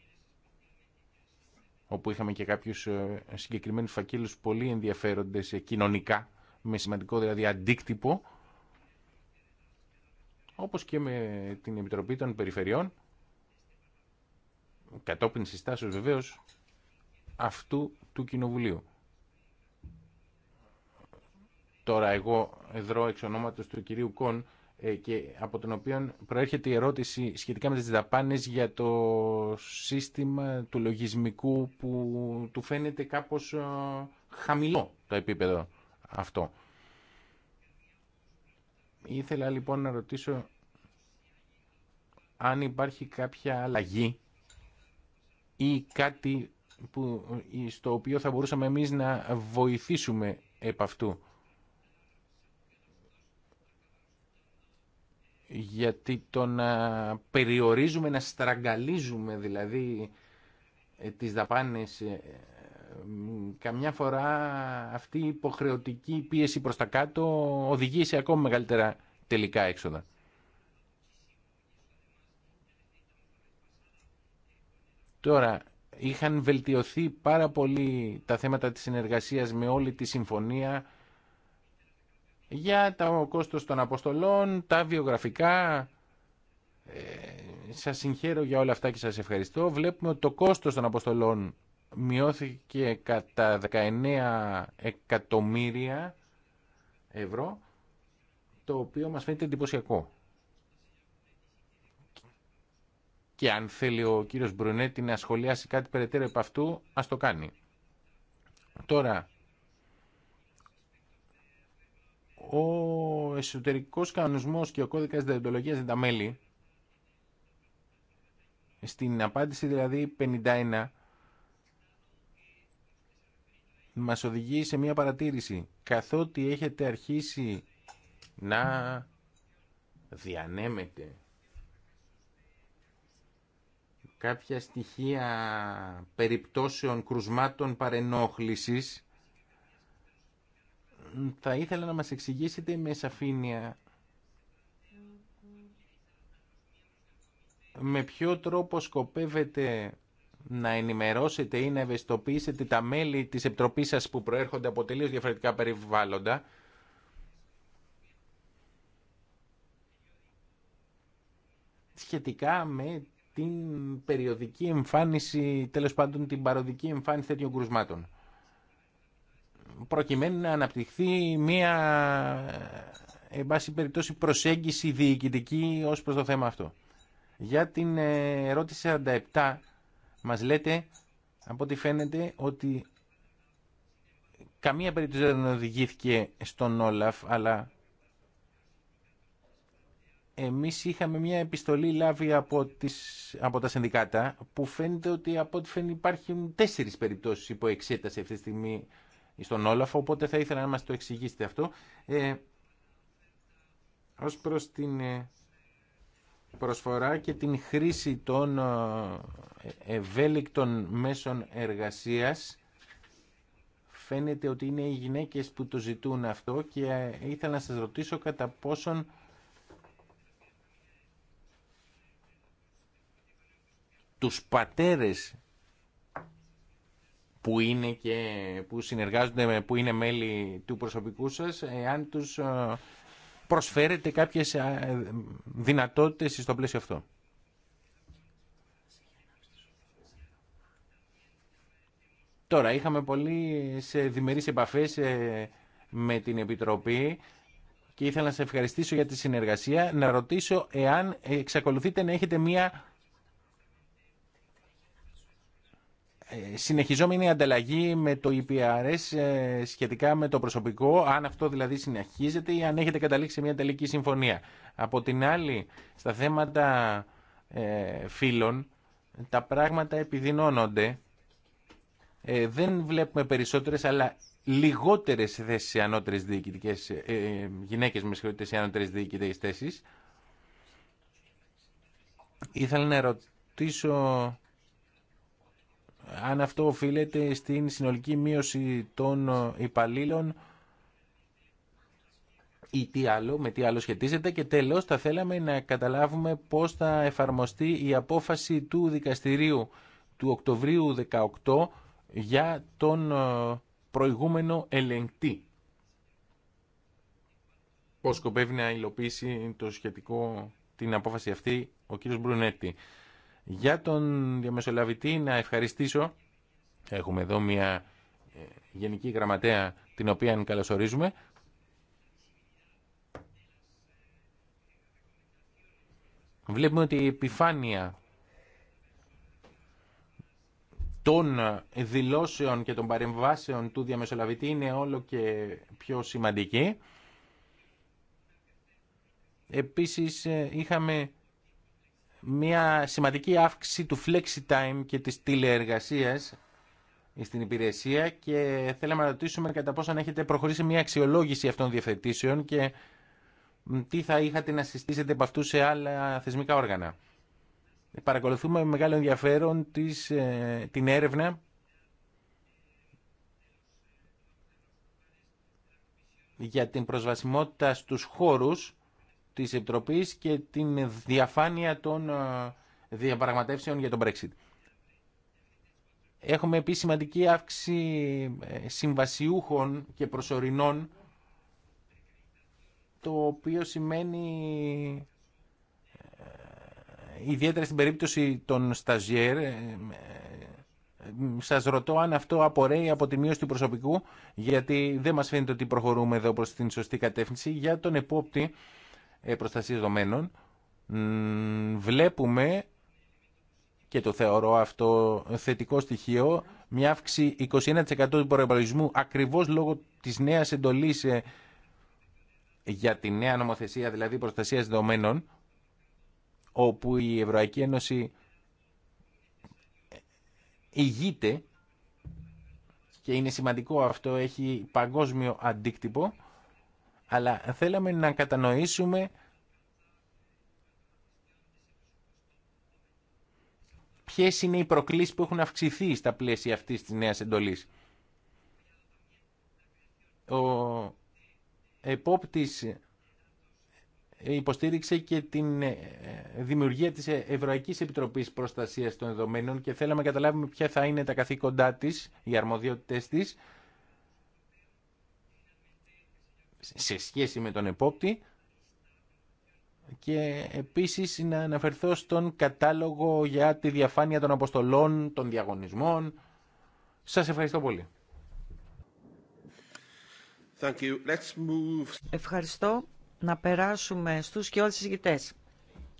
Speaker 2: όπου είχαμε και κάποιους ε, συγκεκριμένους φακέλους πολύ ενδιαφέροντες ε, κοινωνικά, με σημαντικό δηλαδή αντίκτυπο, όπως και με την Επιτροπή των Περιφερειών, κατόπιν συστάσεως βεβαίως αυτού του Κοινοβουλίου. Τώρα εγώ εδρώ εξ ονόματος του κυρίου Κον ε, και από τον οποίο προέρχεται η ερώτηση σχετικά με τις δαπάνες για το σύστημα του λογισμικού που του φαίνεται κάπως ε, χαμηλό το επίπεδο αυτό. Ήθελα λοιπόν να ρωτήσω αν υπάρχει κάποια αλλαγή ή κάτι που, ε, στο οποίο θα μπορούσαμε εμείς να βοηθήσουμε επ' αυτού. γιατί το να ε, περιορίζουμε, να στραγγαλίζουμε δηλαδή ε, τις δαπάνες ε, καμιά φορά αυτή η υποχρεωτική πίεση προς τα κάτω οδηγεί σε ακόμα μεγαλύτερα τελικά έξοδα. Τώρα, είχαν βελτιωθεί πάρα πολύ τα θέματα της συνεργασίας με όλη τη συμφωνία για το κόστος των αποστολών, τα βιογραφικά. Ε, σας συγχαίρω για όλα αυτά και σας ευχαριστώ. Βλέπουμε ότι το κόστος των αποστολών μειώθηκε κατά 19 εκατομμύρια ευρώ, το οποίο μας φαίνεται εντυπωσιακό. Και αν θέλει ο κύριος Μπρουνέτη να σχολιάσει κάτι περαιτέρω επ' αυτού, ας το κάνει. Τώρα, ο εσωτερικός κανονισμός και ο κώδικας διοντολογίας δεν τα μέλη, στην απάντηση δηλαδή 51, μας οδηγεί σε μια παρατήρηση. Καθότι έχετε αρχίσει να διανέμετε κάποια στοιχεία περιπτώσεων κρουσμάτων παρενόχλησης θα ήθελα να μας εξηγήσετε με σαφήνεια με ποιο τρόπο σκοπεύετε να ενημερώσετε ή να ευαισθητοποιήσετε τα μέλη της Επιτροπής σας που προέρχονται από τελείως διαφορετικά περιβάλλοντα σχετικά με την περιοδική εμφάνιση, τέλος πάντων την παροδική εμφάνιση τέτοιων κρουσμάτων προκειμένου να αναπτυχθεί μία εν πάση περιπτώσει προσέγγιση διοικητική ως προς το θέμα αυτό. Για την ε, ερώτηση 47 μας λέτε από ό,τι φαίνεται ότι καμία περίπτωση δεν οδηγήθηκε στον Όλαφ αλλά εμείς είχαμε μια επιστολή λάβει από, τις, από τα συνδικάτα που φαίνεται ότι από ό,τι φαίνεται υπάρχουν τέσσερις περιπτώσεις υπό εξέταση αυτή τη στιγμή στον Όλαφο, οπότε θα ήθελα να μας το εξηγήσετε αυτό. Ε, ως προς την ε, προσφορά και την χρήση των ε, ευέλικτων μέσων εργασίας, φαίνεται ότι είναι οι γυναίκες που το ζητούν αυτό και ε, ήθελα να σας ρωτήσω κατά πόσον τους πατέρες που, είναι και, που συνεργάζονται, που είναι μέλη του προσωπικού σας, εάν τους ε, προσφέρετε κάποιες ε, δυνατότητες στο πλαίσιο αυτό. Τώρα, είχαμε πολύ σε διμερείς επαφές ε, με την Επιτροπή και ήθελα να σε ευχαριστήσω για τη συνεργασία. Να ρωτήσω εάν εξακολουθείτε να έχετε μία Ε, συνεχιζόμενη ανταλλαγή με το EPRS ε, σχετικά με το προσωπικό, αν αυτό δηλαδή συνεχίζεται ή αν έχετε καταλήξει σε μια τελική συμφωνία. Από την άλλη, στα θέματα ε, φίλων τα πράγματα επιδεινώνονται. δεν βλέπουμε περισσότερες, αλλά λιγότερες θέσεις σε ανώτερες διοικητικές, γυναίκες με συγχωρείτε σε ανώτερες διοικητικές θέσεις. Ήθελα να ρωτήσω αν αυτό οφείλεται στην συνολική μείωση των υπαλλήλων ή τι άλλο, με τι άλλο σχετίζεται και τέλος θα θέλαμε να καταλάβουμε πώς θα εφαρμοστεί η απόφαση του δικαστηρίου του Οκτωβρίου 18 για τον ε, προηγούμενο ελεγκτή. Πώς σκοπεύει να υλοποιήσει το σχετικό, την απόφαση αυτή ο κύριος Μπρουνέτη. Για τον διαμεσολαβητή να ευχαριστήσω. Έχουμε εδώ μια ε, γενική γραμματέα την οποία καλωσορίζουμε. Βλέπουμε ότι η επιφάνεια των δηλώσεων και των παρεμβάσεων του διαμεσολαβητή είναι όλο και πιο σημαντική. Επίσης ε, είχαμε μια σημαντική αύξηση του flexi-time και της τηλεεργασίας στην υπηρεσία και θέλαμε να ρωτήσουμε κατά πόσο αν έχετε προχωρήσει μια αξιολόγηση αυτών των διευθετήσεων και τι θα είχατε να συστήσετε από αυτού σε άλλα θεσμικά όργανα. Παρακολουθούμε με μεγάλο ενδιαφέρον της, ε, την έρευνα για την προσβασιμότητα στους χώρους της Επιτροπής και την διαφάνεια των ε, διαπραγματεύσεων για τον Brexit. Έχουμε επίσης σημαντική αύξηση ε, συμβασιούχων και προσωρινών, το οποίο σημαίνει ε, ιδιαίτερα στην περίπτωση των σταζιέρ, σας ρωτώ αν αυτό απορρέει από τη μείωση του προσωπικού, γιατί δεν μας φαίνεται ότι προχωρούμε εδώ προς την σωστή κατεύθυνση. Για τον επόπτη, ε, προστασίας δομένων, βλέπουμε, και το θεωρώ αυτό θετικό στοιχείο, μια αύξηση 21% του προϋπολογισμού ακριβώς λόγω της νέας εντολής ε, για τη νέα νομοθεσία, δηλαδή προστασίας δεδομένων όπου η Ευρωπαϊκή Ένωση ηγείται και είναι σημαντικό αυτό, έχει παγκόσμιο αντίκτυπο αλλά θέλαμε να κατανοήσουμε ποιες είναι οι προκλήσεις που έχουν αυξηθεί στα πλαίσια αυτής της νέας εντολής. Ο επόπτης υποστήριξε και την ε, δημιουργία της ε- Ευρωπαϊκής Επιτροπής Προστασίας των Δεδομένων και θέλαμε να καταλάβουμε ποια θα είναι τα καθήκοντά της, οι αρμοδιότητες της, σε σχέση με τον επόπτη και επίσης να αναφερθώ στον κατάλογο για τη διαφάνεια των αποστολών, των διαγωνισμών.
Speaker 3: Σας ευχαριστώ πολύ.
Speaker 1: Thank
Speaker 2: move.
Speaker 3: Ευχαριστώ να περάσουμε στους και όλες τις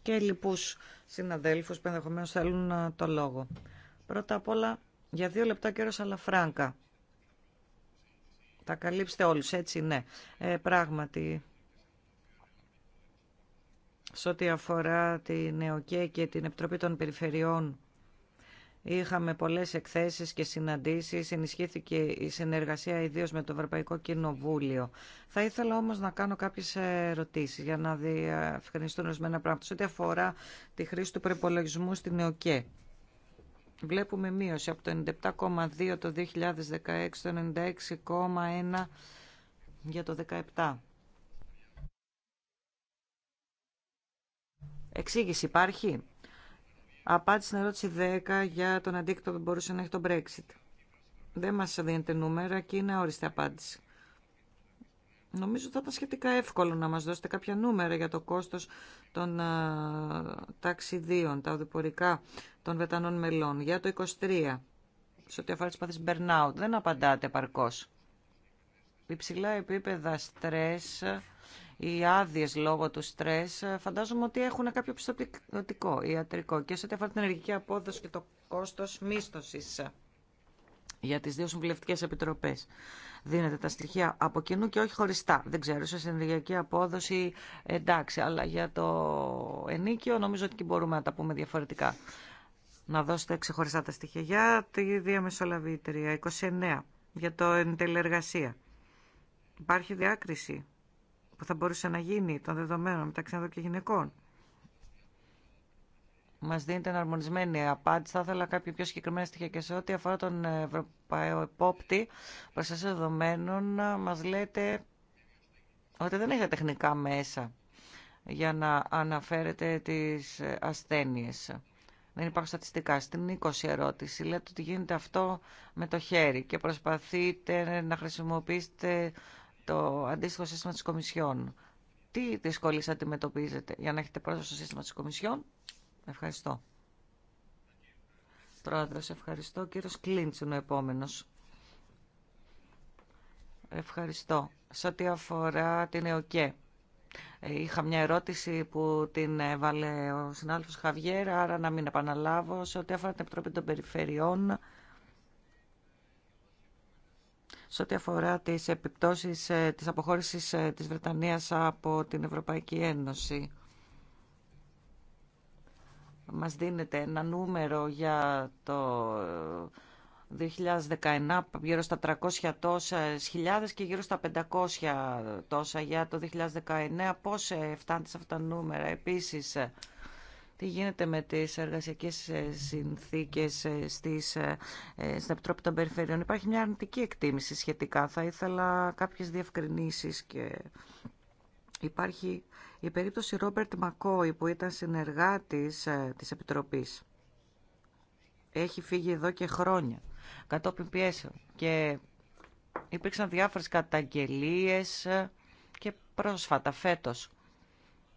Speaker 3: και λοιπούς συναδέλφους που ενδεχομένω θέλουν ε, το λόγο. Πρώτα απ' όλα για δύο λεπτά καιρός, αλλά Αλαφράγκα τα καλύψτε όλους, έτσι ναι. Ε, πράγματι, σε ό,τι αφορά την ΕΟΚΕ και την Επιτροπή των Περιφερειών, είχαμε πολλές εκθέσεις και συναντήσεις, ενισχύθηκε η συνεργασία ιδίως με το Ευρωπαϊκό Κοινοβούλιο. Θα ήθελα όμως να κάνω κάποιες ερωτήσεις για να διευκρινιστούν ορισμένα πράγματα. Σε ό,τι αφορά τη χρήση του προπολογισμού στην ΕΟΚΕ βλέπουμε μείωση από το 97,2 το 2016 το 96,1 για το 17. Εξήγηση υπάρχει. Απάντηση στην ερώτηση 10 για τον αντίκτυπο που μπορούσε να έχει το Brexit. Δεν μας δίνεται νούμερα και είναι αόριστη απάντηση. Νομίζω θα ήταν σχετικά εύκολο να μας δώσετε κάποια νούμερα για το κόστος των ε, ταξιδίων, τα οδηπορικά των βετανών μελών. Για το 23, σε ό,τι αφορά τις παθήσεις burnout, δεν απαντάτε παρκώς. Υψηλά επίπεδα στρες, οι άδειε λόγω του στρες, φαντάζομαι ότι έχουν κάποιο πιστοτικό ιατρικό. Και σε ό,τι αφορά την ενεργική απόδοση και το κόστος μίσθωσης για τις δύο συμβουλευτικέ επιτροπές. Δίνετε τα στοιχεία από κοινού και όχι χωριστά. Δεν ξέρω, σε ενεργειακή απόδοση εντάξει, αλλά για το ενίκιο νομίζω ότι μπορούμε να τα πούμε διαφορετικά. Να δώσετε ξεχωριστά τα στοιχεία για τη διαμεσολαβήτρια, 29, για το εντελεργασία. Υπάρχει διάκριση που θα μπορούσε να γίνει των δεδομένων μεταξύ ανδρών και γυναικών μα δίνετε εναρμονισμένη απάντηση. Θα ήθελα κάποια πιο συγκεκριμένα στοιχεία και σε ό,τι αφορά τον Ευρωπαϊκό Επόπτη Προστασία Δεδομένων, μα λέτε ότι δεν έχετε τεχνικά μέσα για να αναφέρετε τις ασθένειες. Δεν υπάρχουν στατιστικά. Στην 20 ερώτηση λέτε ότι γίνεται αυτό με το χέρι και προσπαθείτε να χρησιμοποιήσετε το αντίστοιχο σύστημα της Κομισιόν. Τι δυσκολίες αντιμετωπίζετε για να έχετε πρόσβαση στο σύστημα της Κομισιόν Ευχαριστώ. Πρόεδρε, ευχαριστώ. Κύριος Κλίντ είναι ο επόμενος. Ευχαριστώ. Σε ό,τι αφορά την ΕΟΚΕ. Ε, είχα μια ερώτηση που την έβαλε ο συνάδελφος Χαβιέρα, άρα να μην επαναλάβω. Σε ό,τι αφορά την Επιτροπή των Περιφερειών, σε ό,τι αφορά τις επιπτώσεις ε, της αποχώρησης ε, της Βρετανίας από την Ευρωπαϊκή Ένωση. Μας δίνεται ένα νούμερο για το 2019 γύρω στα 300 τόσα χιλιάδες και γύρω στα 500 τόσα για το 2019. Πώς ε, φτάνετε σε αυτά τα νούμερα. Επίσης, ε, τι γίνεται με τις εργασιακές ε, συνθήκες στις, στην Επιτροπή των Περιφερειών. Υπάρχει μια αρνητική εκτίμηση σχετικά. Θα ήθελα κάποιες διευκρινήσεις και υπάρχει η περίπτωση Ρόμπερτ Μακόη που ήταν συνεργάτης ε, της Επιτροπής έχει φύγει εδώ και χρόνια κατόπιν πιέσεων και υπήρξαν διάφορες καταγγελίες ε, και πρόσφατα φέτος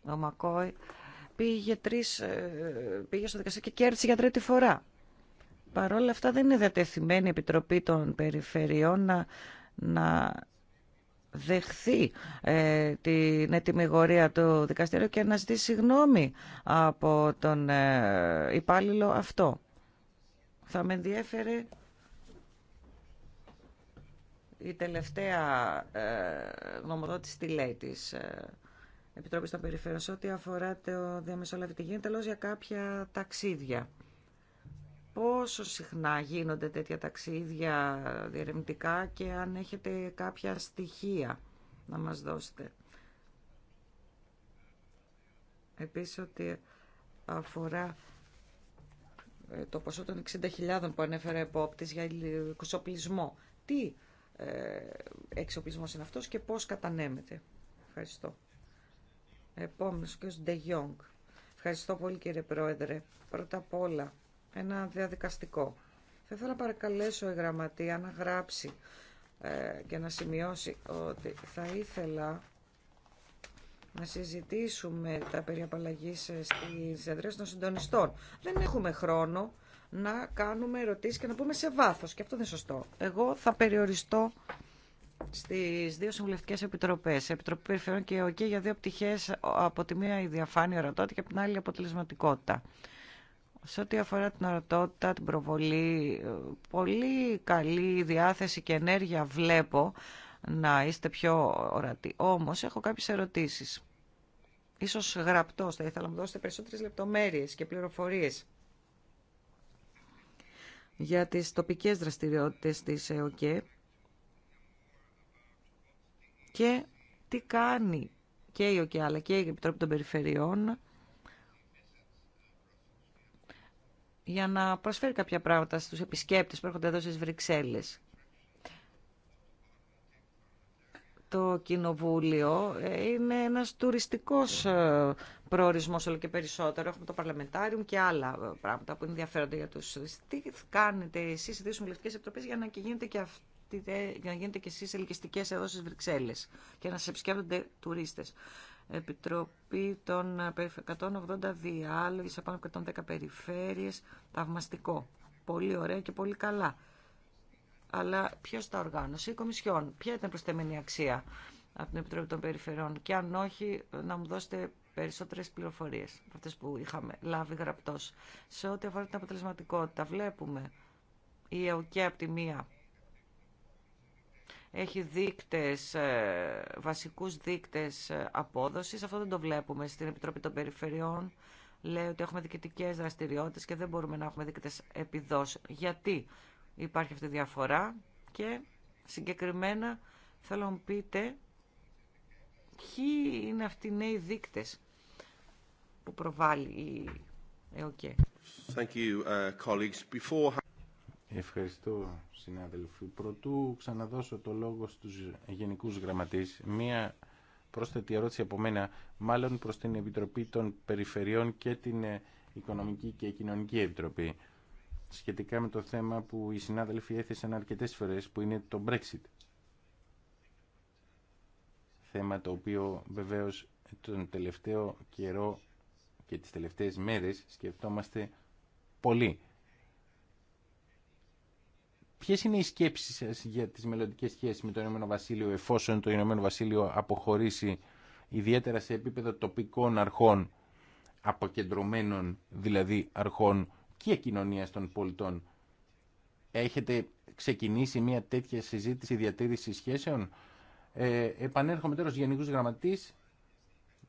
Speaker 3: ο Μακόη πήγε, τρεις, ε, πήγε στο δικαστήριο και κέρδισε για τρίτη φορά. Παρόλα αυτά δεν είναι διατεθειμένη η Επιτροπή των Περιφερειών να, να δεχθεί ε, την ετοιμιγορία του δικαστηρίου και να ζητήσει συγγνώμη από τον ε, υπάλληλο αυτό. Θα με ενδιέφερε η τελευταία ε, τη λέει της ε, Επιτροπής των Περιφέρειων σε ό,τι αφορά το διαμεσολαβητή γίνεται για κάποια ταξίδια πόσο συχνά γίνονται τέτοια ταξίδια διερευνητικά και αν έχετε κάποια στοιχεία να μας δώσετε. Επίσης ότι αφορά ε, το ποσό των 60.000 που ανέφερε επόπτης για εξοπλισμό. Τι ε, εξοπλισμός είναι αυτός και πώς κατανέμεται. Ευχαριστώ. Επόμενος ο κ. Ντεγιόγκ. Ευχαριστώ πολύ κύριε Πρόεδρε. Πρώτα απ' όλα ένα διαδικαστικό. Θα ήθελα να παρακαλέσω η γραμματεία να γράψει ε, και να σημειώσει ότι θα ήθελα να συζητήσουμε τα περί απαλλαγής ε, στις εδρές των συντονιστών. Δεν έχουμε χρόνο να κάνουμε ερωτήσεις και να πούμε σε βάθος και αυτό δεν είναι σωστό. Εγώ θα περιοριστώ στις δύο συμβουλευτικές επιτροπές, Επιτροπή Περιφερειών και ΕΟΚΕ για δύο πτυχές, από τη μία η διαφάνεια ορατότητα και από την άλλη η αποτελεσματικότητα. Σε ό,τι αφορά την ορατότητα, την προβολή, ε, πολύ καλή διάθεση και ενέργεια βλέπω να είστε πιο ορατοί. Όμως έχω κάποιες ερωτήσεις. Ίσως γραπτός, θα ήθελα να μου δώσετε περισσότερες λεπτομέρειες και πληροφορίες για τις τοπικές δραστηριότητες της ΕΟΚΕ και τι κάνει και η ΕΟΚΕ αλλά και η Επιτροπή των Περιφερειών για να προσφέρει κάποια πράγματα στους επισκέπτες που έρχονται εδώ στις Βρυξέλλες. Το Κοινοβούλιο ε, είναι ένας τουριστικός ε, προορισμός όλο και περισσότερο. Έχουμε το παρλαμεντάριο και άλλα ε, πράγματα που ενδιαφέρονται για τους. Τι κάνετε εσείς, οι δύο συμβουλευτικές επιτροπές, για να γίνετε και αυτό για να γίνετε και εσείς ελκυστικές εδώ στις Βρυξέλλες και να σας επισκέπτονται τουρίστες. Επιτροπή των 180 ε, διάλογοι σε πάνω από 110 περιφέρειες. Ταυμαστικό. Πολύ ωραία και πολύ καλά. Αλλά ποιος τα οργάνωσε, η Κομισιόν. Ποια ήταν προσθεμένη αξία από την Επιτροπή των Περιφερειών και αν όχι να μου δώσετε περισσότερες πληροφορίες, αυτές που είχαμε λάβει γραπτός. Σε ό,τι αφορά την αποτελεσματικότητα, βλέπουμε η ΕΟΚΕ από τη μία έχει δείκτες, ε, βασικούς δείκτες ε, απόδοσης. Αυτό δεν το βλέπουμε στην Επιτροπή των Περιφερειών. Λέει ότι έχουμε διοικητικές δραστηριότητες και δεν μπορούμε να έχουμε δείκτες επιδόσεων. Γιατί υπάρχει αυτή η διαφορά και συγκεκριμένα θέλω να πείτε ποιοι είναι αυτοί οι νέοι δείκτες που προβάλλει η ΕΟΚΕ.
Speaker 2: Okay. Ευχαριστώ συνάδελφοι. Πρωτού ξαναδώσω το λόγο στους γενικούς γραμματείς. Μία πρόσθετη ερώτηση από μένα, μάλλον προς την Επιτροπή των Περιφερειών και την ε, Οικονομική και Κοινωνική Επιτροπή, σχετικά με το θέμα που οι συνάδελφοι έθεσαν αρκετές φορές, που είναι το Brexit. Θέμα το οποίο βεβαίως τον τελευταίο καιρό και τις τελευταίες μέρες σκεφτόμαστε πολύ Ποιε είναι οι σκέψει σα για τι μελλοντικέ σχέσει με το Ηνωμένο Βασίλειο, εφόσον το Ηνωμένο Βασίλειο αποχωρήσει ιδιαίτερα σε επίπεδο τοπικών αρχών, αποκεντρωμένων δηλαδή αρχών και κοινωνία των πολιτών. Έχετε ξεκινήσει μια τέτοια συζήτηση διατήρηση σχέσεων. Ε, επανέρχομαι τώρα στου Γενικού Γραμματεί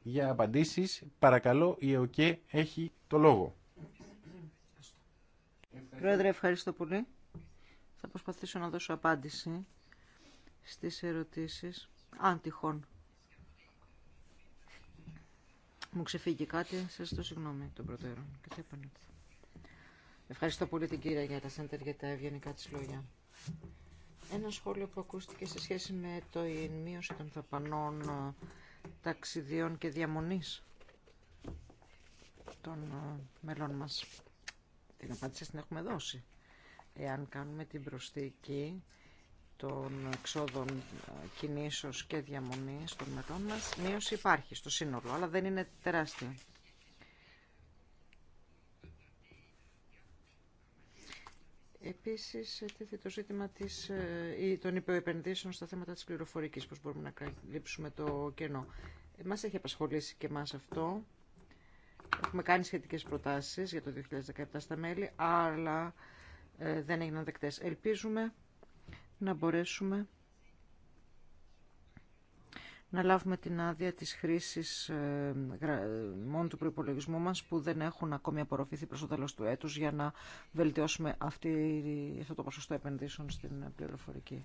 Speaker 2: για απαντήσεις. Παρακαλώ, η ΕΟΚΕ έχει το λόγο.
Speaker 1: Πρόεδρε, ευχαριστώ πολύ. Θα προσπαθήσω να δώσω απάντηση στις ερωτήσεις, αν τυχόν. Μου ξεφύγει κάτι, σας το συγγνώμη τον προτέρων και Ευχαριστώ πολύ την κυρία για τα Σέντερ για τα ευγενικά της λόγια. Ένα σχόλιο που ακούστηκε σε σχέση με το μείωση των θαπανών ε, ταξιδιών και διαμονής των ε, μελών μας. Την απάντηση την έχουμε δώσει εάν κάνουμε την προσθήκη των εξόδων ε, κινήσεως και διαμονής των μετών μας, μείωση υπάρχει στο σύνολο, αλλά δεν είναι τεράστια. Επίσης, το ζήτημα της, ε, των υπεροεπενδύσεων στα θέματα της πληροφορικής, πώς μπορούμε να καλύψουμε το κενό. Μας έχει απασχολήσει και μας αυτό. Έχουμε κάνει σχετικές προτάσεις για το 2017 στα μέλη, αλλά ε, δεν έγιναν δεκτές. Ελπίζουμε να μπορέσουμε να λάβουμε την άδεια της χρήσης ε, μόνο του προϋπολογισμού μας που δεν έχουν ακόμη απορροφηθεί προς το τέλος του έτους για να βελτιώσουμε αυτή, αυτό το ποσοστό επενδύσεων στην πληροφορική.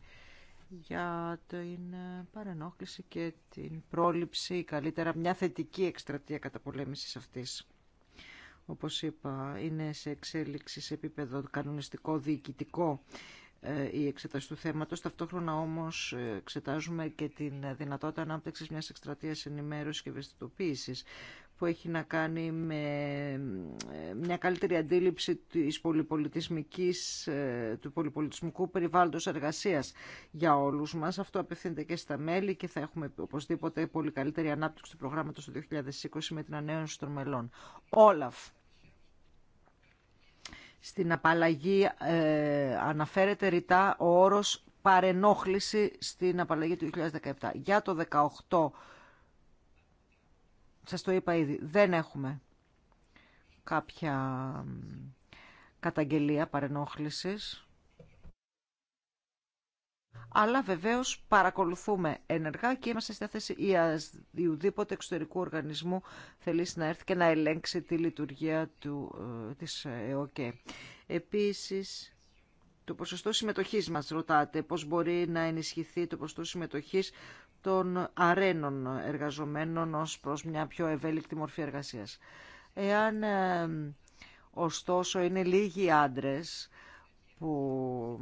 Speaker 1: Για την ε, παρενόχληση και την πρόληψη, καλύτερα μια θετική εκστρατεία καταπολέμησης αυτής όπως είπα, είναι σε εξέλιξη σε επίπεδο κανονιστικό, διοικητικό ε, η εξετάση του θέματος. Ταυτόχρονα όμως ε, εξετάζουμε και την δυνατότητα ανάπτυξης μιας εκστρατείας ενημέρωσης και ευαισθητοποίησης που έχει να κάνει με ε, μια καλύτερη αντίληψη της πολυπολιτισμικής, ε, του πολυπολιτισμικού περιβάλλοντος εργασίας για όλους μας. Αυτό απευθύνεται και στα μέλη και θα έχουμε οπωσδήποτε πολύ καλύτερη ανάπτυξη του προγράμματος του 2020 με την ανέωση των μελών. Όλαφ. Στην απαλλαγή ε, αναφέρεται ρητά ο όρος παρενόχληση στην απαλλαγή του 2017. Για το 2018 σας το είπα ήδη, δεν έχουμε κάποια καταγγελία παρενόχλησης. Αλλά βεβαίως παρακολουθούμε ενεργά και είμαστε στη θέση ή ουδήποτε εξωτερικού οργανισμού θελήσει να έρθει και να ελέγξει τη λειτουργία του, ε, της ε, ΕΟΚΕ. Επίσης, το ποσοστό συμμετοχής μας ρωτάτε, πώς μπορεί να ενισχυθεί το ποσοστό συμμετοχής των αρένων εργαζομένων ως προς μια πιο ευέλικτη μορφή εργασίας. Εάν ε, ωστόσο είναι λίγοι άντρες που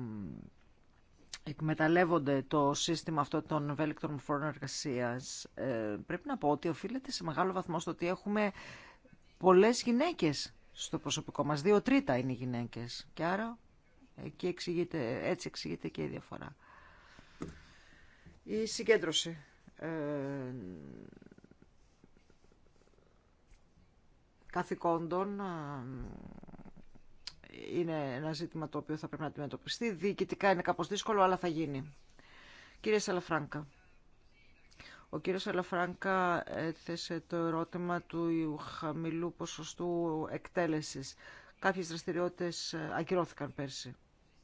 Speaker 1: εκμεταλλεύονται το σύστημα αυτό των ευέλικτων μορφών εργασίας, ε, πρέπει να πω ότι οφείλεται σε μεγάλο βαθμό στο ότι έχουμε πολλές γυναίκες στο προσωπικό μας. Δύο τρίτα είναι οι γυναίκες και άρα και εξηγείται, έτσι εξηγείται και η διαφορά. Η συγκέντρωση. Ε, καθηκόντων ε, είναι ένα ζήτημα το οποίο θα πρέπει να αντιμετωπιστεί. Διοικητικά είναι κάπως δύσκολο, αλλά θα γίνει. Κύριε Σαλαφράγκα. Ο κύριος Αλαφράνκα έθεσε το ερώτημα του χαμηλού ποσοστού εκτέλεσης. Κάποιες δραστηριότητες ε, ακυρώθηκαν πέρσι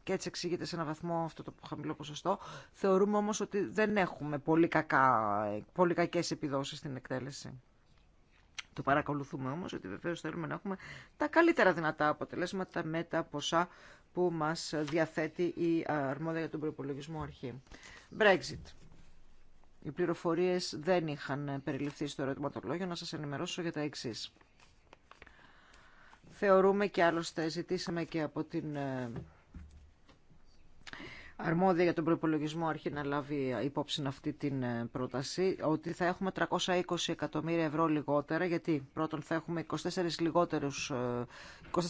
Speaker 1: και έτσι εξηγείται σε ένα βαθμό αυτό το χαμηλό ποσοστό. Θεωρούμε όμως ότι δεν έχουμε πολύ, κακά, πολύ κακές επιδόσεις στην εκτέλεση. Το παρακολουθούμε όμως ότι βεβαίως θέλουμε να έχουμε τα καλύτερα δυνατά αποτελέσματα με τα ποσά που μας διαθέτει η αρμόδια για τον προπολογισμό αρχή. Brexit. Οι πληροφορίες δεν είχαν περιληφθεί στο ερωτηματολόγιο. Να σας ενημερώσω για τα εξή. Θεωρούμε και άλλωστε ζητήσαμε και από την ε, αρμόδια για τον προπολογισμό αρχή να λάβει υπόψη αυτή την ε, πρόταση, ότι θα έχουμε 320 εκατομμύρια ευρώ λιγότερα, γιατί πρώτον θα έχουμε 24, λιγότερους, 24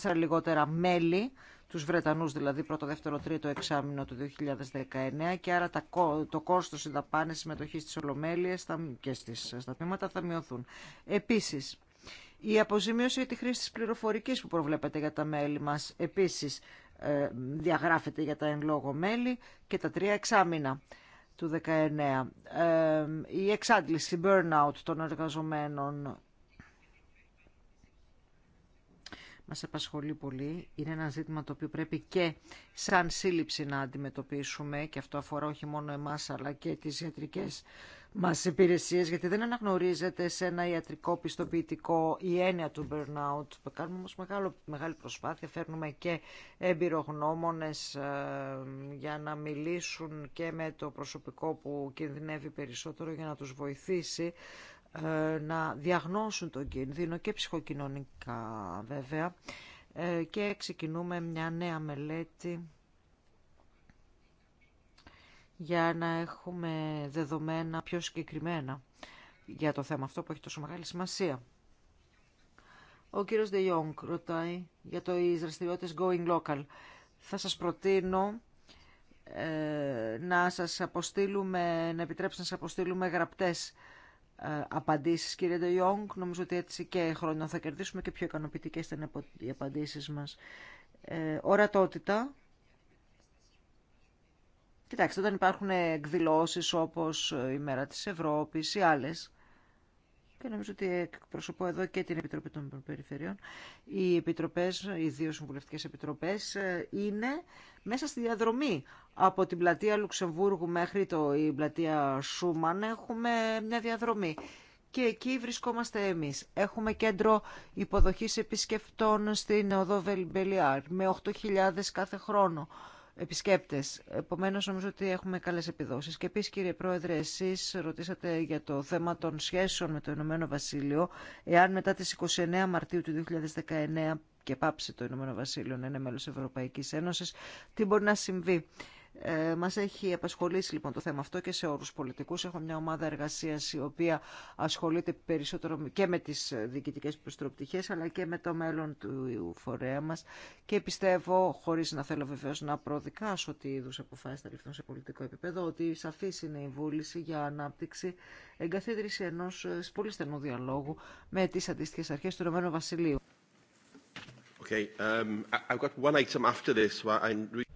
Speaker 1: ε, λιγότερα μέλη, τους Βρετανούς δηλαδή πρώτο, δεύτερο, τρίτο εξάμεινο του 2019 και άρα το κόστος, οι δαπάνες συμμετοχής στις Ολομέλειες και στις, ε, στα θα μειωθούν. Επίσης, η αποζημίωση για τη χρήση της πληροφορικής που προβλέπετε για τα μέλη μας. Επίσης, ε, διαγράφεται για τα εν λόγω μέλη και τα τρία εξάμηνα του 19. Ε, η εξάντληση, burnout των εργαζομένων μας απασχολεί πολύ. Είναι ένα ζήτημα το οποίο πρέπει και σαν σύλληψη να αντιμετωπίσουμε και αυτό αφορά όχι μόνο εμάς αλλά και τις ιατρικές Μα υπηρεσίε, γιατί δεν αναγνωρίζεται σε ένα ιατρικό πιστοποιητικό η έννοια του burnout. Κάνουμε όμω μεγάλη προσπάθεια, φέρνουμε και εμπειρογνώμονες ε, για να μιλήσουν και με το προσωπικό που κινδυνεύει περισσότερο για να τους βοηθήσει ε, να διαγνώσουν τον κίνδυνο και ψυχοκοινωνικά βέβαια ε, και ξεκινούμε μια νέα μελέτη για να έχουμε δεδομένα πιο συγκεκριμένα για το θέμα αυτό που έχει τόσο μεγάλη σημασία. Ο κύριος De Jong ρωτάει για το οι δραστηριότητες going local. Θα σας προτείνω ε, να σας αποστείλουμε, να επιτρέψετε να σας αποστείλουμε γραπτές ε, απαντήσεις κύριε De Jong. Νομίζω ότι έτσι και χρόνια θα κερδίσουμε και πιο ικανοποιητικές ήταν οι απαντήσεις μας. Ε, ορατότητα, Κοιτάξτε, όταν υπάρχουν εκδηλώσεις όπως η Μέρα της Ευρώπης ή άλλες, και νομίζω ότι εκπροσωπώ εδώ και την Επιτροπή των Περιφερειών, οι επιτροπές, οι δύο συμβουλευτικές επιτροπές, είναι μέσα στη διαδρομή. Από την πλατεία Λουξεμβούργου μέχρι το, η πλατεία Σούμαν έχουμε μια διαδρομή και εκεί βρισκόμαστε εμείς. Έχουμε κέντρο υποδοχής επισκεφτών στην Οδό Βελμπελιάρ με 8.000 κάθε χρόνο επισκέπτες. επομένω, νομίζω ότι έχουμε καλές επιδόσεις. Και επίση, κύριε Πρόεδρε, εσείς ρωτήσατε για το θέμα των σχέσεων με το Ηνωμένο Βασίλειο, εάν μετά τι 29 Μαρτίου του 2019 και πάψει το Ηνωμένο Βασίλειο να είναι μέλος Ευρωπαϊκής Ένωσης, τι μπορεί να συμβεί. Ε, μας έχει απασχολήσει λοιπόν το θέμα αυτό και σε όρους πολιτικούς. Έχω μια ομάδα εργασίας η οποία ασχολείται περισσότερο και με τις διοικητικές προστροπτυχές αλλά και με το μέλλον του φορέα μας και πιστεύω, χωρίς να θέλω βεβαίω να προδικάσω τι είδου αποφάσει θα ληφθούν σε πολιτικό επίπεδο, ότι σαφή είναι η βούληση για ανάπτυξη εγκαθίδρυση ενός πολύ στενού διαλόγου με τις αντίστοιχες αρχές του Ρωμένου Βασιλείου.
Speaker 2: Okay, um, I've got one item after this, where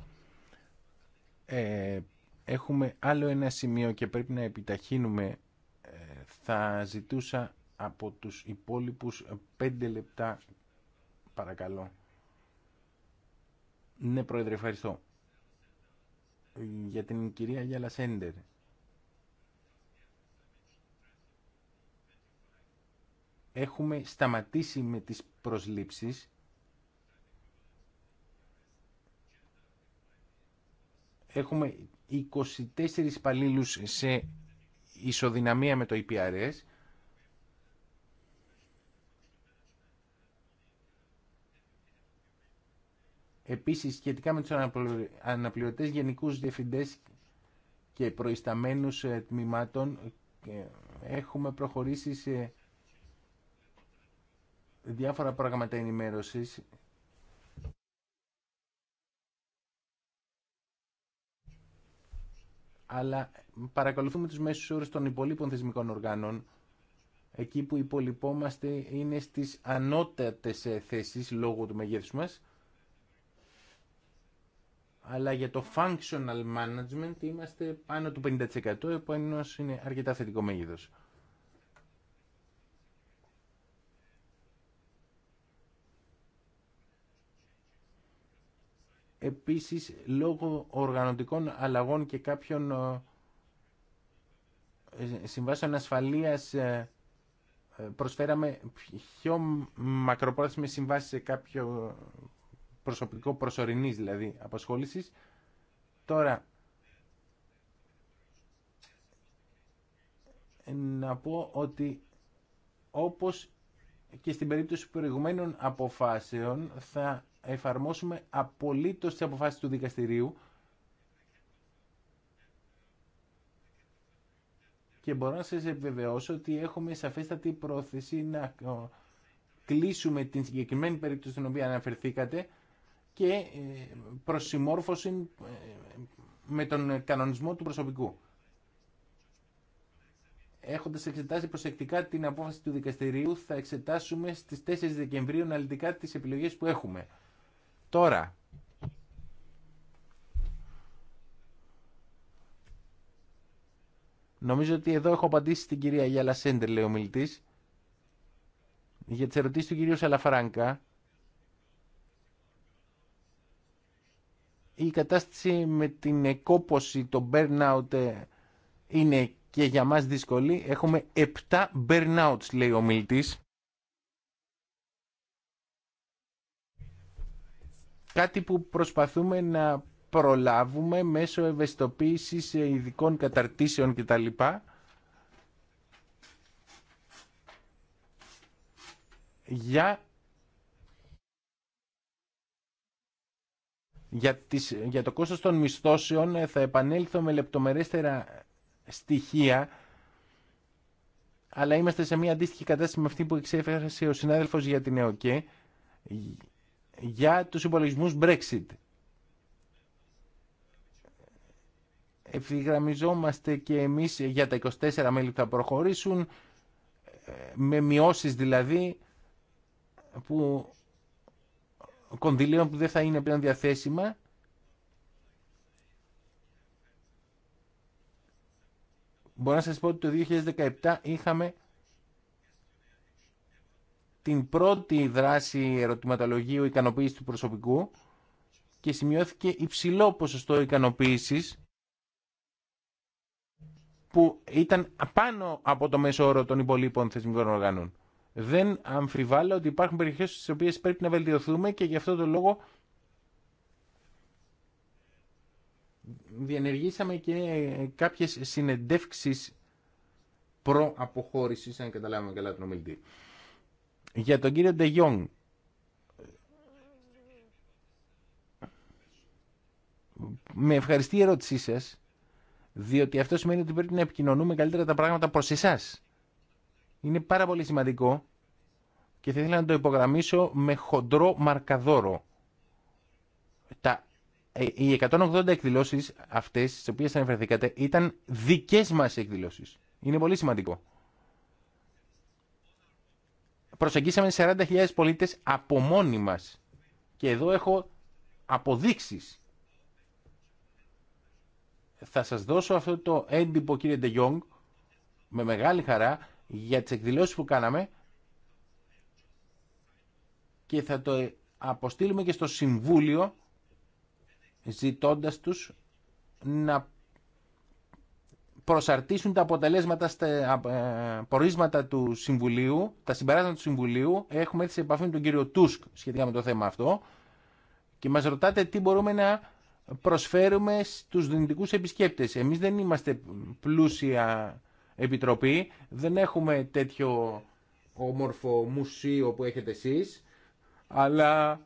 Speaker 2: ε, έχουμε άλλο ένα σημείο και πρέπει να επιταχύνουμε. Ε, θα ζητούσα από τους υπόλοιπους ε, πέντε λεπτά, παρακαλώ. Ναι, Πρόεδρε, ευχαριστώ. Για την κυρία Γιάλα Σέντερ. Έχουμε σταματήσει με τις προσλήψεις έχουμε 24 υπαλλήλου σε ισοδυναμία με το EPRS. Επίσης, σχετικά με τους αναπληρωτές γενικούς διευθυντές και προϊσταμένους ε, τμήματων, ε, έχουμε προχωρήσει σε διάφορα πράγματα ενημέρωσης αλλά παρακολουθούμε τους μέσους όρους των υπολείπων θεσμικών οργάνων εκεί που υπολοιπόμαστε είναι στις ανώτατες ε, θέσεις λόγω του μεγέθους μας αλλά για το functional management είμαστε πάνω του 50% επομένως είναι αρκετά θετικό μέγεθος. επίσης λόγω οργανωτικών αλλαγών και κάποιων ε, ε, συμβάσεων ασφαλείας ε, προσφέραμε πιο μακροπρόθεσμες συμβάσεις σε κάποιο προσωπικό προσωρινής δηλαδή απασχόλησης. Τώρα, να πω ότι όπως και στην περίπτωση προηγουμένων αποφάσεων θα εφαρμόσουμε απολύτως τις αποφάσεις του δικαστηρίου και μπορώ να σας επιβεβαιώσω ότι έχουμε σαφέστατη πρόθεση να ε, κλείσουμε την συγκεκριμένη περίπτωση στην οποία αναφερθήκατε και ε, προσυμμόρφωση ε, με τον κανονισμό του προσωπικού. Έχοντας εξετάσει προσεκτικά την απόφαση του δικαστηρίου, θα εξετάσουμε στις 4 Δεκεμβρίου αναλυτικά τις επιλογές που έχουμε. Τώρα, νομίζω ότι εδώ έχω απαντήσει στην κυρία Γιάλα Σέντερ, λέει ο μιλητής, για τι ερωτήσει του κυρίου Σαλαφράγκα. Η κατάσταση με την εκόπωση, το burnout ε, είναι και για μας δύσκολη. Έχουμε 7 burnouts, λέει ο μιλητής. κάτι που προσπαθούμε να προλάβουμε μέσω ευαισθητοποίησης ειδικών καταρτήσεων κτλ. Για, για, τις, για το κόστος των μισθώσεων ε, θα επανέλθω με λεπτομερέστερα στοιχεία αλλά είμαστε σε μια αντίστοιχη κατάσταση με αυτή που εξέφερασε ο συνάδελφος για την ΕΟΚΕ για τους υπολογισμούς Brexit. Ευθυγραμμιζόμαστε και εμείς για τα 24 μέλη που θα προχωρήσουν, με μειώσεις δηλαδή που κονδυλίων που δεν θα είναι πλέον διαθέσιμα Μπορώ να σας πω ότι το 2017 είχαμε την πρώτη δράση ερωτηματολογίου ικανοποίηση του προσωπικού και σημειώθηκε υψηλό ποσοστό ικανοποίησης που ήταν πάνω από το μέσο όρο των υπολείπων θεσμικών οργάνων. Δεν αμφιβάλλω ότι υπάρχουν περιοχές στις οποίες πρέπει να βελτιωθούμε και γι' αυτό το λόγο διενεργήσαμε και κάποιες συνεντεύξεις προ-αποχώρησης, αν καταλάβουμε καλά τον ομιλητή. Για τον κύριο Ντεγιόν, Με ευχαριστεί η ερώτησή σα, διότι αυτό σημαίνει ότι πρέπει να επικοινωνούμε καλύτερα τα πράγματα προς εσά. Είναι πάρα πολύ σημαντικό και θα ήθελα να το υπογραμμίσω με χοντρό μαρκαδόρο. Τα, ε, οι 180 εκδηλώσεις αυτές στις οποίες αναφερθήκατε ήταν δικές μας εκδηλώσεις. Είναι πολύ σημαντικό προσεγγίσαμε 40.000 πολίτες από μόνοι μας. Και εδώ έχω αποδείξεις. Θα σας δώσω αυτό το έντυπο κύριε Ντεγιόγκ με μεγάλη χαρά για τις εκδηλώσεις που κάναμε και θα το αποστείλουμε και στο Συμβούλιο ζητώντας τους να προσαρτήσουν τα αποτελέσματα στα ε, πορίσματα του Συμβουλίου, τα συμπεράσματα του Συμβουλίου. Έχουμε έρθει σε επαφή με τον κύριο Τούσκ σχετικά με το θέμα αυτό και μας ρωτάτε τι μπορούμε να προσφέρουμε στους δυνητικούς επισκέπτες. Εμείς δεν είμαστε πλούσια επιτροπή, δεν έχουμε τέτοιο όμορφο μουσείο που έχετε εσείς, αλλά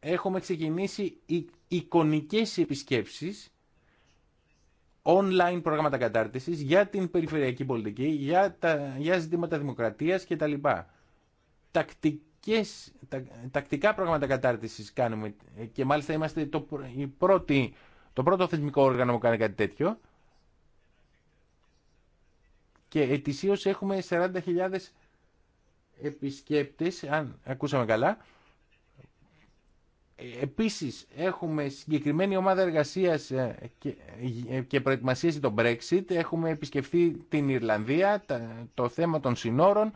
Speaker 2: έχουμε ξεκινήσει εικονικές επισκέψεις, online προγράμματα κατάρτισης για την περιφερειακή πολιτική, για, τα, για ζητήματα δημοκρατίας λοιπά, Τακτικές, τα, τακτικά προγράμματα κατάρτισης κάνουμε και μάλιστα είμαστε το, η το πρώτο θεσμικό όργανο που κάνει κάτι τέτοιο και ετησίως έχουμε 40.000 επισκέπτες, αν ακούσαμε καλά, Επίσης έχουμε συγκεκριμένη ομάδα εργασίας ε, και ε, προετοιμασίας για το Brexit. Έχουμε επισκεφθεί την Ιρλανδία, το θέμα των συνόρων.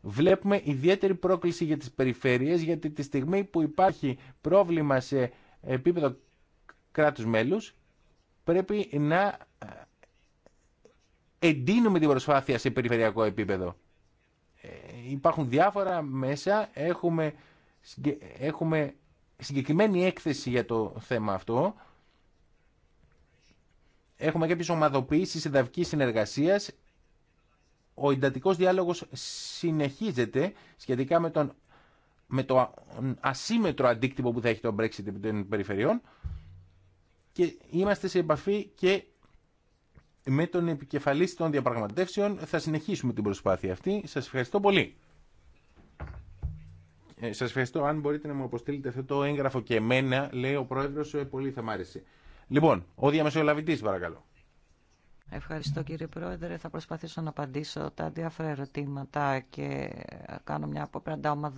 Speaker 2: Βλέπουμε ιδιαίτερη πρόκληση για τις περιφέρειες γιατί τη στιγμή που υπάρχει πρόβλημα σε επίπεδο κράτους μέλους πρέπει να ε, εντείνουμε την προσπάθεια σε περιφερειακό επίπεδο. Υπάρχουν διάφορα μέσα, έχουμε, έχουμε συγκεκριμένη έκθεση για το θέμα αυτό. Έχουμε κάποιες ομαδοποίηση εδαφικής συνεργασίας. Ο εντατικός διάλογος συνεχίζεται σχετικά με, τον, με το ασύμετρο αντίκτυπο που θα έχει το Brexit επί των περιφερειών και είμαστε σε επαφή και με τον επικεφαλής των διαπραγματεύσεων θα συνεχίσουμε την προσπάθεια αυτή. Σας ευχαριστώ πολύ. Ε, Σα ευχαριστώ. Αν μπορείτε να μου αποστείλετε αυτό το έγγραφο και εμένα, λέει ο Πρόεδρος, ε, πολύ θα μ' άρεσε. Λοιπόν, ο διαμεσολαβητή, παρακαλώ.
Speaker 3: Ευχαριστώ κύριε Πρόεδρε. Θα προσπαθήσω να απαντήσω τα διάφορα ερωτήματα και κάνω μια απόπραντα να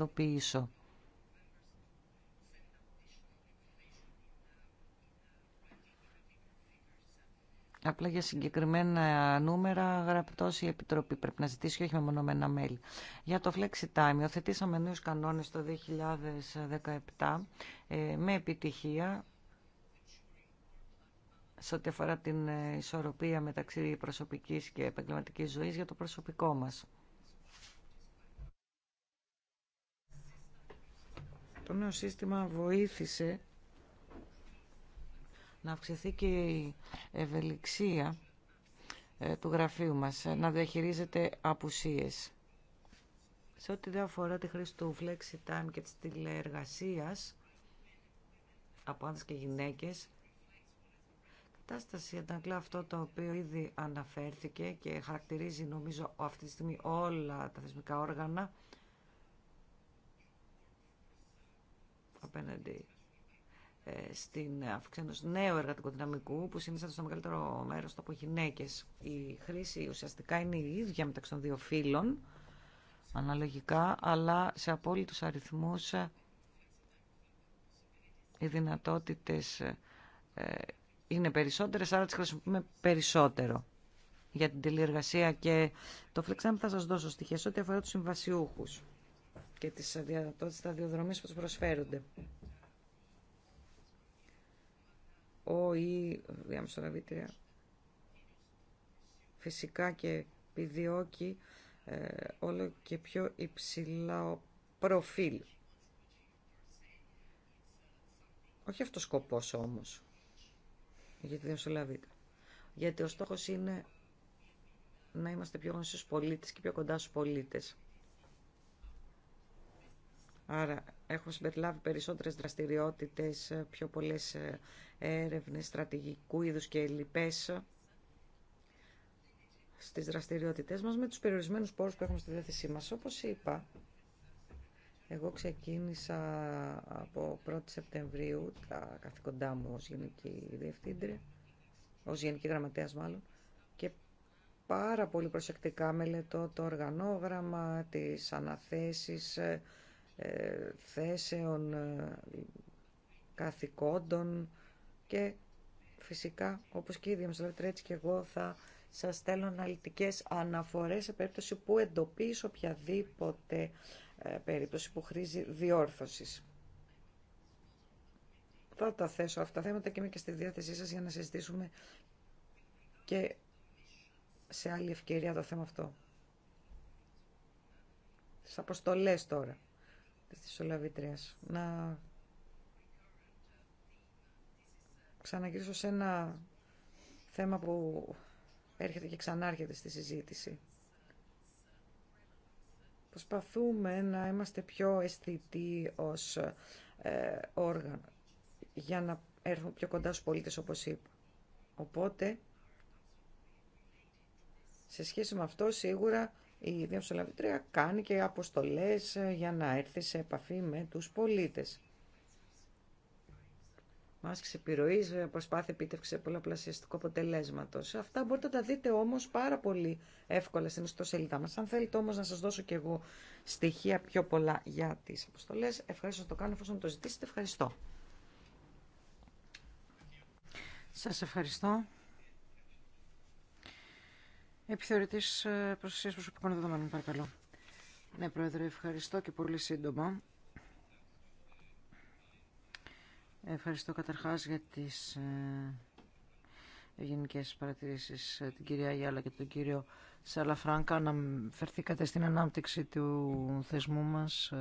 Speaker 3: Απλά για συγκεκριμένα νούμερα γραπτό η Επιτροπή πρέπει να ζητήσει και όχι μεμονωμένα μέλη. Για το Flexi Time, νέους κανόνες το 2017 ε, με επιτυχία σε ό,τι αφορά την ε, ισορροπία μεταξύ προσωπικής και επαγγελματικής ζωής για το προσωπικό μας. Το νέο σύστημα βοήθησε να αυξηθεί και η ευελιξία ε, του γραφείου μας, ε, να διαχειρίζεται απουσίες. Σε ό,τι δεν αφορά τη χρήση του flexi time και της τηλεεργασίας από άνδρες και γυναίκες, κατάσταση ανταγκλά αυτό το οποίο ήδη αναφέρθηκε και χαρακτηρίζει νομίζω αυτή τη στιγμή όλα τα θεσμικά όργανα απέναντι ε, στην αύξηση ενό νέου εργατικού δυναμικού που συνίσταται στο μεγαλύτερο μέρο από γυναίκε. Η χρήση ουσιαστικά είναι η ίδια μεταξύ των δύο φύλων αναλογικά, αλλά σε απόλυτου αριθμού, ε, οι δυνατότητε ε, είναι περισσότερε, άρα τι χρησιμοποιούμε περισσότερο για την τηλεεργασία και το φλεξάμι θα σας δώσω στοιχεία ό,τι αφορά τους συμβασιούχους και τις δυνατότητες σταδιοδρομίες που τους προσφέρονται ο ή φυσικά και επιδιώκει ε, όλο και πιο υψηλά προφίλ. Όχι αυτός ο σκοπός όμως για τη Γιατί ο στόχος είναι να είμαστε πιο γνωστοί στους πολίτες και πιο κοντά στους πολίτες. Άρα έχουμε συμπεριλάβει περισσότερες δραστηριότητες, ε, πιο πολλές ε, έρευνες στρατηγικού είδους και λοιπές ε, στις δραστηριότητές μας με τους περιορισμένους πόρους που έχουμε στη διάθεσή μας. Όπως είπα, εγώ ξεκίνησα από 1η Σεπτεμβρίου τα καθήκοντά μου ως Γενική Διευθύντρια, ως Γενική Γραμματέας μάλλον, και πάρα πολύ προσεκτικά μελετώ το οργανόγραμμα, τις αναθέσεις, ε, θέσεων, ε, καθηκόντων και φυσικά όπως και η έτσι και εγώ θα σας στέλνω αναλυτικές αναφορές σε περίπτωση που εντοπίσω οποιαδήποτε ε, περίπτωση που χρήζει διόρθωσης. Θα τα θέσω αυτά τα θέματα και είμαι και στη διάθεσή σας για να συζητήσουμε και σε άλλη ευκαιρία το θέμα αυτό. Στις αποστολές τώρα της Σολαβήτριας. Να ξαναγυρίσω σε ένα θέμα που έρχεται και ξανάρχεται στη συζήτηση. Προσπαθούμε να είμαστε πιο αισθητοί ως ε, για να έρθουν πιο κοντά στους πολίτες όπως είπα. Οπότε, σε σχέση με αυτό σίγουρα η διαμεσολαβήτρια κάνει και αποστολές ε, για να έρθει σε επαφή με τους πολίτες. Μάσκη επιρροής, ε, προσπάθεια επίτευξη πολλαπλασιαστικού αποτελέσματο. Αυτά μπορείτε να τα δείτε όμως πάρα πολύ εύκολα στην ιστοσελίδα μας. Αν θέλετε όμως να σας δώσω και εγώ στοιχεία πιο πολλά για τις αποστολές, ευχαριστώ να το κάνω εφόσον
Speaker 1: το ζητήσετε. Ευχαριστώ. Σας ευχαριστώ. Επιθεωρητή ε, προστασία προσωπικών δεδομένων, παρακαλώ. Ναι, Πρόεδρε, ευχαριστώ και πολύ σύντομα. Ευχαριστώ καταρχάς για τις ε, ε, γενικέ παρατηρήσεις την κυρία Γιάλα και τον κύριο Σαλαφράνκα. φερθήκατε στην ανάπτυξη του θεσμού μας,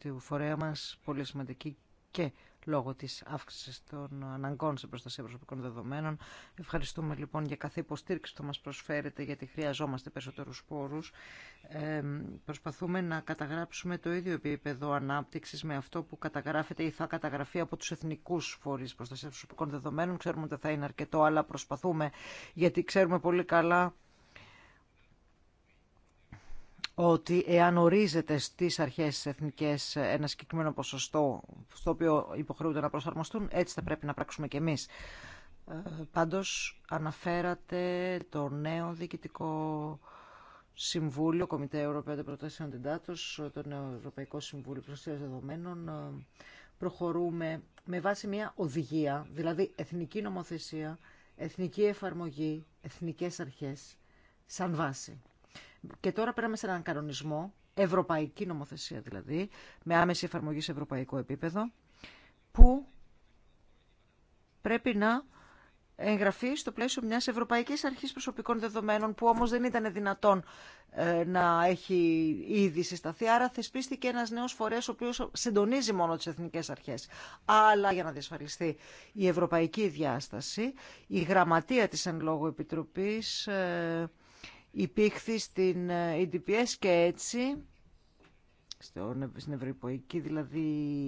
Speaker 1: του φορέα μας, πολύ σημαντική και λόγω της αύξησης των αναγκών σε προστασία προσωπικών δεδομένων. Ευχαριστούμε λοιπόν για κάθε υποστήριξη που μας προσφέρετε γιατί χρειαζόμαστε περισσότερους πόρους. Ε, προσπαθούμε να καταγράψουμε το ίδιο επίπεδο ανάπτυξης με αυτό που καταγράφεται ή θα καταγραφεί από τους εθνικούς φορείς προστασία προσωπικών δεδομένων. Ξέρουμε ότι θα είναι αρκετό αλλά προσπαθούμε γιατί ξέρουμε πολύ καλά ότι εάν ορίζεται στις αρχές εθνικές ένα συγκεκριμένο ποσοστό στο οποίο υποχρεούνται να προσαρμοστούν, έτσι θα πρέπει να πράξουμε κι εμείς. Ε, πάντως αναφέρατε το νέο διοικητικό Συμβούλιο, Κομιτέ Ευρωπαίου Προτάσεων Τεντάτος, το νέο Ευρωπαϊκό Συμβούλιο Προστασίας Δεδομένων. Ε, προχωρούμε με βάση μια οδηγία, δηλαδή εθνική νομοθεσία, εθνική εφαρμογή, εθνικές αρχές, σαν βάση. Και τώρα πέραμε σε έναν κανονισμό, ευρωπαϊκή νομοθεσία δηλαδή, με άμεση εφαρμογή σε ευρωπαϊκό επίπεδο, που πρέπει να εγγραφεί στο πλαίσιο μιας Ευρωπαϊκής Αρχής Προσωπικών Δεδομένων, που όμως δεν ήταν δυνατόν ε, να έχει ήδη συσταθεί. Άρα θεσπίστηκε ένας νέος φορέας, ο οποίος συντονίζει μόνο τις εθνικές αρχές. Αλλά για να διασφαλιστεί η ευρωπαϊκή διάσταση, η γραμματεία της εν λόγω επιτροπής ε, υπήρχε στην EDPS ε, και έτσι στον, στην Ευρωπαϊκή, δηλαδή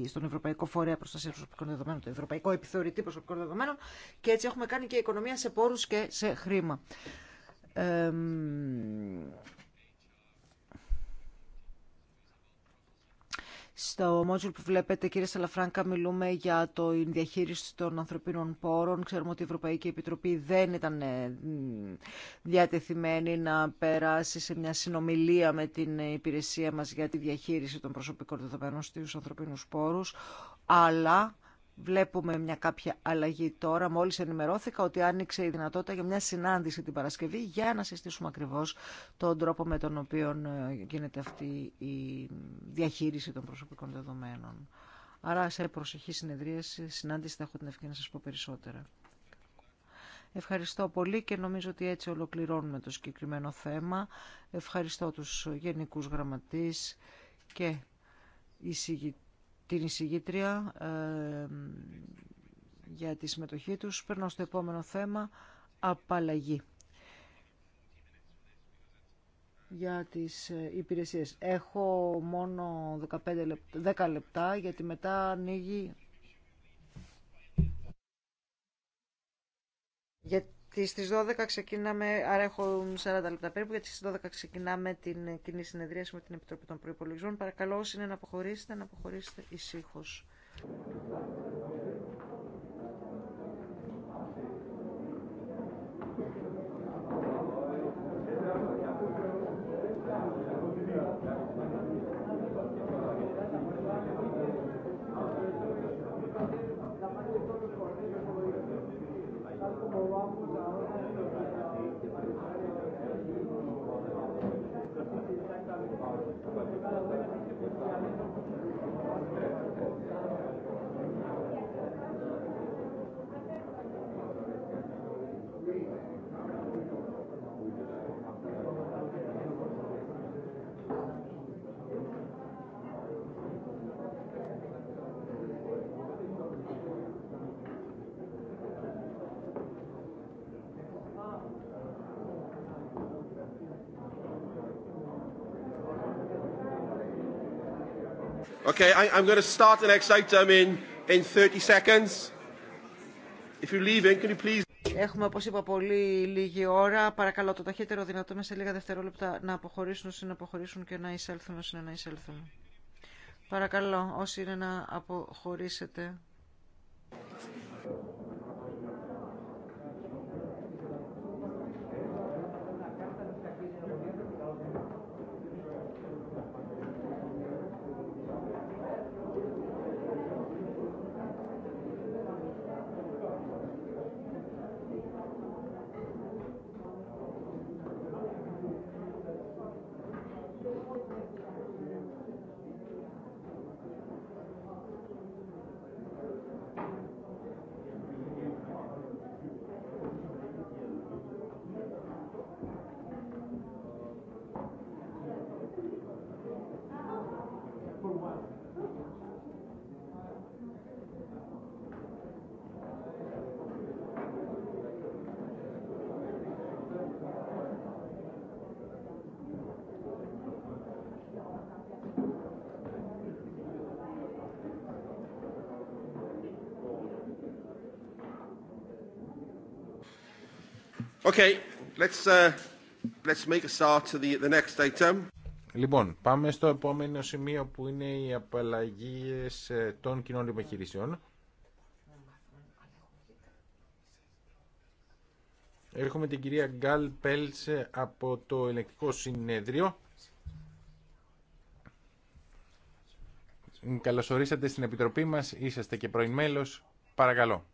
Speaker 1: στον Ευρωπαϊκό Φορέα Προστασία Προσωπικών Δεδομένων, το Ευρωπαϊκό Επιθεωρητή Προσωπικών Δεδομένων και έτσι έχουμε κάνει και οικονομία σε πόρους και σε χρήμα. Στο module που βλέπετε, κύριε Σαλαφράνκα, μιλούμε για το διαχείριση των ανθρωπίνων πόρων. Ξέρουμε ότι η Ευρωπαϊκή Επιτροπή δεν ήταν ε, διατεθειμένη να περάσει σε μια συνομιλία με την υπηρεσία μας για τη διαχείριση των προσωπικών δεδομένων στους ανθρωπίνους πόρους, αλλά Βλέπουμε μια κάποια αλλαγή τώρα. Μόλις ενημερώθηκα ότι άνοιξε η δυνατότητα για μια συνάντηση την Παρασκευή για να συστήσουμε ακριβώς τον τρόπο με τον οποίο ε, γίνεται αυτή η διαχείριση των προσωπικών δεδομένων. Άρα σε προσεχή συνεδρίαση, συνάντηση θα έχω την ευκαιρία να σας πω περισσότερα. Ευχαριστώ πολύ και νομίζω ότι έτσι ολοκληρώνουμε το συγκεκριμένο θέμα. Ευχαριστώ τους γενικούς γραμματείς και εισηγητές την εισηγήτρια ε, για τη συμμετοχή τους. Περνώ στο επόμενο θέμα, απαλλαγή για τις ε, υπηρεσίες. Έχω μόνο 15 λεπτά, 10 λεπτά γιατί μετά ανοίγει... Στις 12 ξεκινάμε, άρα έχω 40 λεπτά περίπου, γιατί στις 12 ξεκινάμε την κοινή συνεδρίαση με την Επιτροπή των Προϋπολογισμών. Παρακαλώ όσοι είναι να αποχωρήσετε, να αποχωρήσετε ησύχως.
Speaker 3: Okay, I, I'm going to start the
Speaker 2: in, in 30 seconds. If can you
Speaker 1: please... Έχουμε, όπως είπα, πολύ λίγη ώρα. Παρακαλώ το ταχύτερο δυνατό μέσα σε λίγα δευτερόλεπτα να αποχωρήσουν όσοι να αποχωρήσουν και να εισέλθουν όσοι να εισέλθουν. Παρακαλώ όσοι είναι να αποχωρήσετε.
Speaker 2: Λοιπόν, πάμε στο επόμενο σημείο που είναι οι απαλλαγίε ε, των κοινών επιχειρήσεων. Έρχομαι την κυρία Γκάλ Πέλτσε από το ελεκτικό συνέδριο. Καλωσορίσατε στην Επιτροπή μας, είσαστε και πρώην μέλος. Παρακαλώ.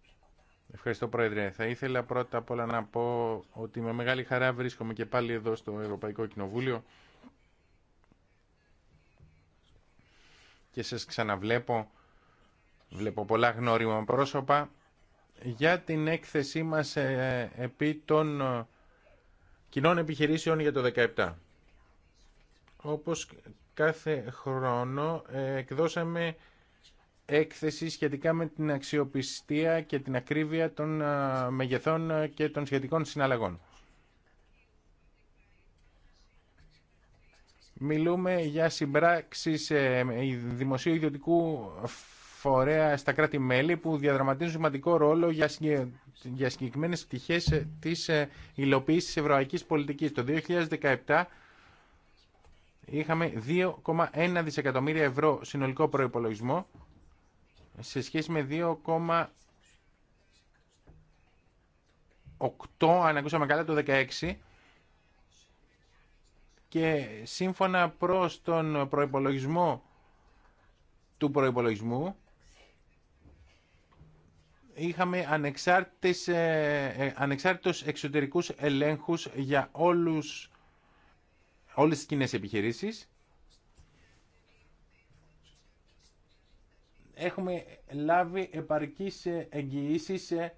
Speaker 2: Ευχαριστώ Πρόεδρε. Θα ήθελα πρώτα απ' όλα να πω ότι με μεγάλη χαρά βρίσκομαι και πάλι εδώ στο Ευρωπαϊκό Κοινοβούλιο και σας ξαναβλέπω, βλέπω πολλά γνώριμα πρόσωπα για την έκθεσή μας ε, επί των ε, κοινών επιχειρήσεων για το 2017. Όπως κάθε χρόνο ε, εκδώσαμε έκθεση σχετικά με την αξιοπιστία και την ακρίβεια των μεγεθών και των σχετικών συναλλαγών. Μιλούμε για συμπράξεις ε, δημοσίου ιδιωτικού φορέα στα κράτη-μέλη που διαδραματίζουν σημαντικό ρόλο για, συγκε... για συγκεκριμένες πτυχές ε, της ε, υλοποίησης ευρωπαϊκής πολιτικής. Το 2017 είχαμε 2,1 δισεκατομμύρια ευρώ συνολικό προϋπολογισμό σε σχέση με 2,8 αν ακούσαμε καλά το 16 και σύμφωνα προς τον προϋπολογισμό του προϋπολογισμού είχαμε ανεξάρτητες, ε, ε, ανεξάρτητους εξωτερικούς ελέγχους για όλους, όλες τις κοινέ επιχειρήσεις έχουμε λάβει επαρκείς εγγυήσεις ε,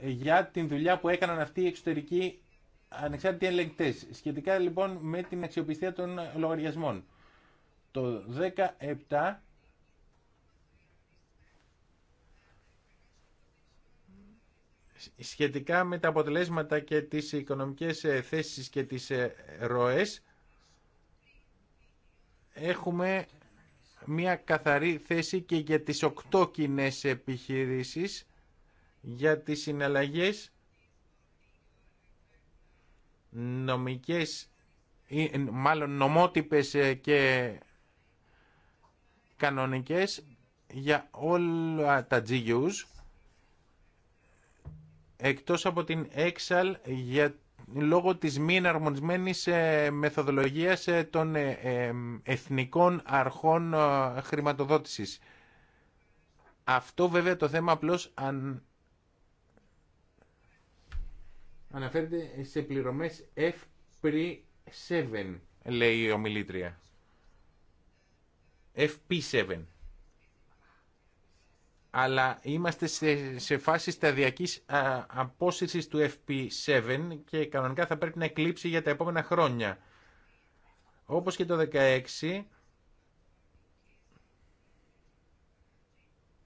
Speaker 2: για την δουλειά που έκαναν αυτοί οι εξωτερικοί ανεξάρτητοι ελεγκτές. Σχετικά λοιπόν με την αξιοπιστία των λογαριασμών. Το 17 σχετικά με τα αποτελέσματα και τις οικονομικές ε, θέσεις και τις ε, ροές έχουμε μια καθαρή θέση και για τις οκτώ κοινέ επιχειρήσεις για τις συναλλαγές νομικές ή μάλλον νομότυπες ε, και κανονικές για όλα τα GUs εκτός από την Excel για λόγω της μη εναρμονισμένης ε, μεθοδολογίας ε, των ε, εθνικών αρχών χρηματοδότησης. Αυτό βέβαια το θέμα απλώς αν... αναφέρεται σε πληρωμές FP7, λέει η ομιλήτρια. FP7 αλλά είμαστε σε, σε φάση σταδιακής απόσυρση του FP7 και κανονικά θα πρέπει να εκλείψει για τα επόμενα χρόνια. Όπως και το 16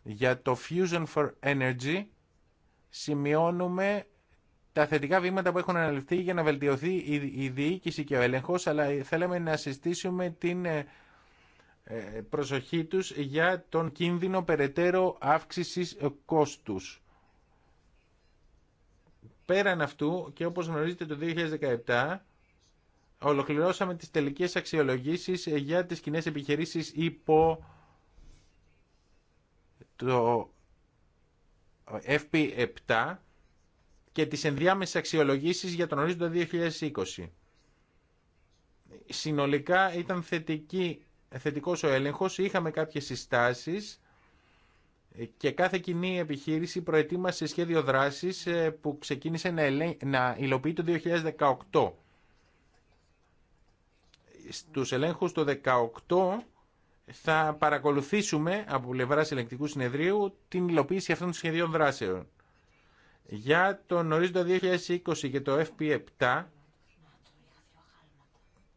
Speaker 2: για το Fusion for Energy σημειώνουμε τα θετικά βήματα που έχουν αναλυφθεί για να βελτιωθεί η διοίκηση και ο έλεγχος, αλλά θέλαμε να συστήσουμε την ε, ε, προσοχή τους για τον κίνδυνο περαιτέρω αύξησης ε, κόστους. Πέραν αυτού και όπως γνωρίζετε το 2017 ολοκληρώσαμε τις τελικές αξιολογήσεις ε, για τις κοινέ επιχειρήσεις υπό το FP7 και τις ενδιάμεσες αξιολογήσεις για τον ορίζοντα 2020. Συνολικά ήταν θετική θετικός ο έλεγχος, είχαμε κάποιες συστάσεις και κάθε κοινή επιχείρηση προετοίμασε σχέδιο δράσης ε, που ξεκίνησε να, ελέ... να υλοποιεί το 2018. Στους ελέγχους το 2018 θα παρακολουθήσουμε από πλευρά ελεγκτικού συνεδρίου την υλοποίηση αυτών των σχεδίων δράσεων. Για τον ορίζοντα 2020 και το FP7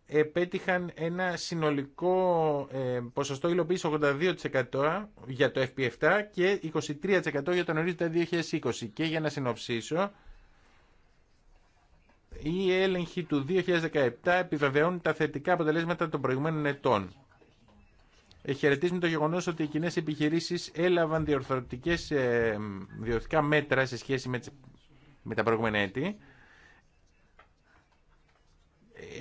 Speaker 2: επέτυχαν ένα συνολικό ε, ποσοστό υλοποίηση 82% για το FP7 και 23% για τον ορίζοντα 2020. Και για να συνοψίσω, η έλεγχοι του 2017 επιβεβαιώνουν τα θετικά αποτελέσματα των προηγούμενων ετών. Χαιρετίζουμε το γεγονό ότι οι κοινέ επιχειρήσει έλαβαν ε, διορθωτικά μέτρα σε σχέση με, με τα προηγούμενα έτη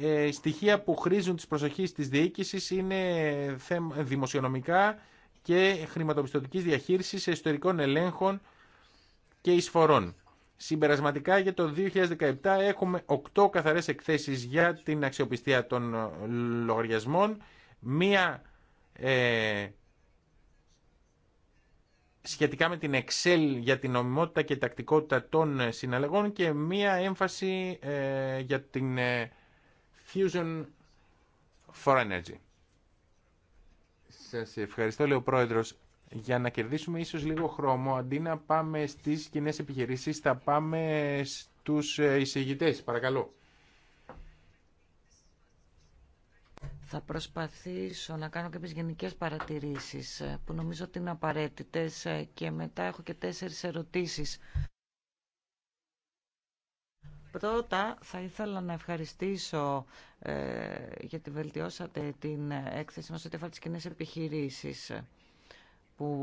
Speaker 2: ε, στοιχεία που χρήζουν τις προσοχής της διοίκησης είναι δημοσιονομικά και χρηματοπιστωτικής διαχείρισης εσωτερικών ελέγχων και εισφορών. Συμπερασματικά για το 2017 έχουμε 8 καθαρές εκθέσεις για την αξιοπιστία των λογαριασμών, μία ε, σχετικά με την Excel για την νομιμότητα και τακτικότητα των συναλλαγών και μία έμφαση ε, για την ε, Fusion for Energy. Σας ευχαριστώ, λέει ο Πρόεδρος. Για να κερδίσουμε ίσως λίγο χρώμο, αντί να πάμε στις κοινέ επιχειρήσεις, θα πάμε στους ε, εισηγητές. Παρακαλώ.
Speaker 3: Θα προσπαθήσω να κάνω κάποιες γενικές παρατηρήσεις ε, που νομίζω ότι είναι απαραίτητες ε, και μετά έχω και τέσσερις ερωτήσεις Πρώτα θα ήθελα να ευχαριστήσω ε, γιατί βελτιώσατε την έκθεση μας ότι αφορά τις κοινές επιχειρήσεις που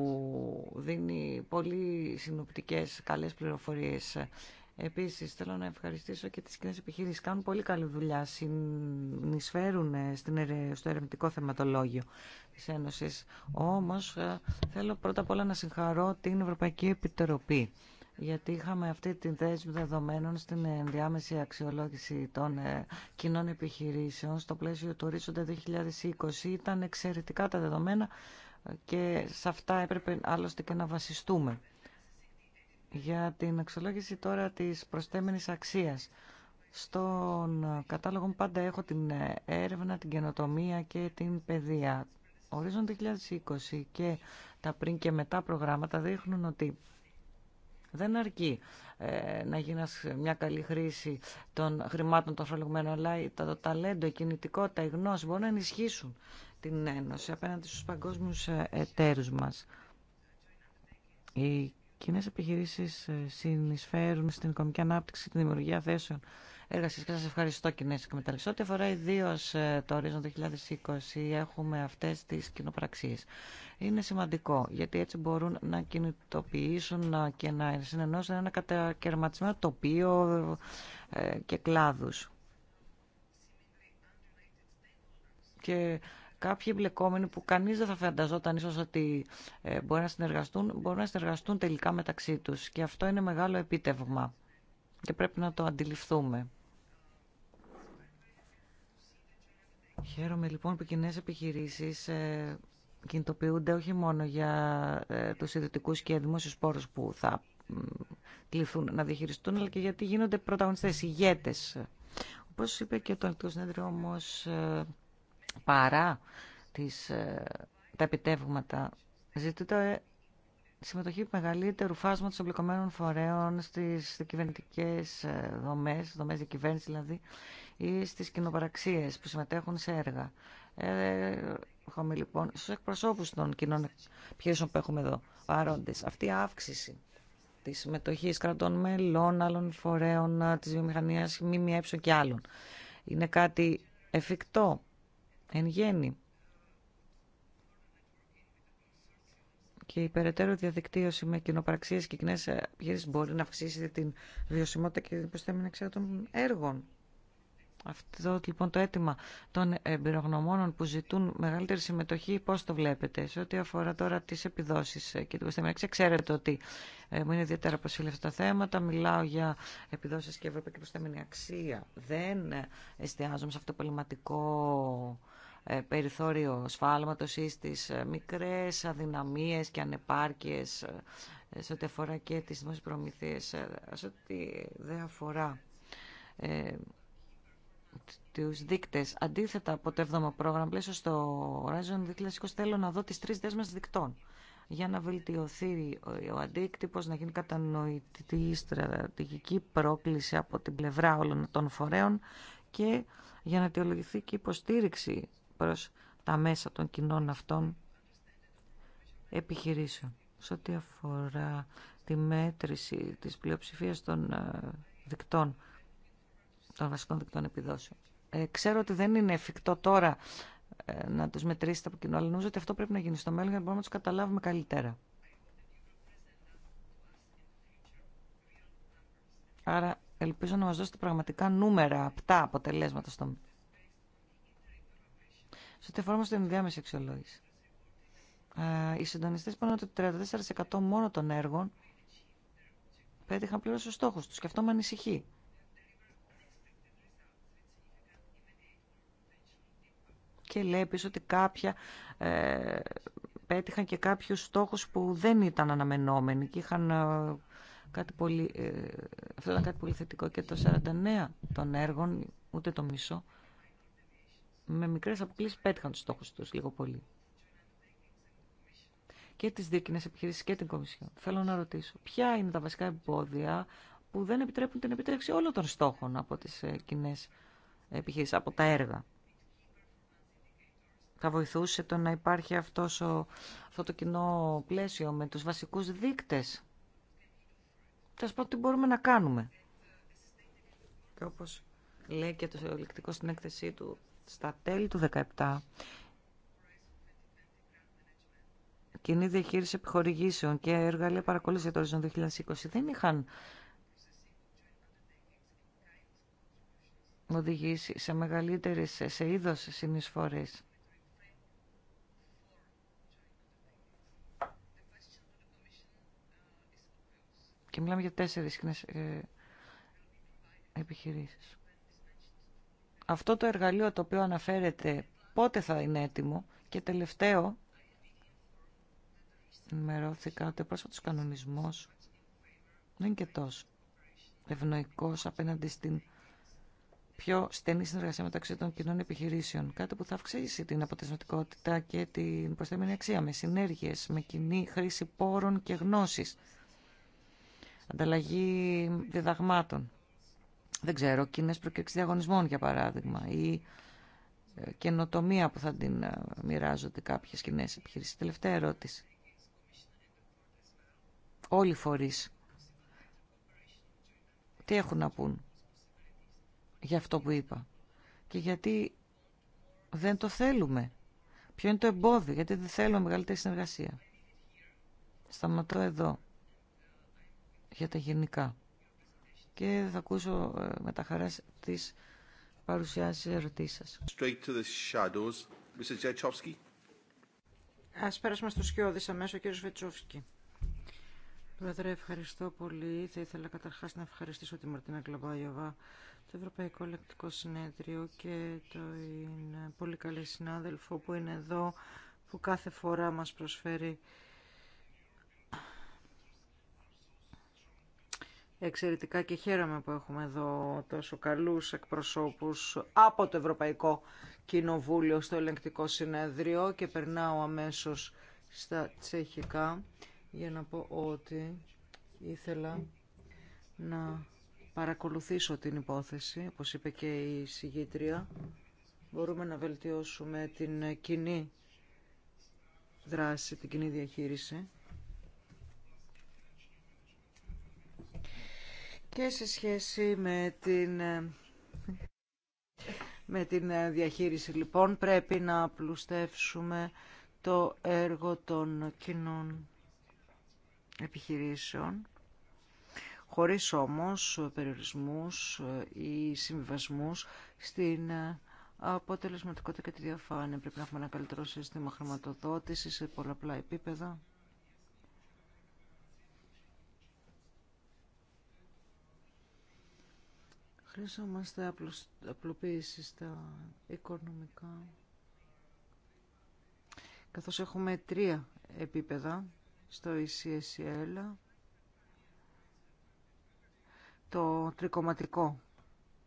Speaker 3: δίνει πολύ συνοπτικές καλές πληροφορίες. Επίσης θέλω να ευχαριστήσω και τις κοινές επιχειρήσεις. Κάνουν πολύ καλή δουλειά, συνεισφέρουν στο ερευνητικό θεματολόγιο της Ένωσης. Όμως ε, θέλω πρώτα απ' όλα να συγχαρώ την Ευρωπαϊκή Επιτροπή γιατί είχαμε αυτή τη δέσμη δεδομένων στην ενδιάμεση αξιολόγηση των ε, κοινών επιχειρήσεων στο πλαίσιο του ορίζοντα 2020. Ήταν εξαιρετικά τα δεδομένα και σε αυτά έπρεπε άλλωστε και να βασιστούμε. Για την αξιολόγηση τώρα της προστέμενης αξίας. Στον κατάλογο μου πάντα έχω την έρευνα, την καινοτομία και την παιδεία. Ορίζον 2020 και τα πριν και μετά προγράμματα δείχνουν ότι δεν αρκεί ε, να γίνει μια καλή χρήση των χρημάτων των φορολογουμένων, αλλά το ταλέντο, η κινητικότητα, η γνώση μπορούν να ενισχύσουν την Ένωση απέναντι στους παγκόσμιους ε, εταίρους μας. Οι κοινές επιχειρήσεις ε, συνεισφέρουν στην οικονομική ανάπτυξη, την δημιουργία θέσεων Εργασίες και σας ευχαριστώ κοινές εκμεταλλεύσεις. Ό,τι αφορά ιδίω ε, το ορίζον 2020 έχουμε αυτές τις κοινοπραξίες. Είναι σημαντικό γιατί έτσι μπορούν να κινητοποιήσουν και να συνενώσουν ένα κατακαιρματισμένο τοπίο ε, και κλάδους. Και κάποιοι εμπλεκόμενοι που κανείς δεν θα φανταζόταν ίσως ότι ε, μπορεί να συνεργαστούν, μπορούν να συνεργαστούν τελικά μεταξύ τους. Και αυτό είναι μεγάλο επίτευγμα και πρέπει να το αντιληφθούμε. Χαίρομαι λοιπόν που οι κοινέ επιχειρήσει ε, κινητοποιούνται όχι μόνο για ε, του ιδιωτικού και δημόσιου πόρου που θα κληθούν να διαχειριστούν, αλλά και γιατί γίνονται πρωταγωνιστέ, ηγέτε. Όπω είπε και το Ελληνικό Συνέδριο, όμω ε, παρά τις, τα επιτεύγματα, ζητείται συμμετοχή μεγαλύτερου φάσματος εμπλεκομένων φορέων στις κυβερνητικές δομές, δομές διακυβέρνηση δηλαδή, ή στις κοινοπαραξίες που συμμετέχουν σε έργα. Ε, έχουμε λοιπόν στους εκπροσώπους των κοινών επιχειρήσεων που έχουμε εδώ παρόντες. Αυτή η αύξηση της συμμετοχή κρατών μελών, άλλων φορέων, ε, της βιομηχανίας, ΜΜΕ και άλλων. Είναι κάτι εφικτό, εν γέννη. Και η περαιτέρω διαδικτύωση με κοινοπραξίες και κοινέ επιχειρήσεις μπορεί να αυξήσει την βιωσιμότητα και την προσθέμενη αξία των έργων αυτό λοιπόν το αίτημα των εμπειρογνωμόνων που ζητούν μεγαλύτερη συμμετοχή, πώ το βλέπετε, σε ό,τι αφορά τώρα τι επιδόσει ε, και την κοστομηνία. Ξέρετε ότι ε, μου είναι ιδιαίτερα προσφύλλα αυτά τα θέματα. Μιλάω για επιδόσει και ευρωπαϊκή προσταμινή αξία. Δεν ε, εστιάζομαι σε αυτό το πολυματικό περιθώριο σφάλματο ή στι μικρέ αδυναμίε και ανεπάρκειε σε ό,τι αφορά και τι δημόσιες προμηθείες, σε ό,τι δεν αφορά τους δείκτες. Αντίθετα από το 7ο πρόγραμμα, πλαίσιο στο Horizon 2020 θέλω να δω τις τρεις δέσμες δικτών για να βελτιωθεί ο αντίκτυπος, να γίνει κατανοητή η στρατηγική πρόκληση από την πλευρά όλων των φορέων και για να αιτιολογηθεί και υποστήριξη προς τα μέσα των κοινών αυτών επιχειρήσεων. Σε ό,τι αφορά τη μέτρηση της πλειοψηφίας των ε, δικτών των βασικών δικτών επιδόσεων. Ε, ξέρω ότι δεν είναι εφικτό τώρα ε, να τους μετρήσετε από κοινό, αλλά νομίζω ότι αυτό πρέπει να γίνει στο μέλλον για να μπορούμε να τους καταλάβουμε καλύτερα. Άρα ελπίζω να μας δώσετε πραγματικά νούμερα, απτά αποτελέσματα στο μέλλον. Σε ό,τι αφορά την διάμεση αξιολόγηση. Ε, οι συντονιστές είπαν ότι το 34% μόνο των έργων πέτυχαν πλήρω του στόχου του και αυτό με ανησυχεί. και λέει επίσης ότι κάποια ε, πέτυχαν και κάποιους στόχους που δεν ήταν αναμενόμενοι και είχαν ε, κάτι πολύ, ε, αυτό ήταν κάτι πολύ θετικό και το 49 των έργων, ούτε το μισό, με μικρές αποκλήσεις πέτυχαν τους στόχους τους λίγο πολύ. Και τις δίκαινες επιχειρήσεις και την Κομισιόν. Θέλω να ρωτήσω, ποια είναι τα βασικά εμπόδια που δεν επιτρέπουν την επιτρέψη όλων των στόχων από τις ε, κοινέ επιχειρήσεις, από τα έργα. Θα βοηθούσε το να υπάρχει αυτός ο, αυτό το κοινό πλαίσιο με τους βασικούς δείκτες. Θα σας πω τι μπορούμε να κάνουμε. Και όπως λέει και το ελεκτικό στην έκθεσή του, στα τέλη του 17, κοινή διαχείριση επιχορηγήσεων και εργαλεία παρακολούθηση για το 2020 δεν είχαν οδηγήσει σε μεγαλύτερες σε είδος συνεισφορές. Και μιλάμε για τέσσερις ε, επιχειρήσεις. Αυτό το εργαλείο το οποίο αναφέρεται πότε θα είναι έτοιμο και τελευταίο ενημερώθηκα ότι ο πρόσφατο κανονισμό δεν είναι και τόσο ευνοϊκός απέναντι στην πιο στενή συνεργασία μεταξύ των κοινών επιχειρήσεων. Κάτι που θα αυξήσει την αποτελεσματικότητα και την προσθέμενη αξία με συνέργειες, με κοινή χρήση πόρων και γνώσης ανταλλαγή διδαγμάτων. Δεν ξέρω, κοινέ προκήρυξεις διαγωνισμών για παράδειγμα ή ε, καινοτομία που θα την ε, μοιράζονται κάποιες κοινέ επιχειρήσεις. Τελευταία ερώτηση. Όλοι οι φορείς τι έχουν να πούν για αυτό που είπα και γιατί δεν το θέλουμε. Ποιο είναι το εμπόδιο, γιατί δεν θέλουμε μεγαλύτερη συνεργασία. Σταματώ εδώ για τα γενικά. Και θα ακούσω ε, με τα χαρά της παρουσιάσει ερωτήσει σα. Straight to
Speaker 1: Ας πέρασουμε στο σκιώδης αμέσως, ο κύριος Βετσόφσκι. Πρόεδρε, ευχαριστώ πολύ. Θα ήθελα καταρχά να ευχαριστήσω τη Μαρτίνα Κλαμπάγιοβα, το Ευρωπαϊκό Λεκτικό Συνέδριο και τον πολύ καλή συνάδελφο που είναι εδώ, που κάθε φορά μα προσφέρει εξαιρετικά και χαίρομαι που έχουμε εδώ τόσο καλούς εκπροσώπους από το Ευρωπαϊκό Κοινοβούλιο στο Ελεγκτικό Συνέδριο και περνάω αμέσως στα τσεχικά για να πω ότι ήθελα να παρακολουθήσω την υπόθεση, όπως είπε και η συγγήτρια. Μπορούμε να βελτιώσουμε την κοινή δράση, την κοινή διαχείριση. και σε σχέση με την... Ε, με την ε, διαχείριση λοιπόν πρέπει να απλουστεύσουμε το έργο των κοινών επιχειρήσεων χωρίς όμως περιορισμούς ε, ή συμβιβασμούς στην αποτελεσματικότητα και τη διαφάνεια. Πρέπει να έχουμε ένα καλύτερο σύστημα χρηματοδότησης σε πολλαπλά επίπεδα. Χρειαζόμαστε απλοποίηση στα οικονομικά. Καθώς έχουμε τρία επίπεδα στο ECSL, το τρικοματικό,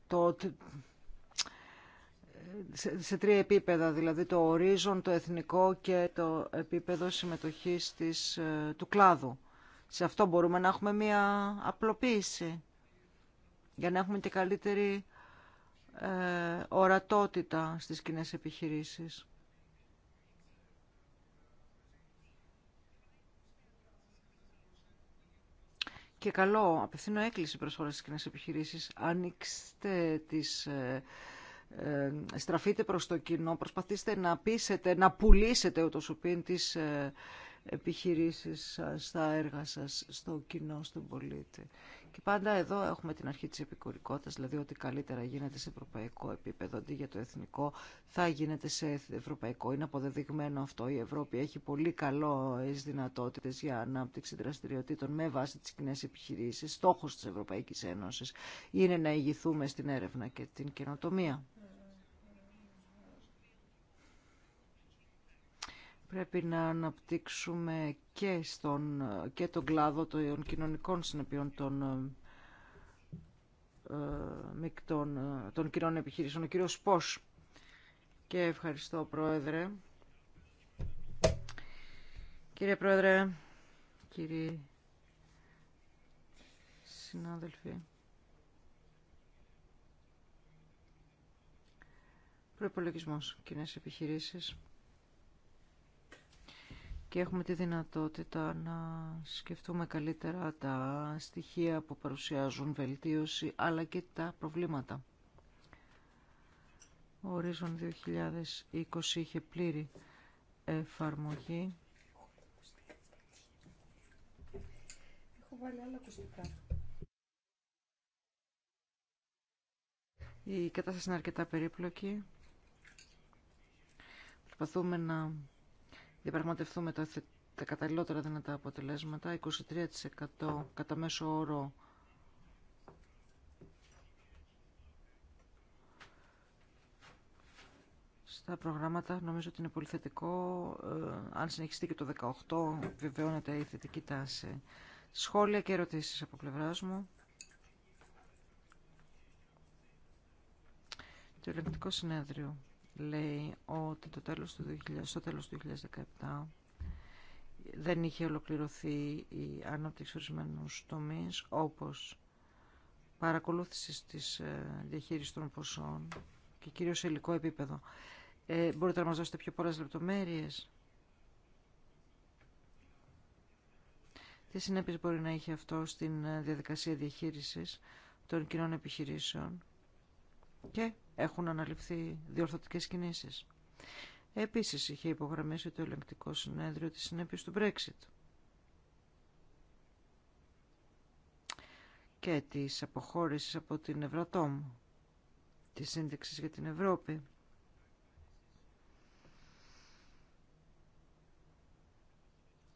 Speaker 1: το, σε, τρία επίπεδα, δηλαδή το ορίζον, το εθνικό και το επίπεδο συμμετοχής της, ε, του κλάδου. Σε αυτό μπορούμε να έχουμε μία απλοποίηση για να έχουμε και καλύτερη ε, ορατότητα στις κοινέ επιχειρήσεις. Και καλό, απευθύνω έκκληση προς όλες τις κοινέ επιχειρήσεις. Ανοίξτε τις... Ε, ε, στραφείτε προς το κοινό, προσπαθήστε να πείσετε, να πουλήσετε ούτως οπίν τις επιχειρήσεις σας, τα έργα σας στο κοινό, στον πολίτη. Και πάντα εδώ έχουμε την αρχή της επικουρικότητας, δηλαδή ότι καλύτερα γίνεται σε ευρωπαϊκό επίπεδο αντί για το εθνικό, θα γίνεται σε ευρωπαϊκό. Είναι αποδεδειγμένο αυτό. Η Ευρώπη έχει πολύ καλές δυνατότητε για ανάπτυξη δραστηριοτήτων με βάση τι κοινέ επιχειρήσει, στόχο της Ευρωπαϊκής Ένωση, είναι να ηγηθούμε στην έρευνα και την καινοτομία. Πρέπει να αναπτύξουμε και, στον, και τον κλάδο των κοινωνικών συνεπειών των ε, ε, των, ε, των κοινών επιχειρήσεων. Ο κύριο Πός. Και ευχαριστώ, Πρόεδρε. Κύριε Πρόεδρε, κύριοι συνάδελφοι. Προπολογισμό κοινές επιχειρήσεις και έχουμε τη δυνατότητα να σκεφτούμε καλύτερα τα στοιχεία που παρουσιάζουν βελτίωση αλλά και τα προβλήματα. Ο Ορίζον 2020 είχε πλήρη εφαρμογή. Έχω βάλει άλλα ακουστικά. Η κατάσταση είναι αρκετά περίπλοκη. Προσπαθούμε να διαπραγματευτούμε τα, τα καταλληλότερα δυνατά αποτελέσματα. 23% κατά μέσο όρο στα προγράμματα. Νομίζω ότι είναι πολύ θετικό. Ε, αν συνεχιστεί και το 18 βεβαιώνεται η θετική τάση. Σχόλια και ερωτήσεις από πλευράς μου. Το ελεγκτικό συνέδριο λέει ότι το τέλος του 2000, στο τέλος του 2017 δεν είχε ολοκληρωθεί η ανάπτυξη ορισμένου τομεί όπως παρακολούθηση της ε, διαχείριση των ποσών και κυρίως σε υλικό επίπεδο. Ε, μπορείτε να μας δώσετε πιο πολλές λεπτομέρειες. Τι συνέπειες μπορεί να είχε αυτό στην ε, διαδικασία διαχείρισης των κοινών επιχειρήσεων και έχουν αναλυφθεί διορθωτικές κινήσεις. Επίσης είχε υπογραμμίσει το ελεγκτικό συνέδριο της συνέπειας του Brexit και της αποχώρησης από την Ευρατόμ, της σύνδεξης για την Ευρώπη.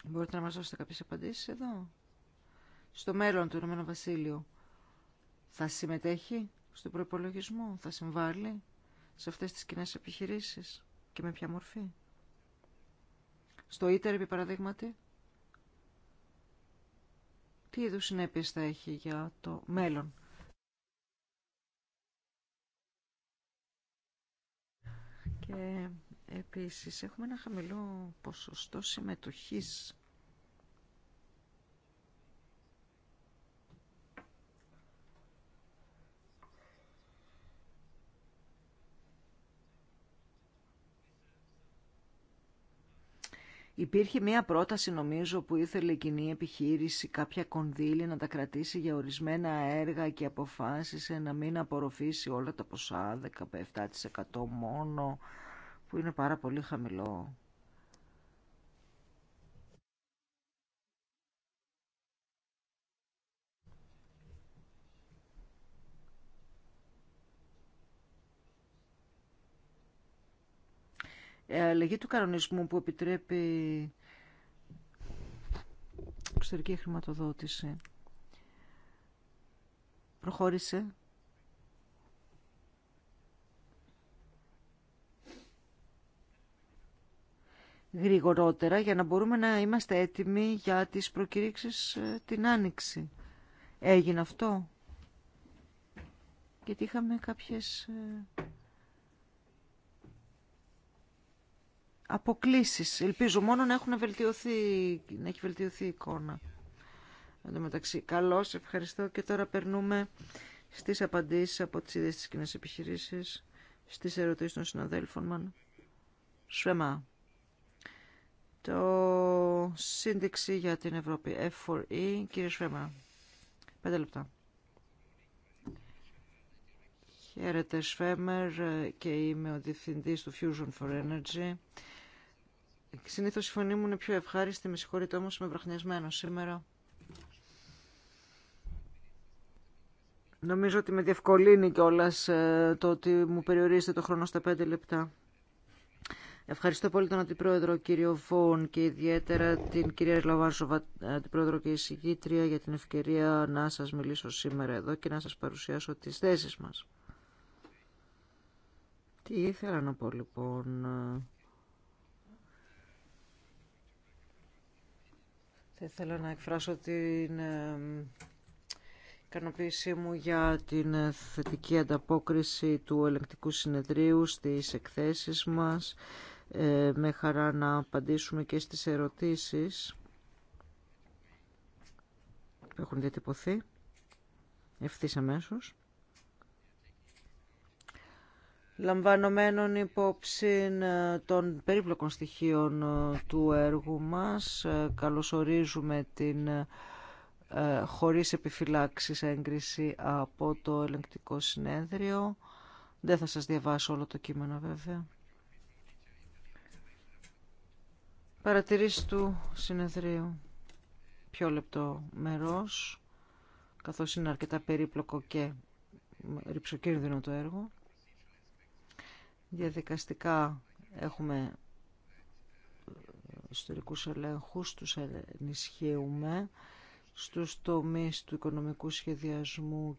Speaker 1: Μπορείτε να μας δώσετε κάποιες απαντήσεις εδώ. Στο μέλλον του Ηνωμένου Βασίλειου θα συμμετέχει στον προπολογισμό θα συμβάλλει σε αυτές τις κοινέ επιχειρήσεις και με ποια μορφή. Στο ίτερ, επί παραδείγματι, τι είδους συνέπειες θα έχει για το μέλλον. Και επίσης έχουμε ένα χαμηλό ποσοστό συμμετοχής Υπήρχε μία πρόταση νομίζω που ήθελε η κοινή επιχείρηση κάποια κονδύλια να τα κρατήσει για ορισμένα έργα και αποφάσισε να μην απορροφήσει όλα τα ποσά, 17% μόνο, που είναι πάρα πολύ χαμηλό. Ε, αλλαγή του κανονισμού που επιτρέπει εξωτερική χρηματοδότηση προχώρησε γρηγορότερα για να μπορούμε να είμαστε έτοιμοι για τις προκηρύξεις ε, την Άνοιξη. Έγινε αυτό. Γιατί είχαμε κάποιες ε, αποκλήσεις. Ελπίζω μόνο να, έχουν βελτιωθεί, να έχει βελτιωθεί η εικόνα. Εν τω μεταξύ, καλώς, ευχαριστώ και τώρα περνούμε στις απαντήσεις από τις ίδιες τις κοινέ επιχειρήσεις, στις ερωτήσεις των συναδέλφων μας. Σφέμα. Το σύνδεξη για την Ευρώπη, F4E, κύριε Σφέμα. Πέντε λεπτά. Χαίρετε Σφέμερ και είμαι ο Διευθυντής του Fusion for Energy. Συνήθως η φωνή μου είναι πιο ευχάριστη, με συγχωρείτε όμως είμαι βραχνιασμένο σήμερα. Νομίζω ότι με διευκολύνει κιόλα ε, το ότι μου περιορίζεται το χρόνο στα πέντε λεπτά. Ευχαριστώ πολύ τον Αντιπρόεδρο κύριο Βόν και ιδιαίτερα την κυρία Λαβάρσοβα, Αντιπρόεδρο και εισηγήτρια, για την ευκαιρία να σας μιλήσω σήμερα εδώ και να σα παρουσιάσω τι θέσει μα. Τι ήθελα να πω λοιπόν ε, Θα να εκφράσω την ε, ικανοποίησή μου για την ε, θετική ανταπόκριση του ελεγκτικού συνεδρίου στις εκθέσεις μας. Ε, με χαρά να απαντήσουμε και στις ερωτήσεις που έχουν διατυπωθεί ευθύς αμέσως λαμβανομένων υπόψη ε, των περίπλοκων στοιχείων ε, του έργου μας. Ε, καλωσορίζουμε την χωρίς επιφυλάξεις έγκριση από το ελεγκτικό συνέδριο. Δεν θα σας διαβάσω όλο το κείμενο βέβαια. Παρατηρήσεις του συνεδρίου. Πιο λεπτό μερός, καθώς είναι αρκετά περίπλοκο και ρυψοκίνδυνο το έργο. Διαδικαστικά έχουμε ε, ιστορικούς ελέγχους, τους ενισχύουμε στους τομείς του οικονομικού σχεδιασμού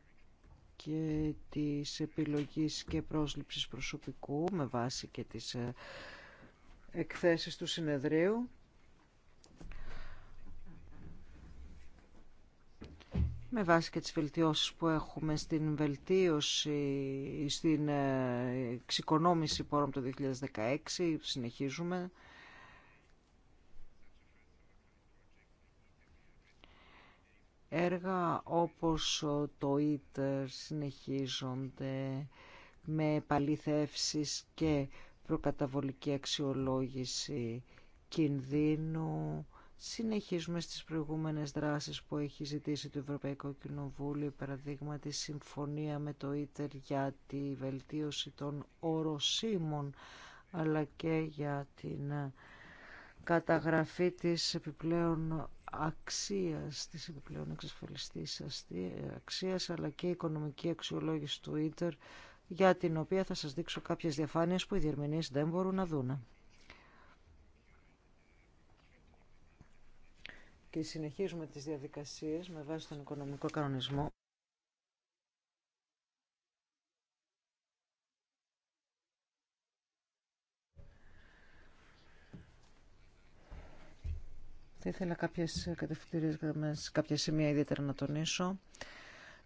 Speaker 1: και της επιλογής και πρόσληψης προσωπικού με βάση και τις ε, εκθέσεις του συνεδρίου με βάση και τις βελτιώσεις που έχουμε στην βελτίωση, στην ε, εξοικονόμηση πόρων το 2016, συνεχίζουμε. Έργα όπως το ITER συνεχίζονται με παλιθεύσεις και προκαταβολική αξιολόγηση κινδύνου συνεχίζουμε στις προηγούμενες δράσεις που έχει ζητήσει το Ευρωπαϊκό Κοινοβούλιο, παραδείγμα τη συμφωνία με το ΙΤΕΡ για τη βελτίωση των οροσίμων, αλλά και για την ε, καταγραφή της επιπλέον αξίας, της επιπλέον εξασφαλιστής αξίας, αλλά και οικονομική αξιολόγηση του ΙΤΕΡ, για την οποία θα σας δείξω κάποιες διαφάνειες που οι διερμηνείς δεν μπορούν να δούνε. και συνεχίζουμε τις διαδικασίες με βάση τον οικονομικό κανονισμό. Θα ήθελα κάποιες κατευθυντήριες γραμμές, κάποια σημεία ιδιαίτερα να τονίσω.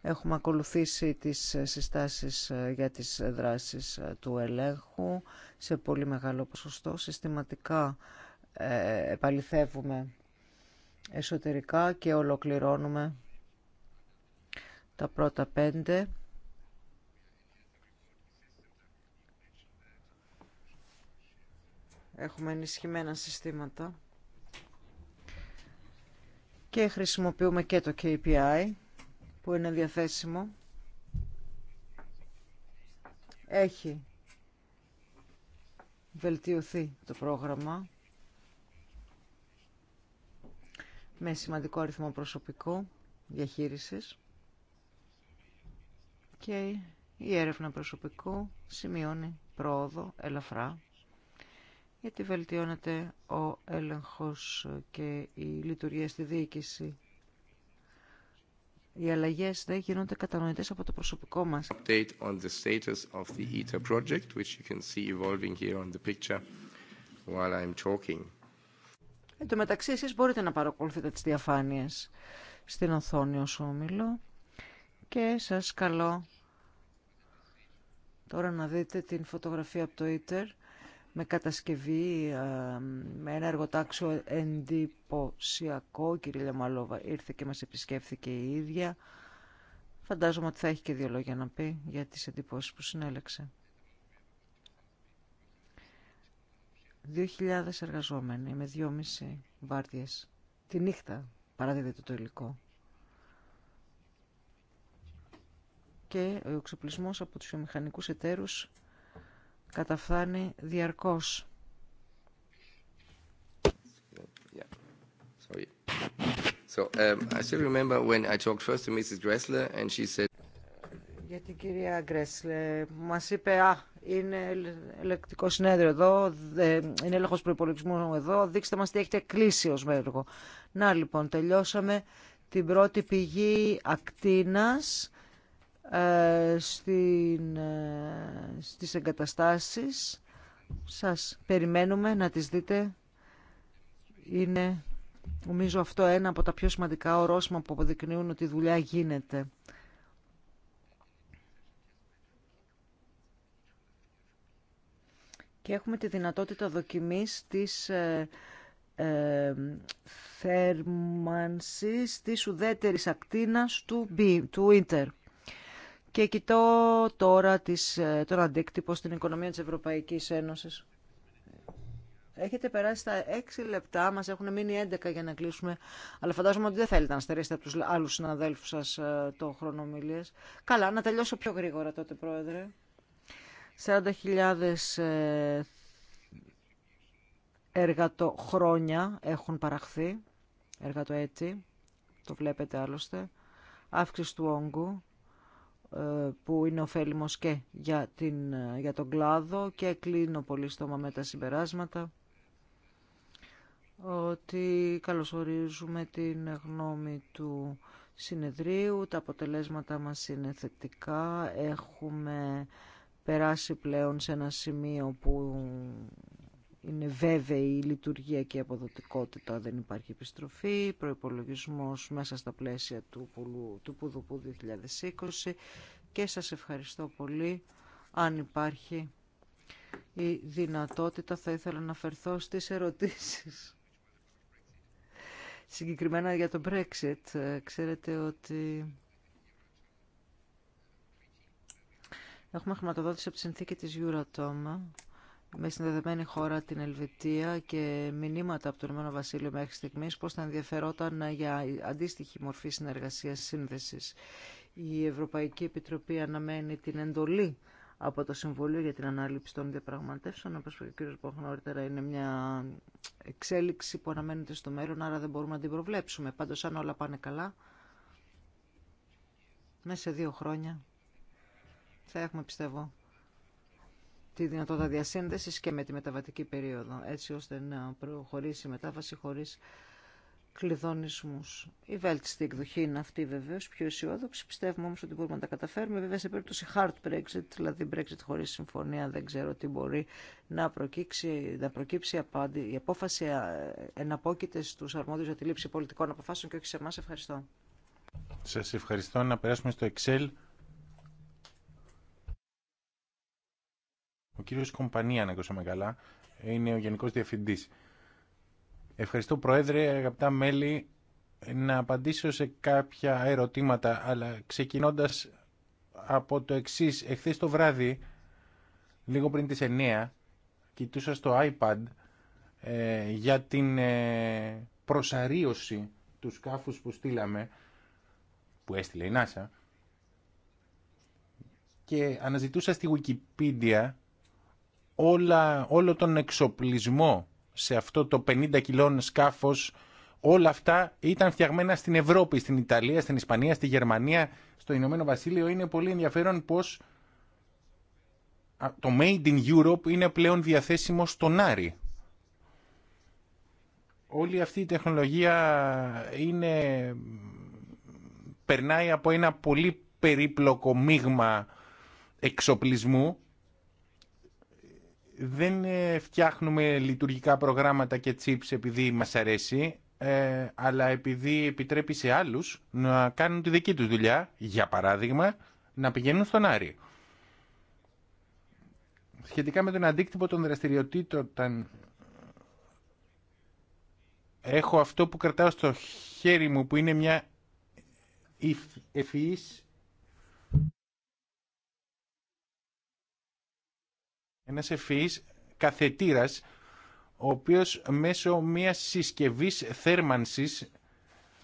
Speaker 1: Έχουμε ακολουθήσει τις συστάσεις ε, για τις δράσεις ε, του ελέγχου σε πολύ μεγάλο ποσοστό. Συστηματικά ε, επαληθεύουμε εσωτερικά και ολοκληρώνουμε τα πρώτα πέντε. Έχουμε ενισχυμένα συστήματα και χρησιμοποιούμε και το KPI που είναι διαθέσιμο. Έχει βελτιωθεί το πρόγραμμα με σημαντικό αριθμό προσωπικού διαχείρισης και η έρευνα προσωπικού σημειώνει πρόοδο ελαφρά γιατί βελτιώνεται ο έλεγχος και η λειτουργία στη διοίκηση. Οι αλλαγές δεν γίνονται κατανοητές από το προσωπικό μας.
Speaker 2: Update on the status of the e project, which you can see evolving here on the picture while I'm talking.
Speaker 1: Εν τω μεταξύ εσείς μπορείτε να παρακολουθείτε τις διαφάνειες στην οθόνη όσο όμιλο και σας καλώ τώρα να δείτε την φωτογραφία από το Ίτερ με κατασκευή, με ένα εργοτάξιο εντυπωσιακό. Η κυρία Μαλόβα ήρθε και μας επισκέφθηκε η ίδια. Φαντάζομαι ότι θα έχει και δύο λόγια να πει για τις εντυπώσεις που συνέλεξε. 2.000 εργαζόμενοι με 2,5 βάρδιες τη νύχτα παραδίδεται το υλικό. Και ο εξοπλισμός από τους βιομηχανικούς εταίρους καταφθάνει διαρκώς. Yeah.
Speaker 2: So um, I still remember when I talked first to Mrs. Dressler and she said
Speaker 1: την κυρία Γκρέσλε. Μας είπε, α, είναι ελεκτικό συνέδριο εδώ, είναι έλεγχος προπολογισμού εδώ, δείξτε μα τι έχετε κλείσει ω μέργο. Να λοιπόν, τελειώσαμε την πρώτη πηγή ακτίνας ε, εγκαταστάσει. ε, Σας περιμένουμε να τις δείτε. Είναι, νομίζω αυτό ένα από τα πιο σημαντικά ορόσημα που αποδεικνύουν ότι η δουλειά γίνεται. και έχουμε τη δυνατότητα δοκιμής της ε, ε, θέρμανσης της ουδέτερης ακτίνας του, B, του Ίντερ. Και κοιτώ τώρα τις, ε, τον αντίκτυπο στην οικονομία της Ευρωπαϊκής Ένωσης. Έχετε περάσει τα 6 λεπτά, μας έχουν μείνει 11 για να κλείσουμε. Αλλά φαντάζομαι ότι δεν θέλετε να στερήσετε από τους άλλους συναδέλφους σας ε, το χρονομιλίες. Καλά, να τελειώσω πιο γρήγορα τότε, Πρόεδρε. 40.000 ε, χρόνια έχουν παραχθεί, έτσι. το βλέπετε άλλωστε, αύξηση του όγκου ε, που είναι ωφέλιμος και για, την, ε, για τον κλάδο και κλείνω πολύ στόμα με τα συμπεράσματα ότι καλωσορίζουμε την γνώμη του συνεδρίου, τα αποτελέσματα μας είναι θετικά, έχουμε περάσει πλέον σε ένα σημείο που είναι βέβαιη η λειτουργία και η αποδοτικότητα, δεν υπάρχει επιστροφή, προϋπολογισμός μέσα στα πλαίσια του, Πουλου, του 2020 και σας ευχαριστώ πολύ αν υπάρχει η δυνατότητα θα ήθελα να φερθώ στις ερωτήσεις. Συγκεκριμένα για το Brexit, ξέρετε ότι Έχουμε χρηματοδότηση από τη συνθήκη της Euratom με συνδεδεμένη χώρα την Ελβετία και μηνύματα από το Ηνωμένο Βασίλειο μέχρι στιγμή πώ θα ενδιαφερόταν για αντίστοιχη μορφή συνεργασία σύνδεση. Η Ευρωπαϊκή Επιτροπή αναμένει την εντολή από το Συμβουλίο για την ανάληψη των διαπραγματεύσεων. Όπω είπε ο κ. νωρίτερα είναι μια εξέλιξη που αναμένεται στο μέλλον, άρα δεν μπορούμε να την προβλέψουμε. Πάντω, αν όλα πάνε καλά, μέσα σε δύο χρόνια θα έχουμε πιστεύω τη δυνατότητα διασύνδεσης και με τη μεταβατική περίοδο, έτσι ώστε να προχωρήσει η μετάβαση χωρίς κλειδονισμούς. Η βέλτιστη εκδοχή είναι αυτή βεβαίω πιο αισιόδοξη. Πιστεύουμε όμως ότι μπορούμε να τα καταφέρουμε. Βέβαια σε περίπτωση hard Brexit, δηλαδή Brexit χωρίς συμφωνία, δεν ξέρω τι μπορεί να προκύψει, να προκύψει Η απόφαση ε, εναπόκειται στους αρμόδιους για τη λήψη πολιτικών αποφάσεων και όχι σε εμά. Ευχαριστώ.
Speaker 2: Σας ευχαριστώ. Να περάσουμε στο Excel. Ο κύριος Κομπανία, αν ακούσαμε καλά, είναι ο Γενικός Διευθυντής. Ευχαριστώ Πρόεδρε, αγαπητά μέλη, να απαντήσω σε κάποια ερωτήματα, αλλά ξεκινώντας από το εξής. Εχθές το βράδυ, λίγο πριν τις 9, κοιτούσα στο iPad ε, για την ε, προσαρίωση του σκάφους που στείλαμε, που έστειλε η NASA, και αναζητούσα στη Wikipedia όλα, όλο τον εξοπλισμό σε αυτό το 50 κιλών σκάφος όλα αυτά ήταν φτιαγμένα στην Ευρώπη, στην Ιταλία, στην Ισπανία, στη Γερμανία, στο Ηνωμένο Βασίλειο. Είναι πολύ ενδιαφέρον πως το Made in Europe είναι πλέον διαθέσιμο στον Άρη. Όλη αυτή η τεχνολογία είναι, περνάει από ένα πολύ περίπλοκο μείγμα εξοπλισμού δεν ε, φτιάχνουμε λειτουργικά προγράμματα και chips επειδή μας αρέσει, ε, αλλά επειδή επιτρέπει σε άλλους να κάνουν τη δική τους δουλειά, για παράδειγμα, να πηγαίνουν στον Άρη. Σχετικά με τον αντίκτυπο των δραστηριοτήτων, έχω αυτό που κρατάω στο χέρι μου, που είναι μια ευφυής ένα ευφυή καθετήρας, ο οποίος μέσω μια συσκευή θέρμανση